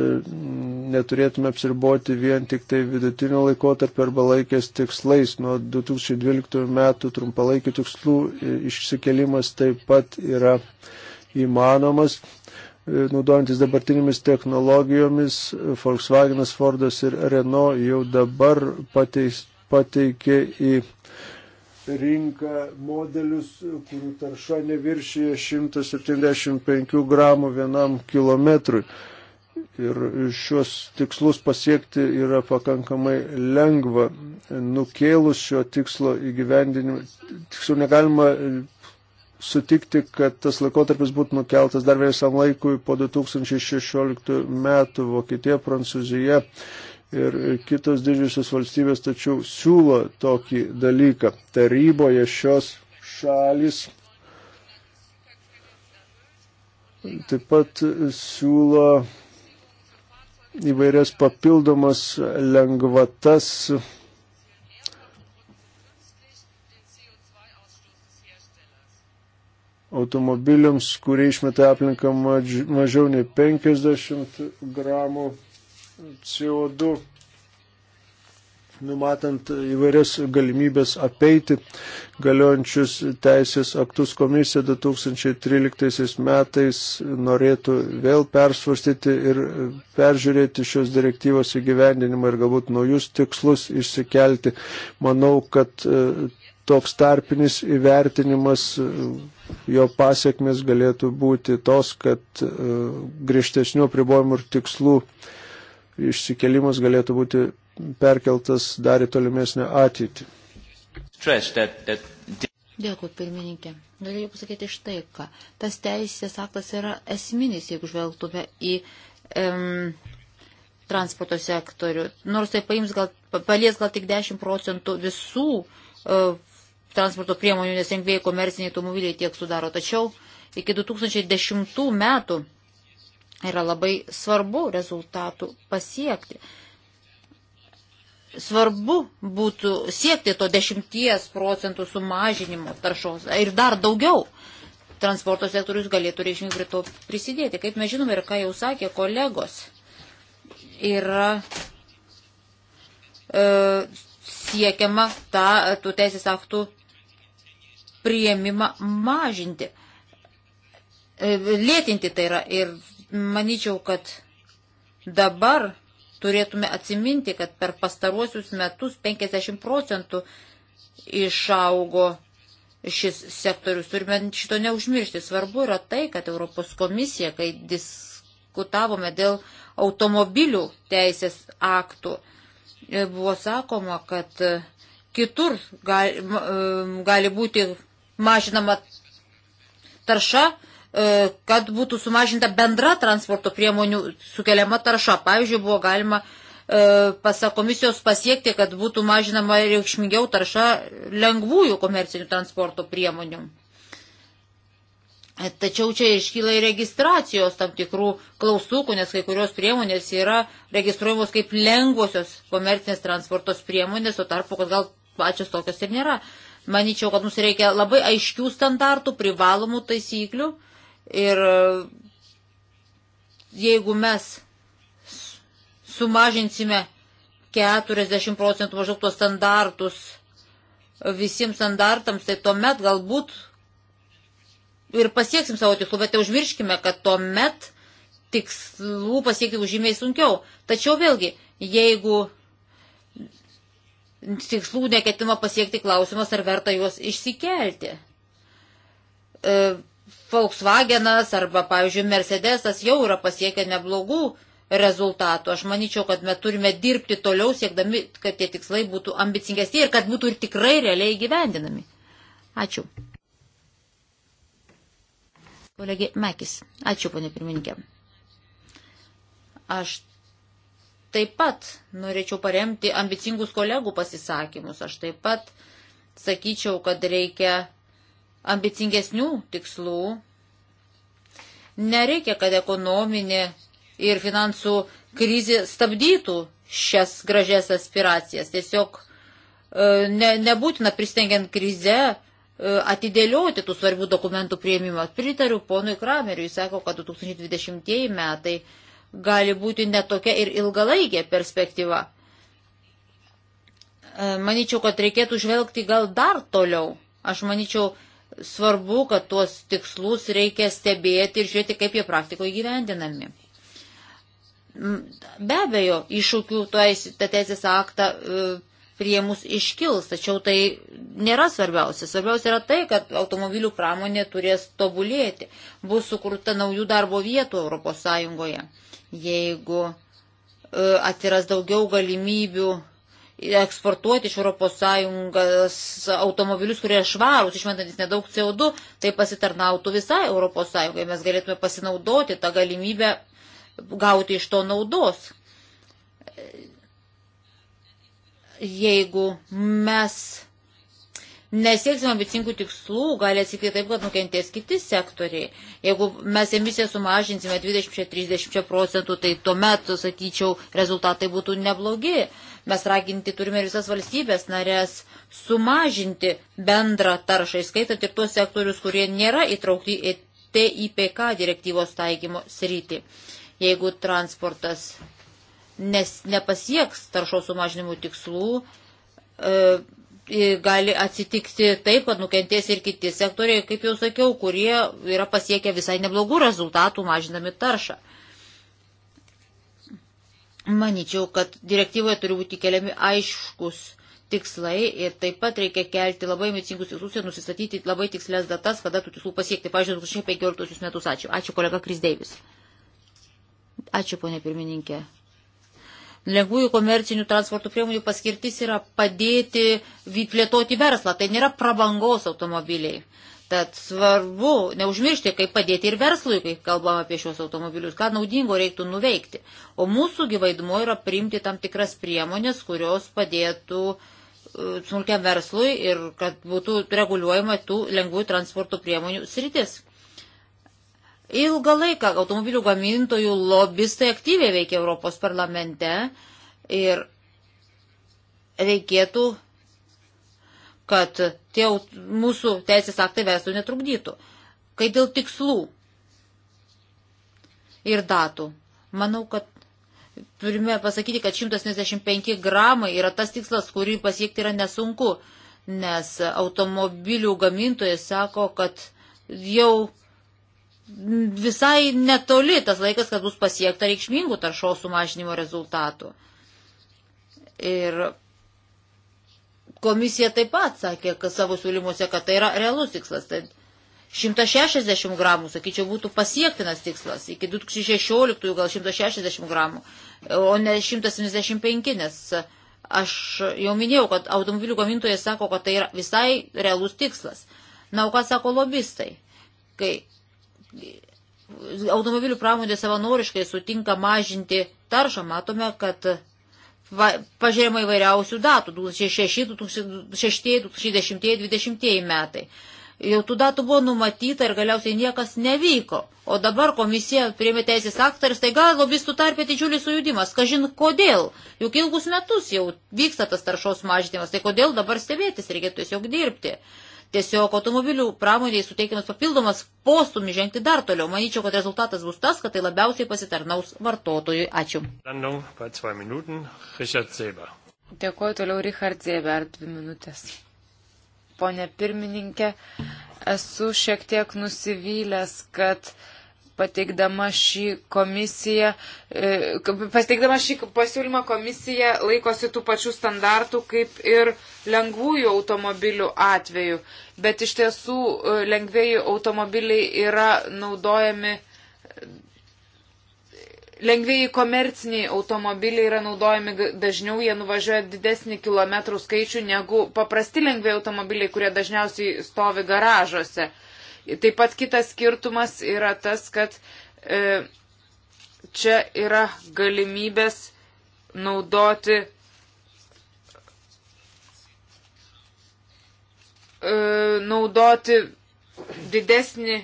neturėtume apsirboti vien tik tai vidutinio laikotarpio arba laikės tikslais. Nuo 2012 metų trumpalaikių tikslų e, išsikelimas taip pat yra įmanomas. E, naudojantis dabartinėmis technologijomis, Volkswagenas, Fordas ir Renault jau dabar pateis, pateikė į rinką modelius, kurių tarša neviršyje 175 gramų vienam kilometrui. Ir šios tikslus pasiekti yra pakankamai lengva. Nukėlus šio tikslo įgyvendinimą, tiksliau negalima sutikti, kad tas laikotarpis būtų nukeltas dar vėlesam laikui po 2016 metų Vokietija, Prancūzija ir kitos didžiosios valstybės, tačiau siūlo tokį dalyką. Taryboje šios šalis taip pat siūlo įvairias papildomas lengvatas automobiliams, kurie išmeta aplinką mažiau nei 50 gramų CO2, numatant įvairias galimybės apeiti galiojančius teisės aktus komisija 2013 metais norėtų vėl persvarstyti ir peržiūrėti šios direktyvos įgyvendinimą ir galbūt naujus tikslus išsikelti. Manau, kad e, toks tarpinis įvertinimas, e, jo pasiekmes galėtų būti tos, kad e, griežtesnių pribojimų ir tikslų uh, išsikelimas galėtų būti perkeltas dar į tolimesnę ateitį. Dėkui, pirmininkė. Norėjau pasakyti štai ką. Tas teisės aktas yra esminis, jeigu žvelgtume į um, transporto sektorių. Nors tai paims gal, palies gal tik 10 procentų visų uh, transporto priemonių, nes lengvėjai komerciniai automobiliai tiek sudaro. Tačiau iki 2010 metų yra labai svarbu rezultatų pasiekti. Svarbu būtų siekti to 10 procentų sumažinimo taršos ir dar daugiau. Transporto sektorius galėtų reikšmingai prie to prisidėti. Kaip mes žinome ir ką jau sakė kolegos, yra e, siekiama tą, tų teisės aktų prieimimą mažinti. E, lėtinti tai yra ir Manyčiau, kad dabar turėtume atsiminti, kad per pastaruosius metus 50 procentų išaugo šis sektorius. Turime šito neužmiršti. Svarbu yra tai, kad Europos komisija, kai diskutavome dėl automobilių teisės aktų, e, buvo sakoma, kad e, kitur gali, e, gali būti mažinama tarša E, kad būtų sumažinta bendra transporto priemonių sukeliama tarša. Pavyzdžiui, buvo galima e, pasak komisijos pasiekti, kad būtų mažinama reikšmingiau tarša lengvųjų komercinių transporto priemonių. E, tačiau čia iškyla ir registracijos tam tikrų klaustukų, nes kai kurios priemonės yra registruojamos kaip lengvosios komercinės transportos priemonės, o tarpu, kad gal pačios tokios ir nėra. Maničiau, kad mums reikia labai aiškių standartų, privalomų taisyklių Ir e, jeigu mes sumažinsime 40 procentų maždaug tos standartus e, visiems standartams, tai tuomet galbūt ir pasieksim savo tikslų, bet tai užmirškime, kad tuomet tikslų pasiekti žymiai sunkiau. Tačiau vėlgi, jeigu tikslų neketima pasiekti klausimas, ar verta juos išsikelti. E, Volkswagenas arba, pavyzdžiui, Mercedesas jau yra pasiekę neblogų rezultatų. Aš manyčiau, kad mes turime dirbti toliau, siekdami, kad tie tikslai būtų ambicingesni ir kad būtų ir tikrai realiai gyvendinami. Ačiū. Kolegė Mekis. Ačiū, ponė pirmininkė. Aš taip pat norėčiau paremti ambicingus kolegų pasisakymus. Aš taip pat sakyčiau, kad reikia ambicingesnių tikslų. Nereikia, kad ekonominė ir finansų krizė stabdytų šias gražias aspiracijas. Tiesiog e, ne, nebūtina pristengiant krizę e, atidėlioti tų svarbių dokumentų prieimimą. Pritariu ponui Krameriui, jis sako, kad 2020 metai gali būti netokia ir ilgalaikė perspektyva. E, Maničiau, kad reikėtų žvelgti gal dar toliau. Aš manyčiau, svarbu, kad tuos tikslus reikia stebėti ir žiūrėti, kaip jie praktikoje gyvendinami. Be abejo, iššūkių tą teisės aktą e, priemus iškils, tačiau tai nėra svarbiausia. Svarbiausia yra tai, kad automobilių pramonė turės tobulėti, bus sukurta naujų darbo vietų ES. Jeigu e, atsiras daugiau galimybių eksportuoti iš ES automobilius, kurie švarūs, išmetantis nedaug CO2, tai pasitarnautų visai ES. Mes galėtume pasinaudoti tą galimybę gauti iš to naudos. Jeigu mes nesieksime ambicingų tikslų, gali atsitikti taip, kad nukentės kiti sektoriai. Jeigu mes emisiją sumažinsime 20-30 procentų, tai tuomet, sakyčiau, rezultatai būtų neblogi. Mes raginti turime ir visas valstybės narės sumažinti bendrą taršą, įskaitant ir tuos sektorius, kurie nėra įtraukti į TIPK direktyvos taikymo sritį. Jeigu transportas nes, nepasieks taršos sumažinimų tikslų, e, gali atsitikti taip, kad nukentės ir kiti sektoriai, kaip jau sakiau, kurie yra pasiekę visai neblogų rezultatų mažinami taršą. Maničiau, kad direktyvoje turi būti keliami aiškus tikslai ir taip pat reikia kelti labai ambicingus tikslus ir nusistatyti labai tikslės datas, kada tų tikslų pasiekti. Pavyzdžiui, 2015 metus. Ačiū. Ačiū kolega Krisdeivis. Ačiū, ponė pirmininkė. Lengvųjų komercinių transporto priemonių paskirtis yra padėti plėtoti verslą. Tai nėra prabangos automobiliai. Tad svarbu neužmiršti, kaip padėti ir verslui, kai kalbam apie šios automobilius, ką naudingo reiktų nuveikti. O mūsų gyvaidmo yra priimti tam tikras priemonės, kurios padėtų e, smulkiam verslui ir kad būtų reguliuojama tų lengvųjų transporto priemonių sritis. Ilgą laiką automobilių gamintojų lobistai aktyviai veikia Europos parlamente ir reikėtų kad tie mūsų teisės aktai vestų netrukdytų. Kai dėl tikslų ir datų, manau, kad turime pasakyti, kad 175 gramai yra tas tikslas, kurį pasiekti yra nesunku, nes automobilių gamintojai sako, kad jau visai netoli tas laikas, kad bus pasiekta reikšmingų taršos sumažinimo rezultatų. Ir Komisija taip pat sakė, kad savo siūlymuose, kad tai yra realus tikslas. Tai 160 gramų, sakyčiau, būtų pasiektinas tikslas. Iki 2016 gal 160 gramų, o ne 175, nes aš jau minėjau, kad automobilių gamintojai sako, kad tai yra visai realus tikslas. Na, o ką sako lobistai? Kai automobilių pramonė savanoriškai sutinka mažinti taršą, matome, kad va, pažiūrėjome įvairiausių datų - 2006, 2006, 2010, 2020 metai. Jau tų datų buvo numatyta ir galiausiai niekas nevyko. O dabar komisija priėmė teisės aktą ir staiga lobistų tarpė didžiulis sujudimas. Kažin kodėl? Juk ilgus metus jau vyksta tas taršos mažinimas. Tai kodėl dabar stebėtis reikėtų tiesiog dirbti? Uh, tiesiog automobilių pramoniai suteikiamas papildomas postumis žengti dar toliau. Manyčiau, kad rezultatas bus tas, kad tai labiausiai pasitarnaus vartotojui. Ačiū. Dėkuoju toliau Richard Zeber, dvi minutės. Pone pirmininkė, esu šiek tiek nusivylęs, kad uh, pateikdama šį komisiją, e, pateikdama šį pasiūlymą komisija laikosi tų pačių standartų kaip ir lengvųjų automobilių atveju. Bet iš tiesų e, lengvėjų automobiliai yra naudojami, lengvėjai komerciniai automobiliai yra naudojami dažniau, jie nuvažiuoja didesnį kilometrų skaičių negu paprasti lengvėjai automobiliai, kurie dažniausiai stovi garažuose. Taip pat kitas skirtumas yra tas, kad e, čia yra galimybės naudoti e, naudoti didesnį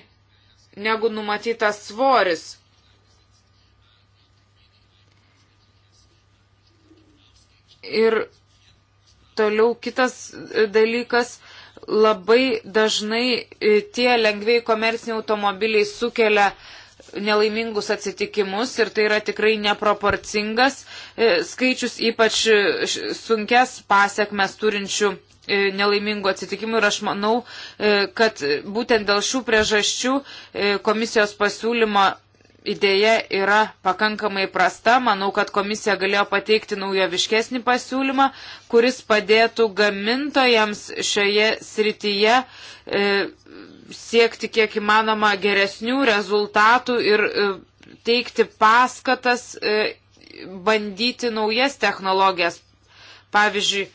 negu numatytas svoris. Ir toliau kitas dalykas, labai dažnai e, tie lengviai komerciniai automobiliai sukelia nelaimingus atsitikimus ir tai yra tikrai neproporcingas e, skaičius, ypač e, sunkes pasiekmes turinčių nelaimingų atsitikimų ir aš manau, kad būtent dėl šių priežasčių komisijos pasiūlymo idėja yra pakankamai prasta. Manau, kad komisija galėjo pateikti naujoviškesnį pasiūlymą, kuris padėtų gamintojams šioje srityje e, siekti kiek įmanoma geresnių rezultatų ir e, teikti paskatas e, bandyti naujas technologijas. Pavyzdžiui,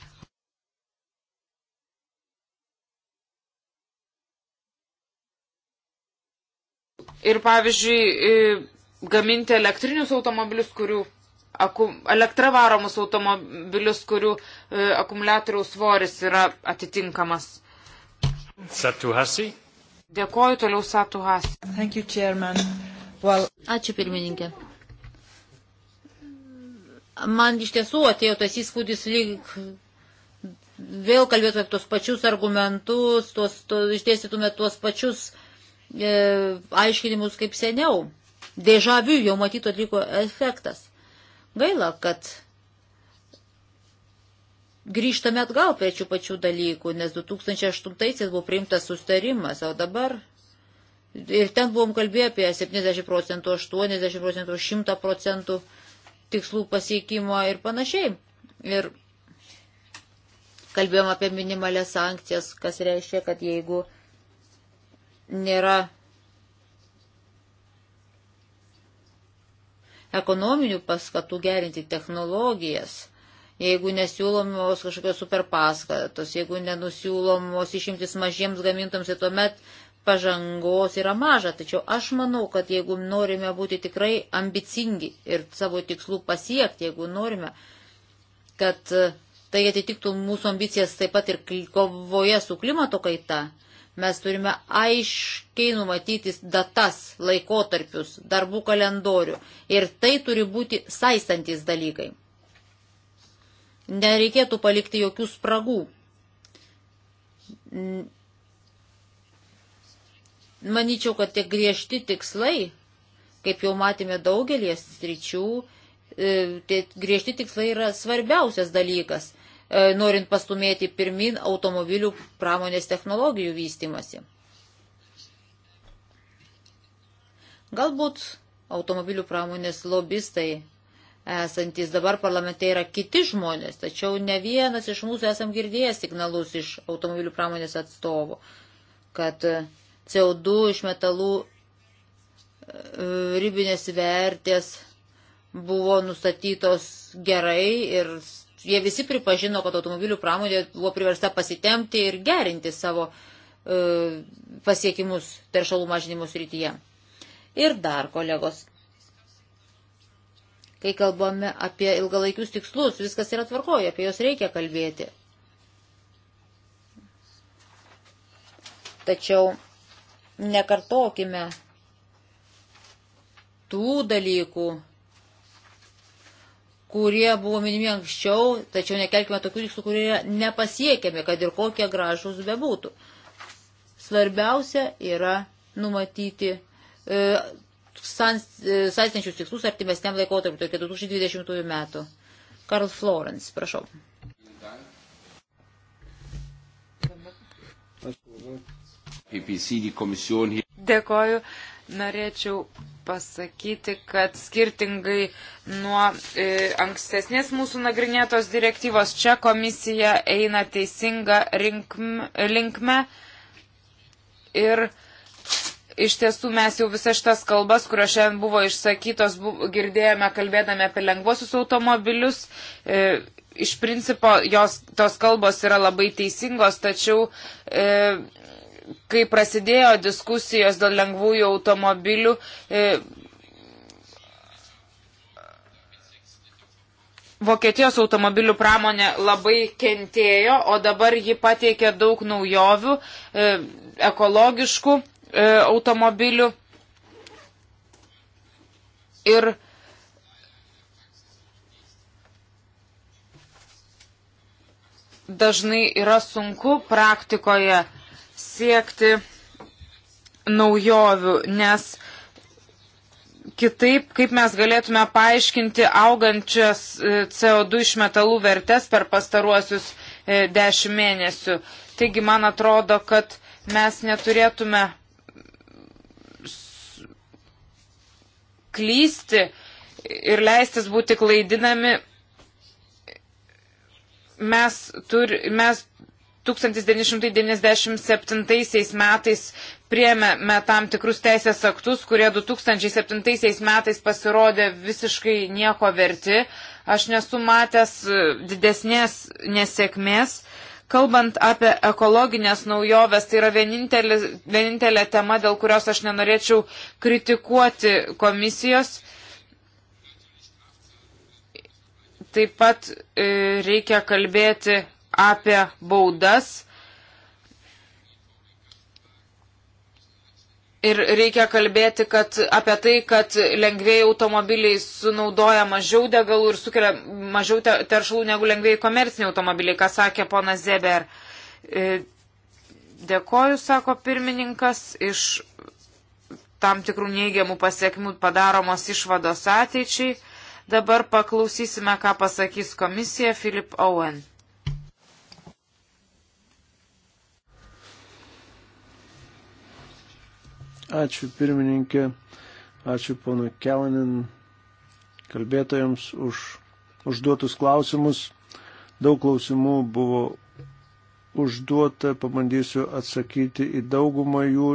ir, pavyzdžiui, e, gaminti elektrinius automobilius, kurių elektra varomus automobilius, kurių e, akumuliatoriaus svoris yra atitinkamas. Satuhasi. Dėkoju toliau Satuhasi. Thank you, chairman. Well... Ačiū pirmininkė. Man iš tiesų atėjo tas įspūdis lyg vėl kalbėtume apie tos pačius argumentus, tos, to, išdėstytume tuos pačius e, aiškinimus kaip seniau. Dėžavių jau matyto atliko efektas. Gaila, kad grįžtame atgal prie šių pačių dalykų, nes 2008-aisiais buvo priimtas sustarimas, o dabar ir ten buvom kalbėję apie 70 procentų, 80 procentų, 100 procentų tikslų pasiekimo ir panašiai. Ir kalbėjom apie minimalės sankcijas, kas reiškia, kad jeigu nėra ekonominių paskatų gerinti technologijas, jeigu nesiūlomos kažkokios superpaskatos, jeigu nenusiūlomos išimtis mažiems gamintams, tai tuomet pažangos yra maža. Tačiau aš manau, kad jeigu norime būti tikrai ambicingi ir savo tikslų pasiekti, jeigu norime, kad tai atitiktų mūsų ambicijas taip pat ir kovoje su klimato kaita, Mes turime aiškiai numatyti datas, laikotarpius, darbų kalendorių. Ir tai turi būti saistantis dalykai. Nereikėtų palikti jokių spragų. Manyčiau, kad tie griežti tikslai, kaip jau matėme daugelį sričių, e, tie griežti tikslai yra svarbiausias dalykas. E, norint pastumėti pirmin automobilių pramonės technologijų vystimasi. Galbūt automobilių pramonės lobistai esantis dabar parlamente yra kiti žmonės, tačiau ne vienas iš mūsų esam girdėję signalus iš automobilių pramonės atstovų, kad CO2 iš metalų e, ribinės vertės buvo nustatytos gerai ir jie visi pripažino, kad automobilių pramonė buvo priversta pasitemti ir gerinti savo e, pasiekimus teršalų mažinimo srityje. Ir dar, kolegos, kai kalbame apie ilgalaikius tikslus, viskas yra tvarkoje, apie juos reikia kalbėti. Tačiau nekartokime tų dalykų, kurie buvo minimi anksčiau, tačiau nekelkime tokių tikslų, kurie nepasiekiami, kad ir kokie gražus bebūtų. Svarbiausia yra numatyti e, e sąstinčius tikslus artimesniam laikotarpiu, iki 2020 metų. Karl Florence, prašau. Dėkoju. Norėčiau pasakyti, kad skirtingai nuo e, ankstesnės mūsų nagrinėtos direktyvos, čia komisija eina teisinga rinkm, linkme. Ir iš tiesų mes jau visas šitas kalbas, kurios šiandien buvo išsakytos, buvo, girdėjome kalbėdami apie lengvosius automobilius. E, iš principo jos, tos kalbos yra labai teisingos, tačiau e, kai prasidėjo diskusijos dėl lengvųjų automobilių, e, Vokietijos automobilių pramonė labai kentėjo, o dabar ji pateikė daug naujovių, e, ekologiškų e, automobilių. Ir dažnai yra sunku praktikoje siekti naujovių, nes kitaip, kaip mes galėtume paaiškinti augančias e, CO2 išmetalų vertes per pastaruosius 10 e, mėnesių. Taigi, man atrodo, kad mes neturėtume klysti ir leistis būti klaidinami. Mes, turi, mes 1997 metais priemėme tam tikrus teisės aktus, kurie 2007 metais pasirodė visiškai nieko verti. Aš nesu matęs e, didesnės nesėkmės. Kalbant apie ekologinės naujoves, tai yra vienintelė, vienintelė tema, dėl kurios aš nenorėčiau kritikuoti komisijos. Taip pat e, reikia kalbėti apie baudas. Ir reikia kalbėti kad, apie tai, kad lengvėjai automobiliai sunaudoja mažiau degalų ir sukelia mažiau teršalų negu lengvėjai komerciniai automobiliai, ką sakė ponas Zeber. E, dėkoju, sako pirmininkas, iš tam tikrų neigiamų pasiekmių padaromos išvados ateičiai. Dabar paklausysime, ką pasakys komisija Filip Owen. Ačiū pirmininkė, ačiū ponui Kelanin kalbėtojams už užduotus klausimus. Daug klausimų buvo užduota, pabandysiu atsakyti į daugumą jų.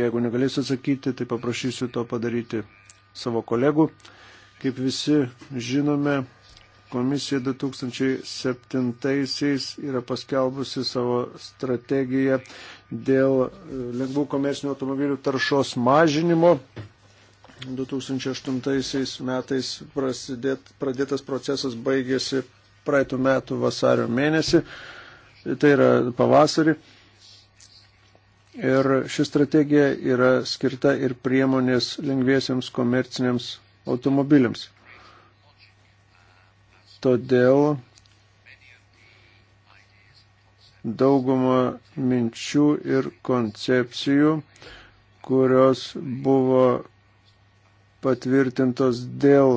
Jeigu negalėsiu atsakyti, tai paprašysiu to padaryti savo kolegų. Kaip visi žinome, Komisija 2007-aisiais yra paskelbusi savo strategiją dėl e, lengvų komercinių automobilių taršos mažinimo. 2008 metais prasidėt, pradėtas procesas baigėsi praeitų metų vasario mėnesį, tai yra pavasarį. Ir ši strategija yra skirta ir priemonės lengviesiams komerciniams automobiliams. Todėl daugumą minčių ir koncepcijų, kurios buvo patvirtintos dėl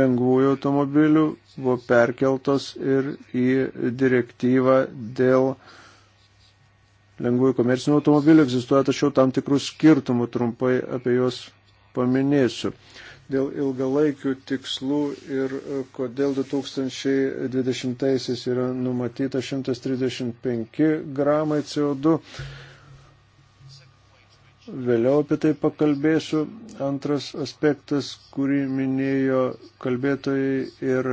lengvųjų automobilių, buvo perkeltos ir į direktyvą dėl lengvųjų komercinių automobilių egzistuoja, tačiau tam tikrų skirtumų trumpai apie juos paminėsiu dėl ilgalaikių tikslų ir e, kodėl 2020-aisiais yra numatyta 135 gramai CO2. Vėliau apie tai pakalbėsiu. Antras aspektas, kurį minėjo kalbėtojai ir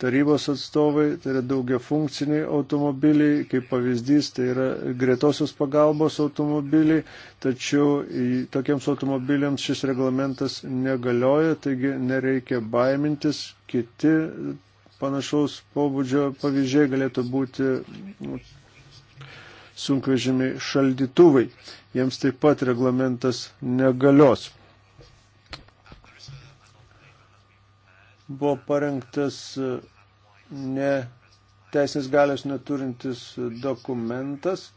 tarybos atstovai, tai yra daugia funkciniai automobiliai, kaip pavyzdys, tai yra greitosios pagalbos automobiliai, tačiau tokiems automobiliams šis reglamentas negalioja, taigi nereikia baimintis, kiti panašaus pobūdžio pavyzdžiai galėtų būti sunkvežimiai šaldytuvai, jiems taip pat reglamentas negalios. buvo parengtas e, ne teisinės galios neturintis dokumentas.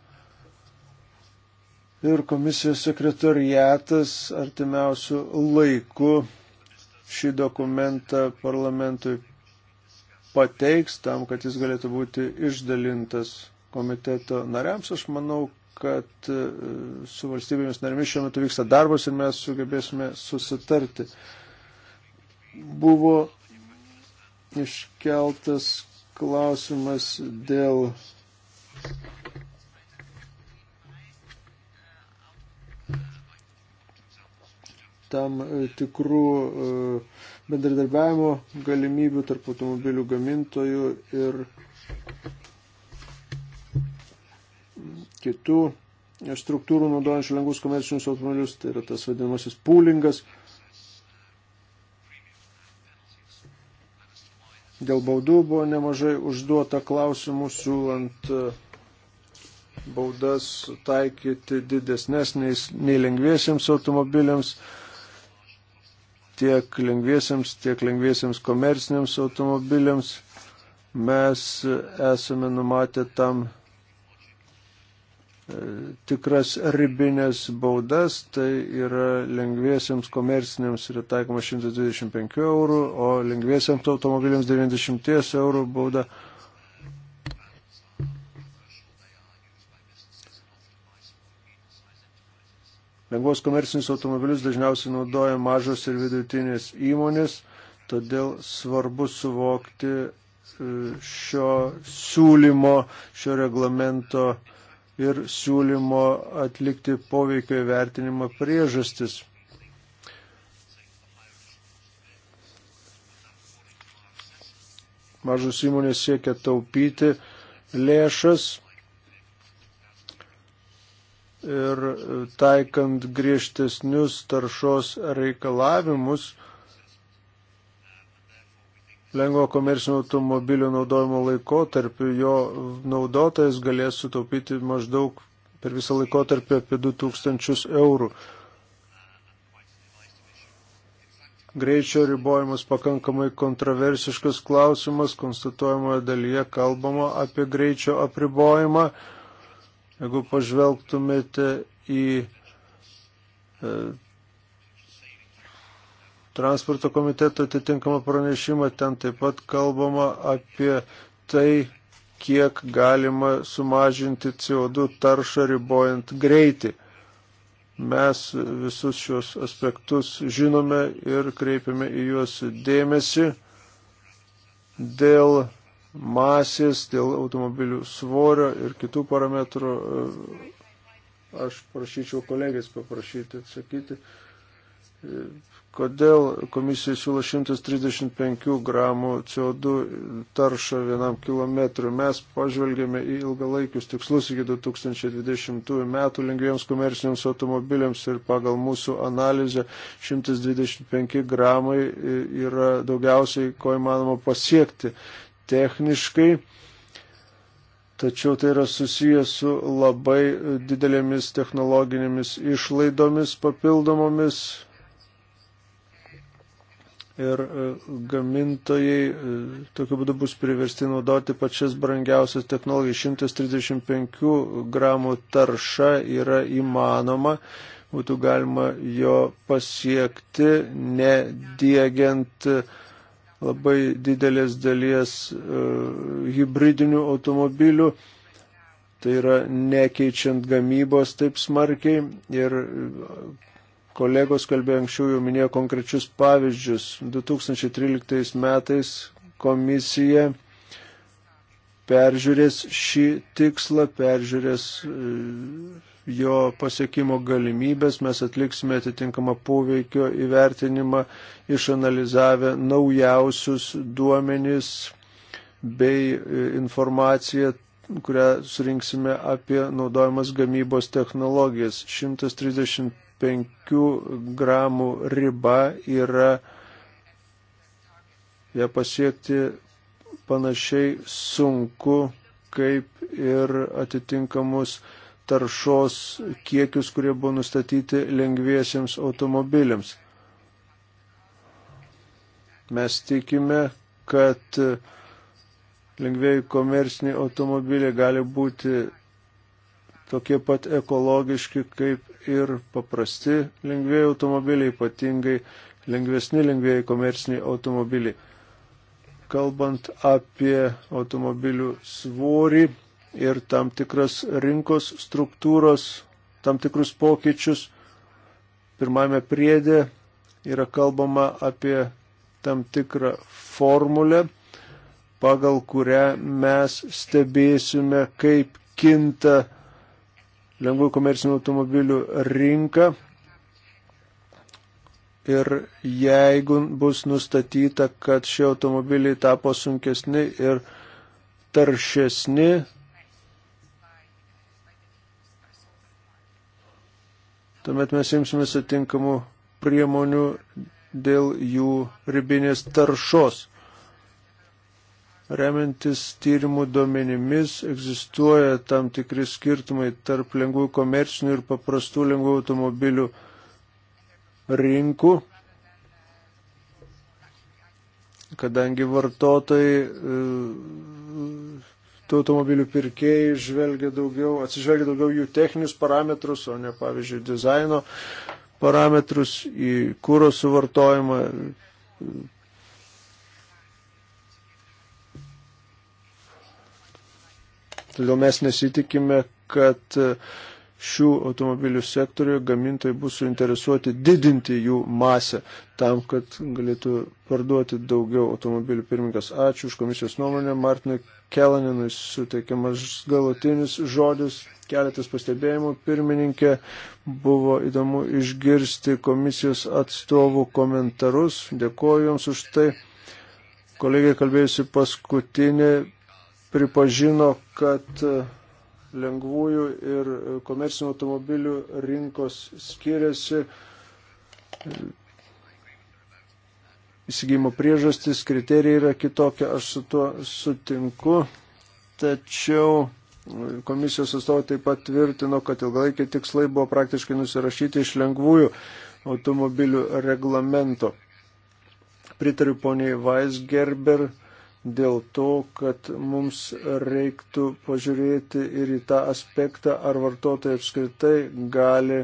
Ir komisijos sekretariatas artimiausių laikų šį dokumentą parlamentui pateiks tam, kad jis galėtų būti išdalintas komiteto nariams. Aš manau, kad e, su valstybėmis narimis šiuo metu vyksta darbas ir mes sugebėsime susitarti. Buvo iškeltas klausimas dėl tam e, tikrų e, bendradarbiavimo galimybių tarp automobilių gamintojų ir kitų struktūrų naudojančių lengvus komercinius automobilius, tai yra tas vadinamasis poolingas. Dėl baudų buvo nemažai užduota klausimų siūlant e, baudas taikyti didesnės nei, nei lengviesiems automobiliams, tiek lengviesiems, tiek lengviesiems komerciniams automobiliams. Mes e, esame numatę tam E, tikras ribinės baudas, tai yra lengviesiams komerciniams yra taikoma 125 eurų, o lengviesiams automobiliams 90 eurų bauda. Lengvos komercinius automobilius dažniausiai naudoja mažos ir vidutinės įmonės, todėl svarbu suvokti e, šio siūlymo, šio reglamento uh, ir siūlymo atlikti poveikio įvertinimą priežastis. Mažos įmonės siekia taupyti lėšas ir taikant griežtesnius taršos reikalavimus lengvo komercinio automobilio naudojimo laikotarpiu jo naudotojas galės sutaupyti maždaug per visą laikotarpį apie 2000 eurų. Greičio ribojimas pakankamai kontroversiškas klausimas, konstatuojamoje dalyje kalbama apie greičio apribojimą. Jeigu pažvelgtumėte į e, transporto komiteto atitinkamą pranešimą, ten taip pat kalbama apie tai, kiek galima sumažinti CO2 taršą ribojant greitį. Mes visus šios aspektus žinome ir kreipiame į juos dėmesį dėl masės, dėl automobilių svorio ir kitų parametrų. Aš prašyčiau kolegės paprašyti atsakyti Kodėl komisija siūlo 135 gramų CO2 taršą vienam kilometrui? Mes pažvelgėme į ilgalaikius tikslus iki 2020 metų lengviems komerciniams automobiliams ir pagal mūsų analizę 125 gramai yra daugiausiai, ko įmanoma pasiekti techniškai tačiau tai yra susijęs su labai didelėmis technologinėmis išlaidomis papildomomis ir e, gamintojai e, tokiu būdu bus priversti naudoti pačias brangiausias technologijas. 135 gramų tarša yra įmanoma, būtų galima jo pasiekti, nediegiant labai didelės dalies e, hybridinių automobilių. Tai yra nekeičiant gamybos taip smarkiai ir Kolegos kalbėjo anksčiau, jau minėjo konkrečius pavyzdžius. 2013 metais komisija peržiūrės šį tikslą, peržiūrės e, jo pasiekimo galimybės, mes atliksime atitinkamą poveikio įvertinimą, išanalizavę naujausius duomenys bei e, informaciją, kurią surinksime apie naudojamas gamybos technologijas. 135 5 gramų riba yra ją pasiekti panašiai sunku kaip ir atitinkamus taršos kiekius, kurie buvo nustatyti lengviesiems automobiliams. Mes tikime, kad lengvėjai komerciniai automobiliai gali būti tokie pat ekologiški kaip ir paprasti lengvėjai automobiliai, ypatingai lengvesni lengvėjai komerciniai automobiliai. Kalbant apie automobilių svorį ir tam tikras rinkos struktūros, tam tikrus pokyčius, pirmame priedė yra kalbama apie tam tikrą formulę, pagal kurią mes stebėsime, kaip kinta lengvų komercinių automobilių rinką. Ir jeigu bus nustatyta, kad šie automobiliai tapo sunkesni ir taršesni, tuomet mes imsimės atinkamų priemonių dėl jų ribinės taršos remiantis tyrimų duomenimis, egzistuoja tam tikri skirtumai tarp lengvų komercinių ir paprastų lengvų automobilių rinkų, kadangi vartotojai, e, tų automobilių pirkėjai žvelgia daugiau, atsižvelgia daugiau jų techninius parametrus, o ne, pavyzdžiui, dizaino parametrus į kūro suvartojimą, Todėl mes nesitikime, kad e, šių automobilių sektoriuje gamintojai bus suinteresuoti didinti jų masę tam, kad galėtų parduoti daugiau automobilių. Pirmininkas, ačiū už komisijos nuomonę. Martinui Kelaninui suteikiamas galutinis žodis, keletas pastebėjimų. Pirmininkė, buvo įdomu išgirsti komisijos atstovų komentarus. Dėkuoju Jums už tai. Kolegė kalbėjusi paskutinė pripažino, kad e, lengvųjų ir komercinių automobilių rinkos skiriasi. E, Įsigimo priežastis, kriterijai yra kitokie, aš su tuo sutinku, tačiau e, komisijos atstovai taip pat tvirtino, kad ilgalaikiai tikslai buvo praktiškai nusirašyti iš lengvųjų automobilių reglamento. Pritariu poniai Weisgerber dėl to, kad mums reiktų pažiūrėti ir į tą aspektą, ar vartotojai apskritai gali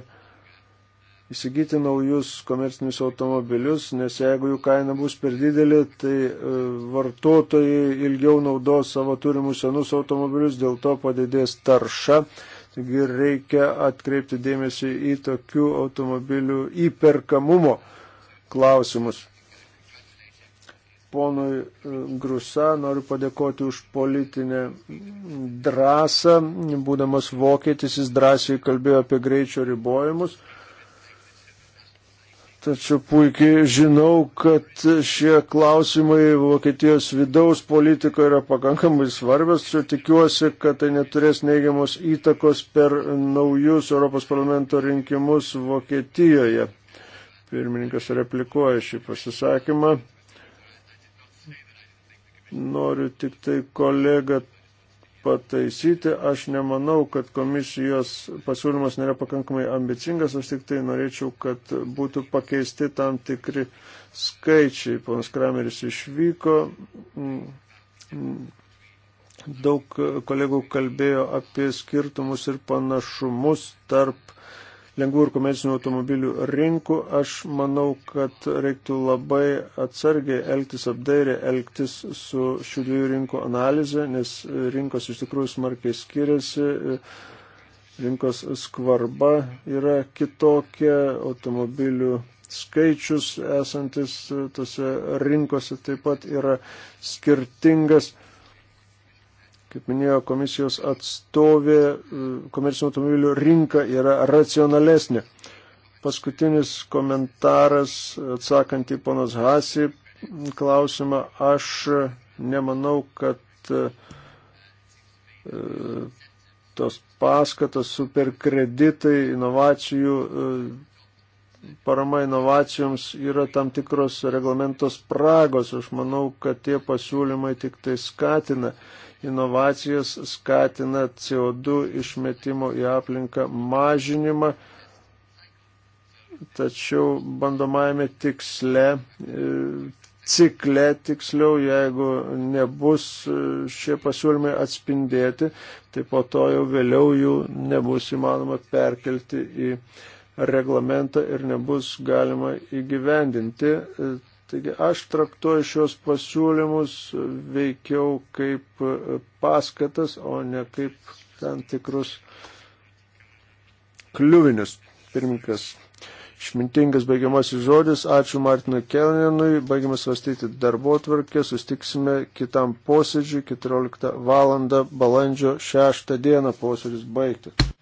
įsigyti naujus komercinius automobilius, nes jeigu jų kaina bus per didelė, tai e, vartotojai ilgiau naudos savo turimus senus automobilius, dėl to padidės tarša. Taigi reikia atkreipti dėmesį į tokių automobilių įperkamumo klausimus ponui e, Grusa, noriu padėkoti už politinę drąsą. Būdamas vokietis, jis drąsiai kalbėjo apie greičio ribojimus. Tačiau puikiai žinau, kad šie klausimai Vokietijos vidaus politikoje yra pakankamai svarbios. Čia tikiuosi, kad tai neturės neigiamos įtakos per naujus Europos parlamento rinkimus Vokietijoje. Pirmininkas replikuoja šį pasisakymą. Noriu tik tai kolegą pataisyti. Aš nemanau, kad komisijos pasiūlymas nėra pakankamai ambicingas. Aš tik tai norėčiau, kad būtų pakeisti tam tikri skaičiai. Ponas Krameris išvyko. Daug kolegų kalbėjo apie skirtumus ir panašumus tarp lengvų ir komercinių automobilių rinkų, aš manau, kad reiktų labai atsargiai elgtis, apdairiai elgtis su šių dviejų rinkų analizė, nes rinkos iš tikrųjų smarkiai skiriasi, rinkos skvarba yra kitokia, automobilių skaičius esantis tose rinkose taip pat yra skirtingas. Kaip minėjo komisijos atstovė, e, komercinių automobilių rinka yra racionalesnė. Paskutinis komentaras, atsakant į ponos Hasi klausimą, aš nemanau, kad e, tos paskatos, superkreditai, inovacijų, e, parama inovacijoms yra tam tikros reglamentos pragos. Aš manau, kad tie pasiūlymai tik tai skatina inovacijos skatina CO2 išmetimo į aplinką mažinimą, tačiau bandomajame tiksle, e, cikle tiksliau, jeigu nebus e, šie pasiūlymai atspindėti, tai po to jau vėliau jų nebus įmanoma perkelti į reglamentą ir nebus galima įgyvendinti. E, Taigi aš traktuoju šios pasiūlymus veikiau kaip paskatas, o ne kaip tam tikrus kliuvinius. Pirmininkas. Išmintingas baigiamasis žodis. Ačiū Martinui Kelninui. Baigiame svastyti darbo tvarkę. Sustiksime kitam posėdžiui 14 val. balandžio 6 dieną posėdis baigtas.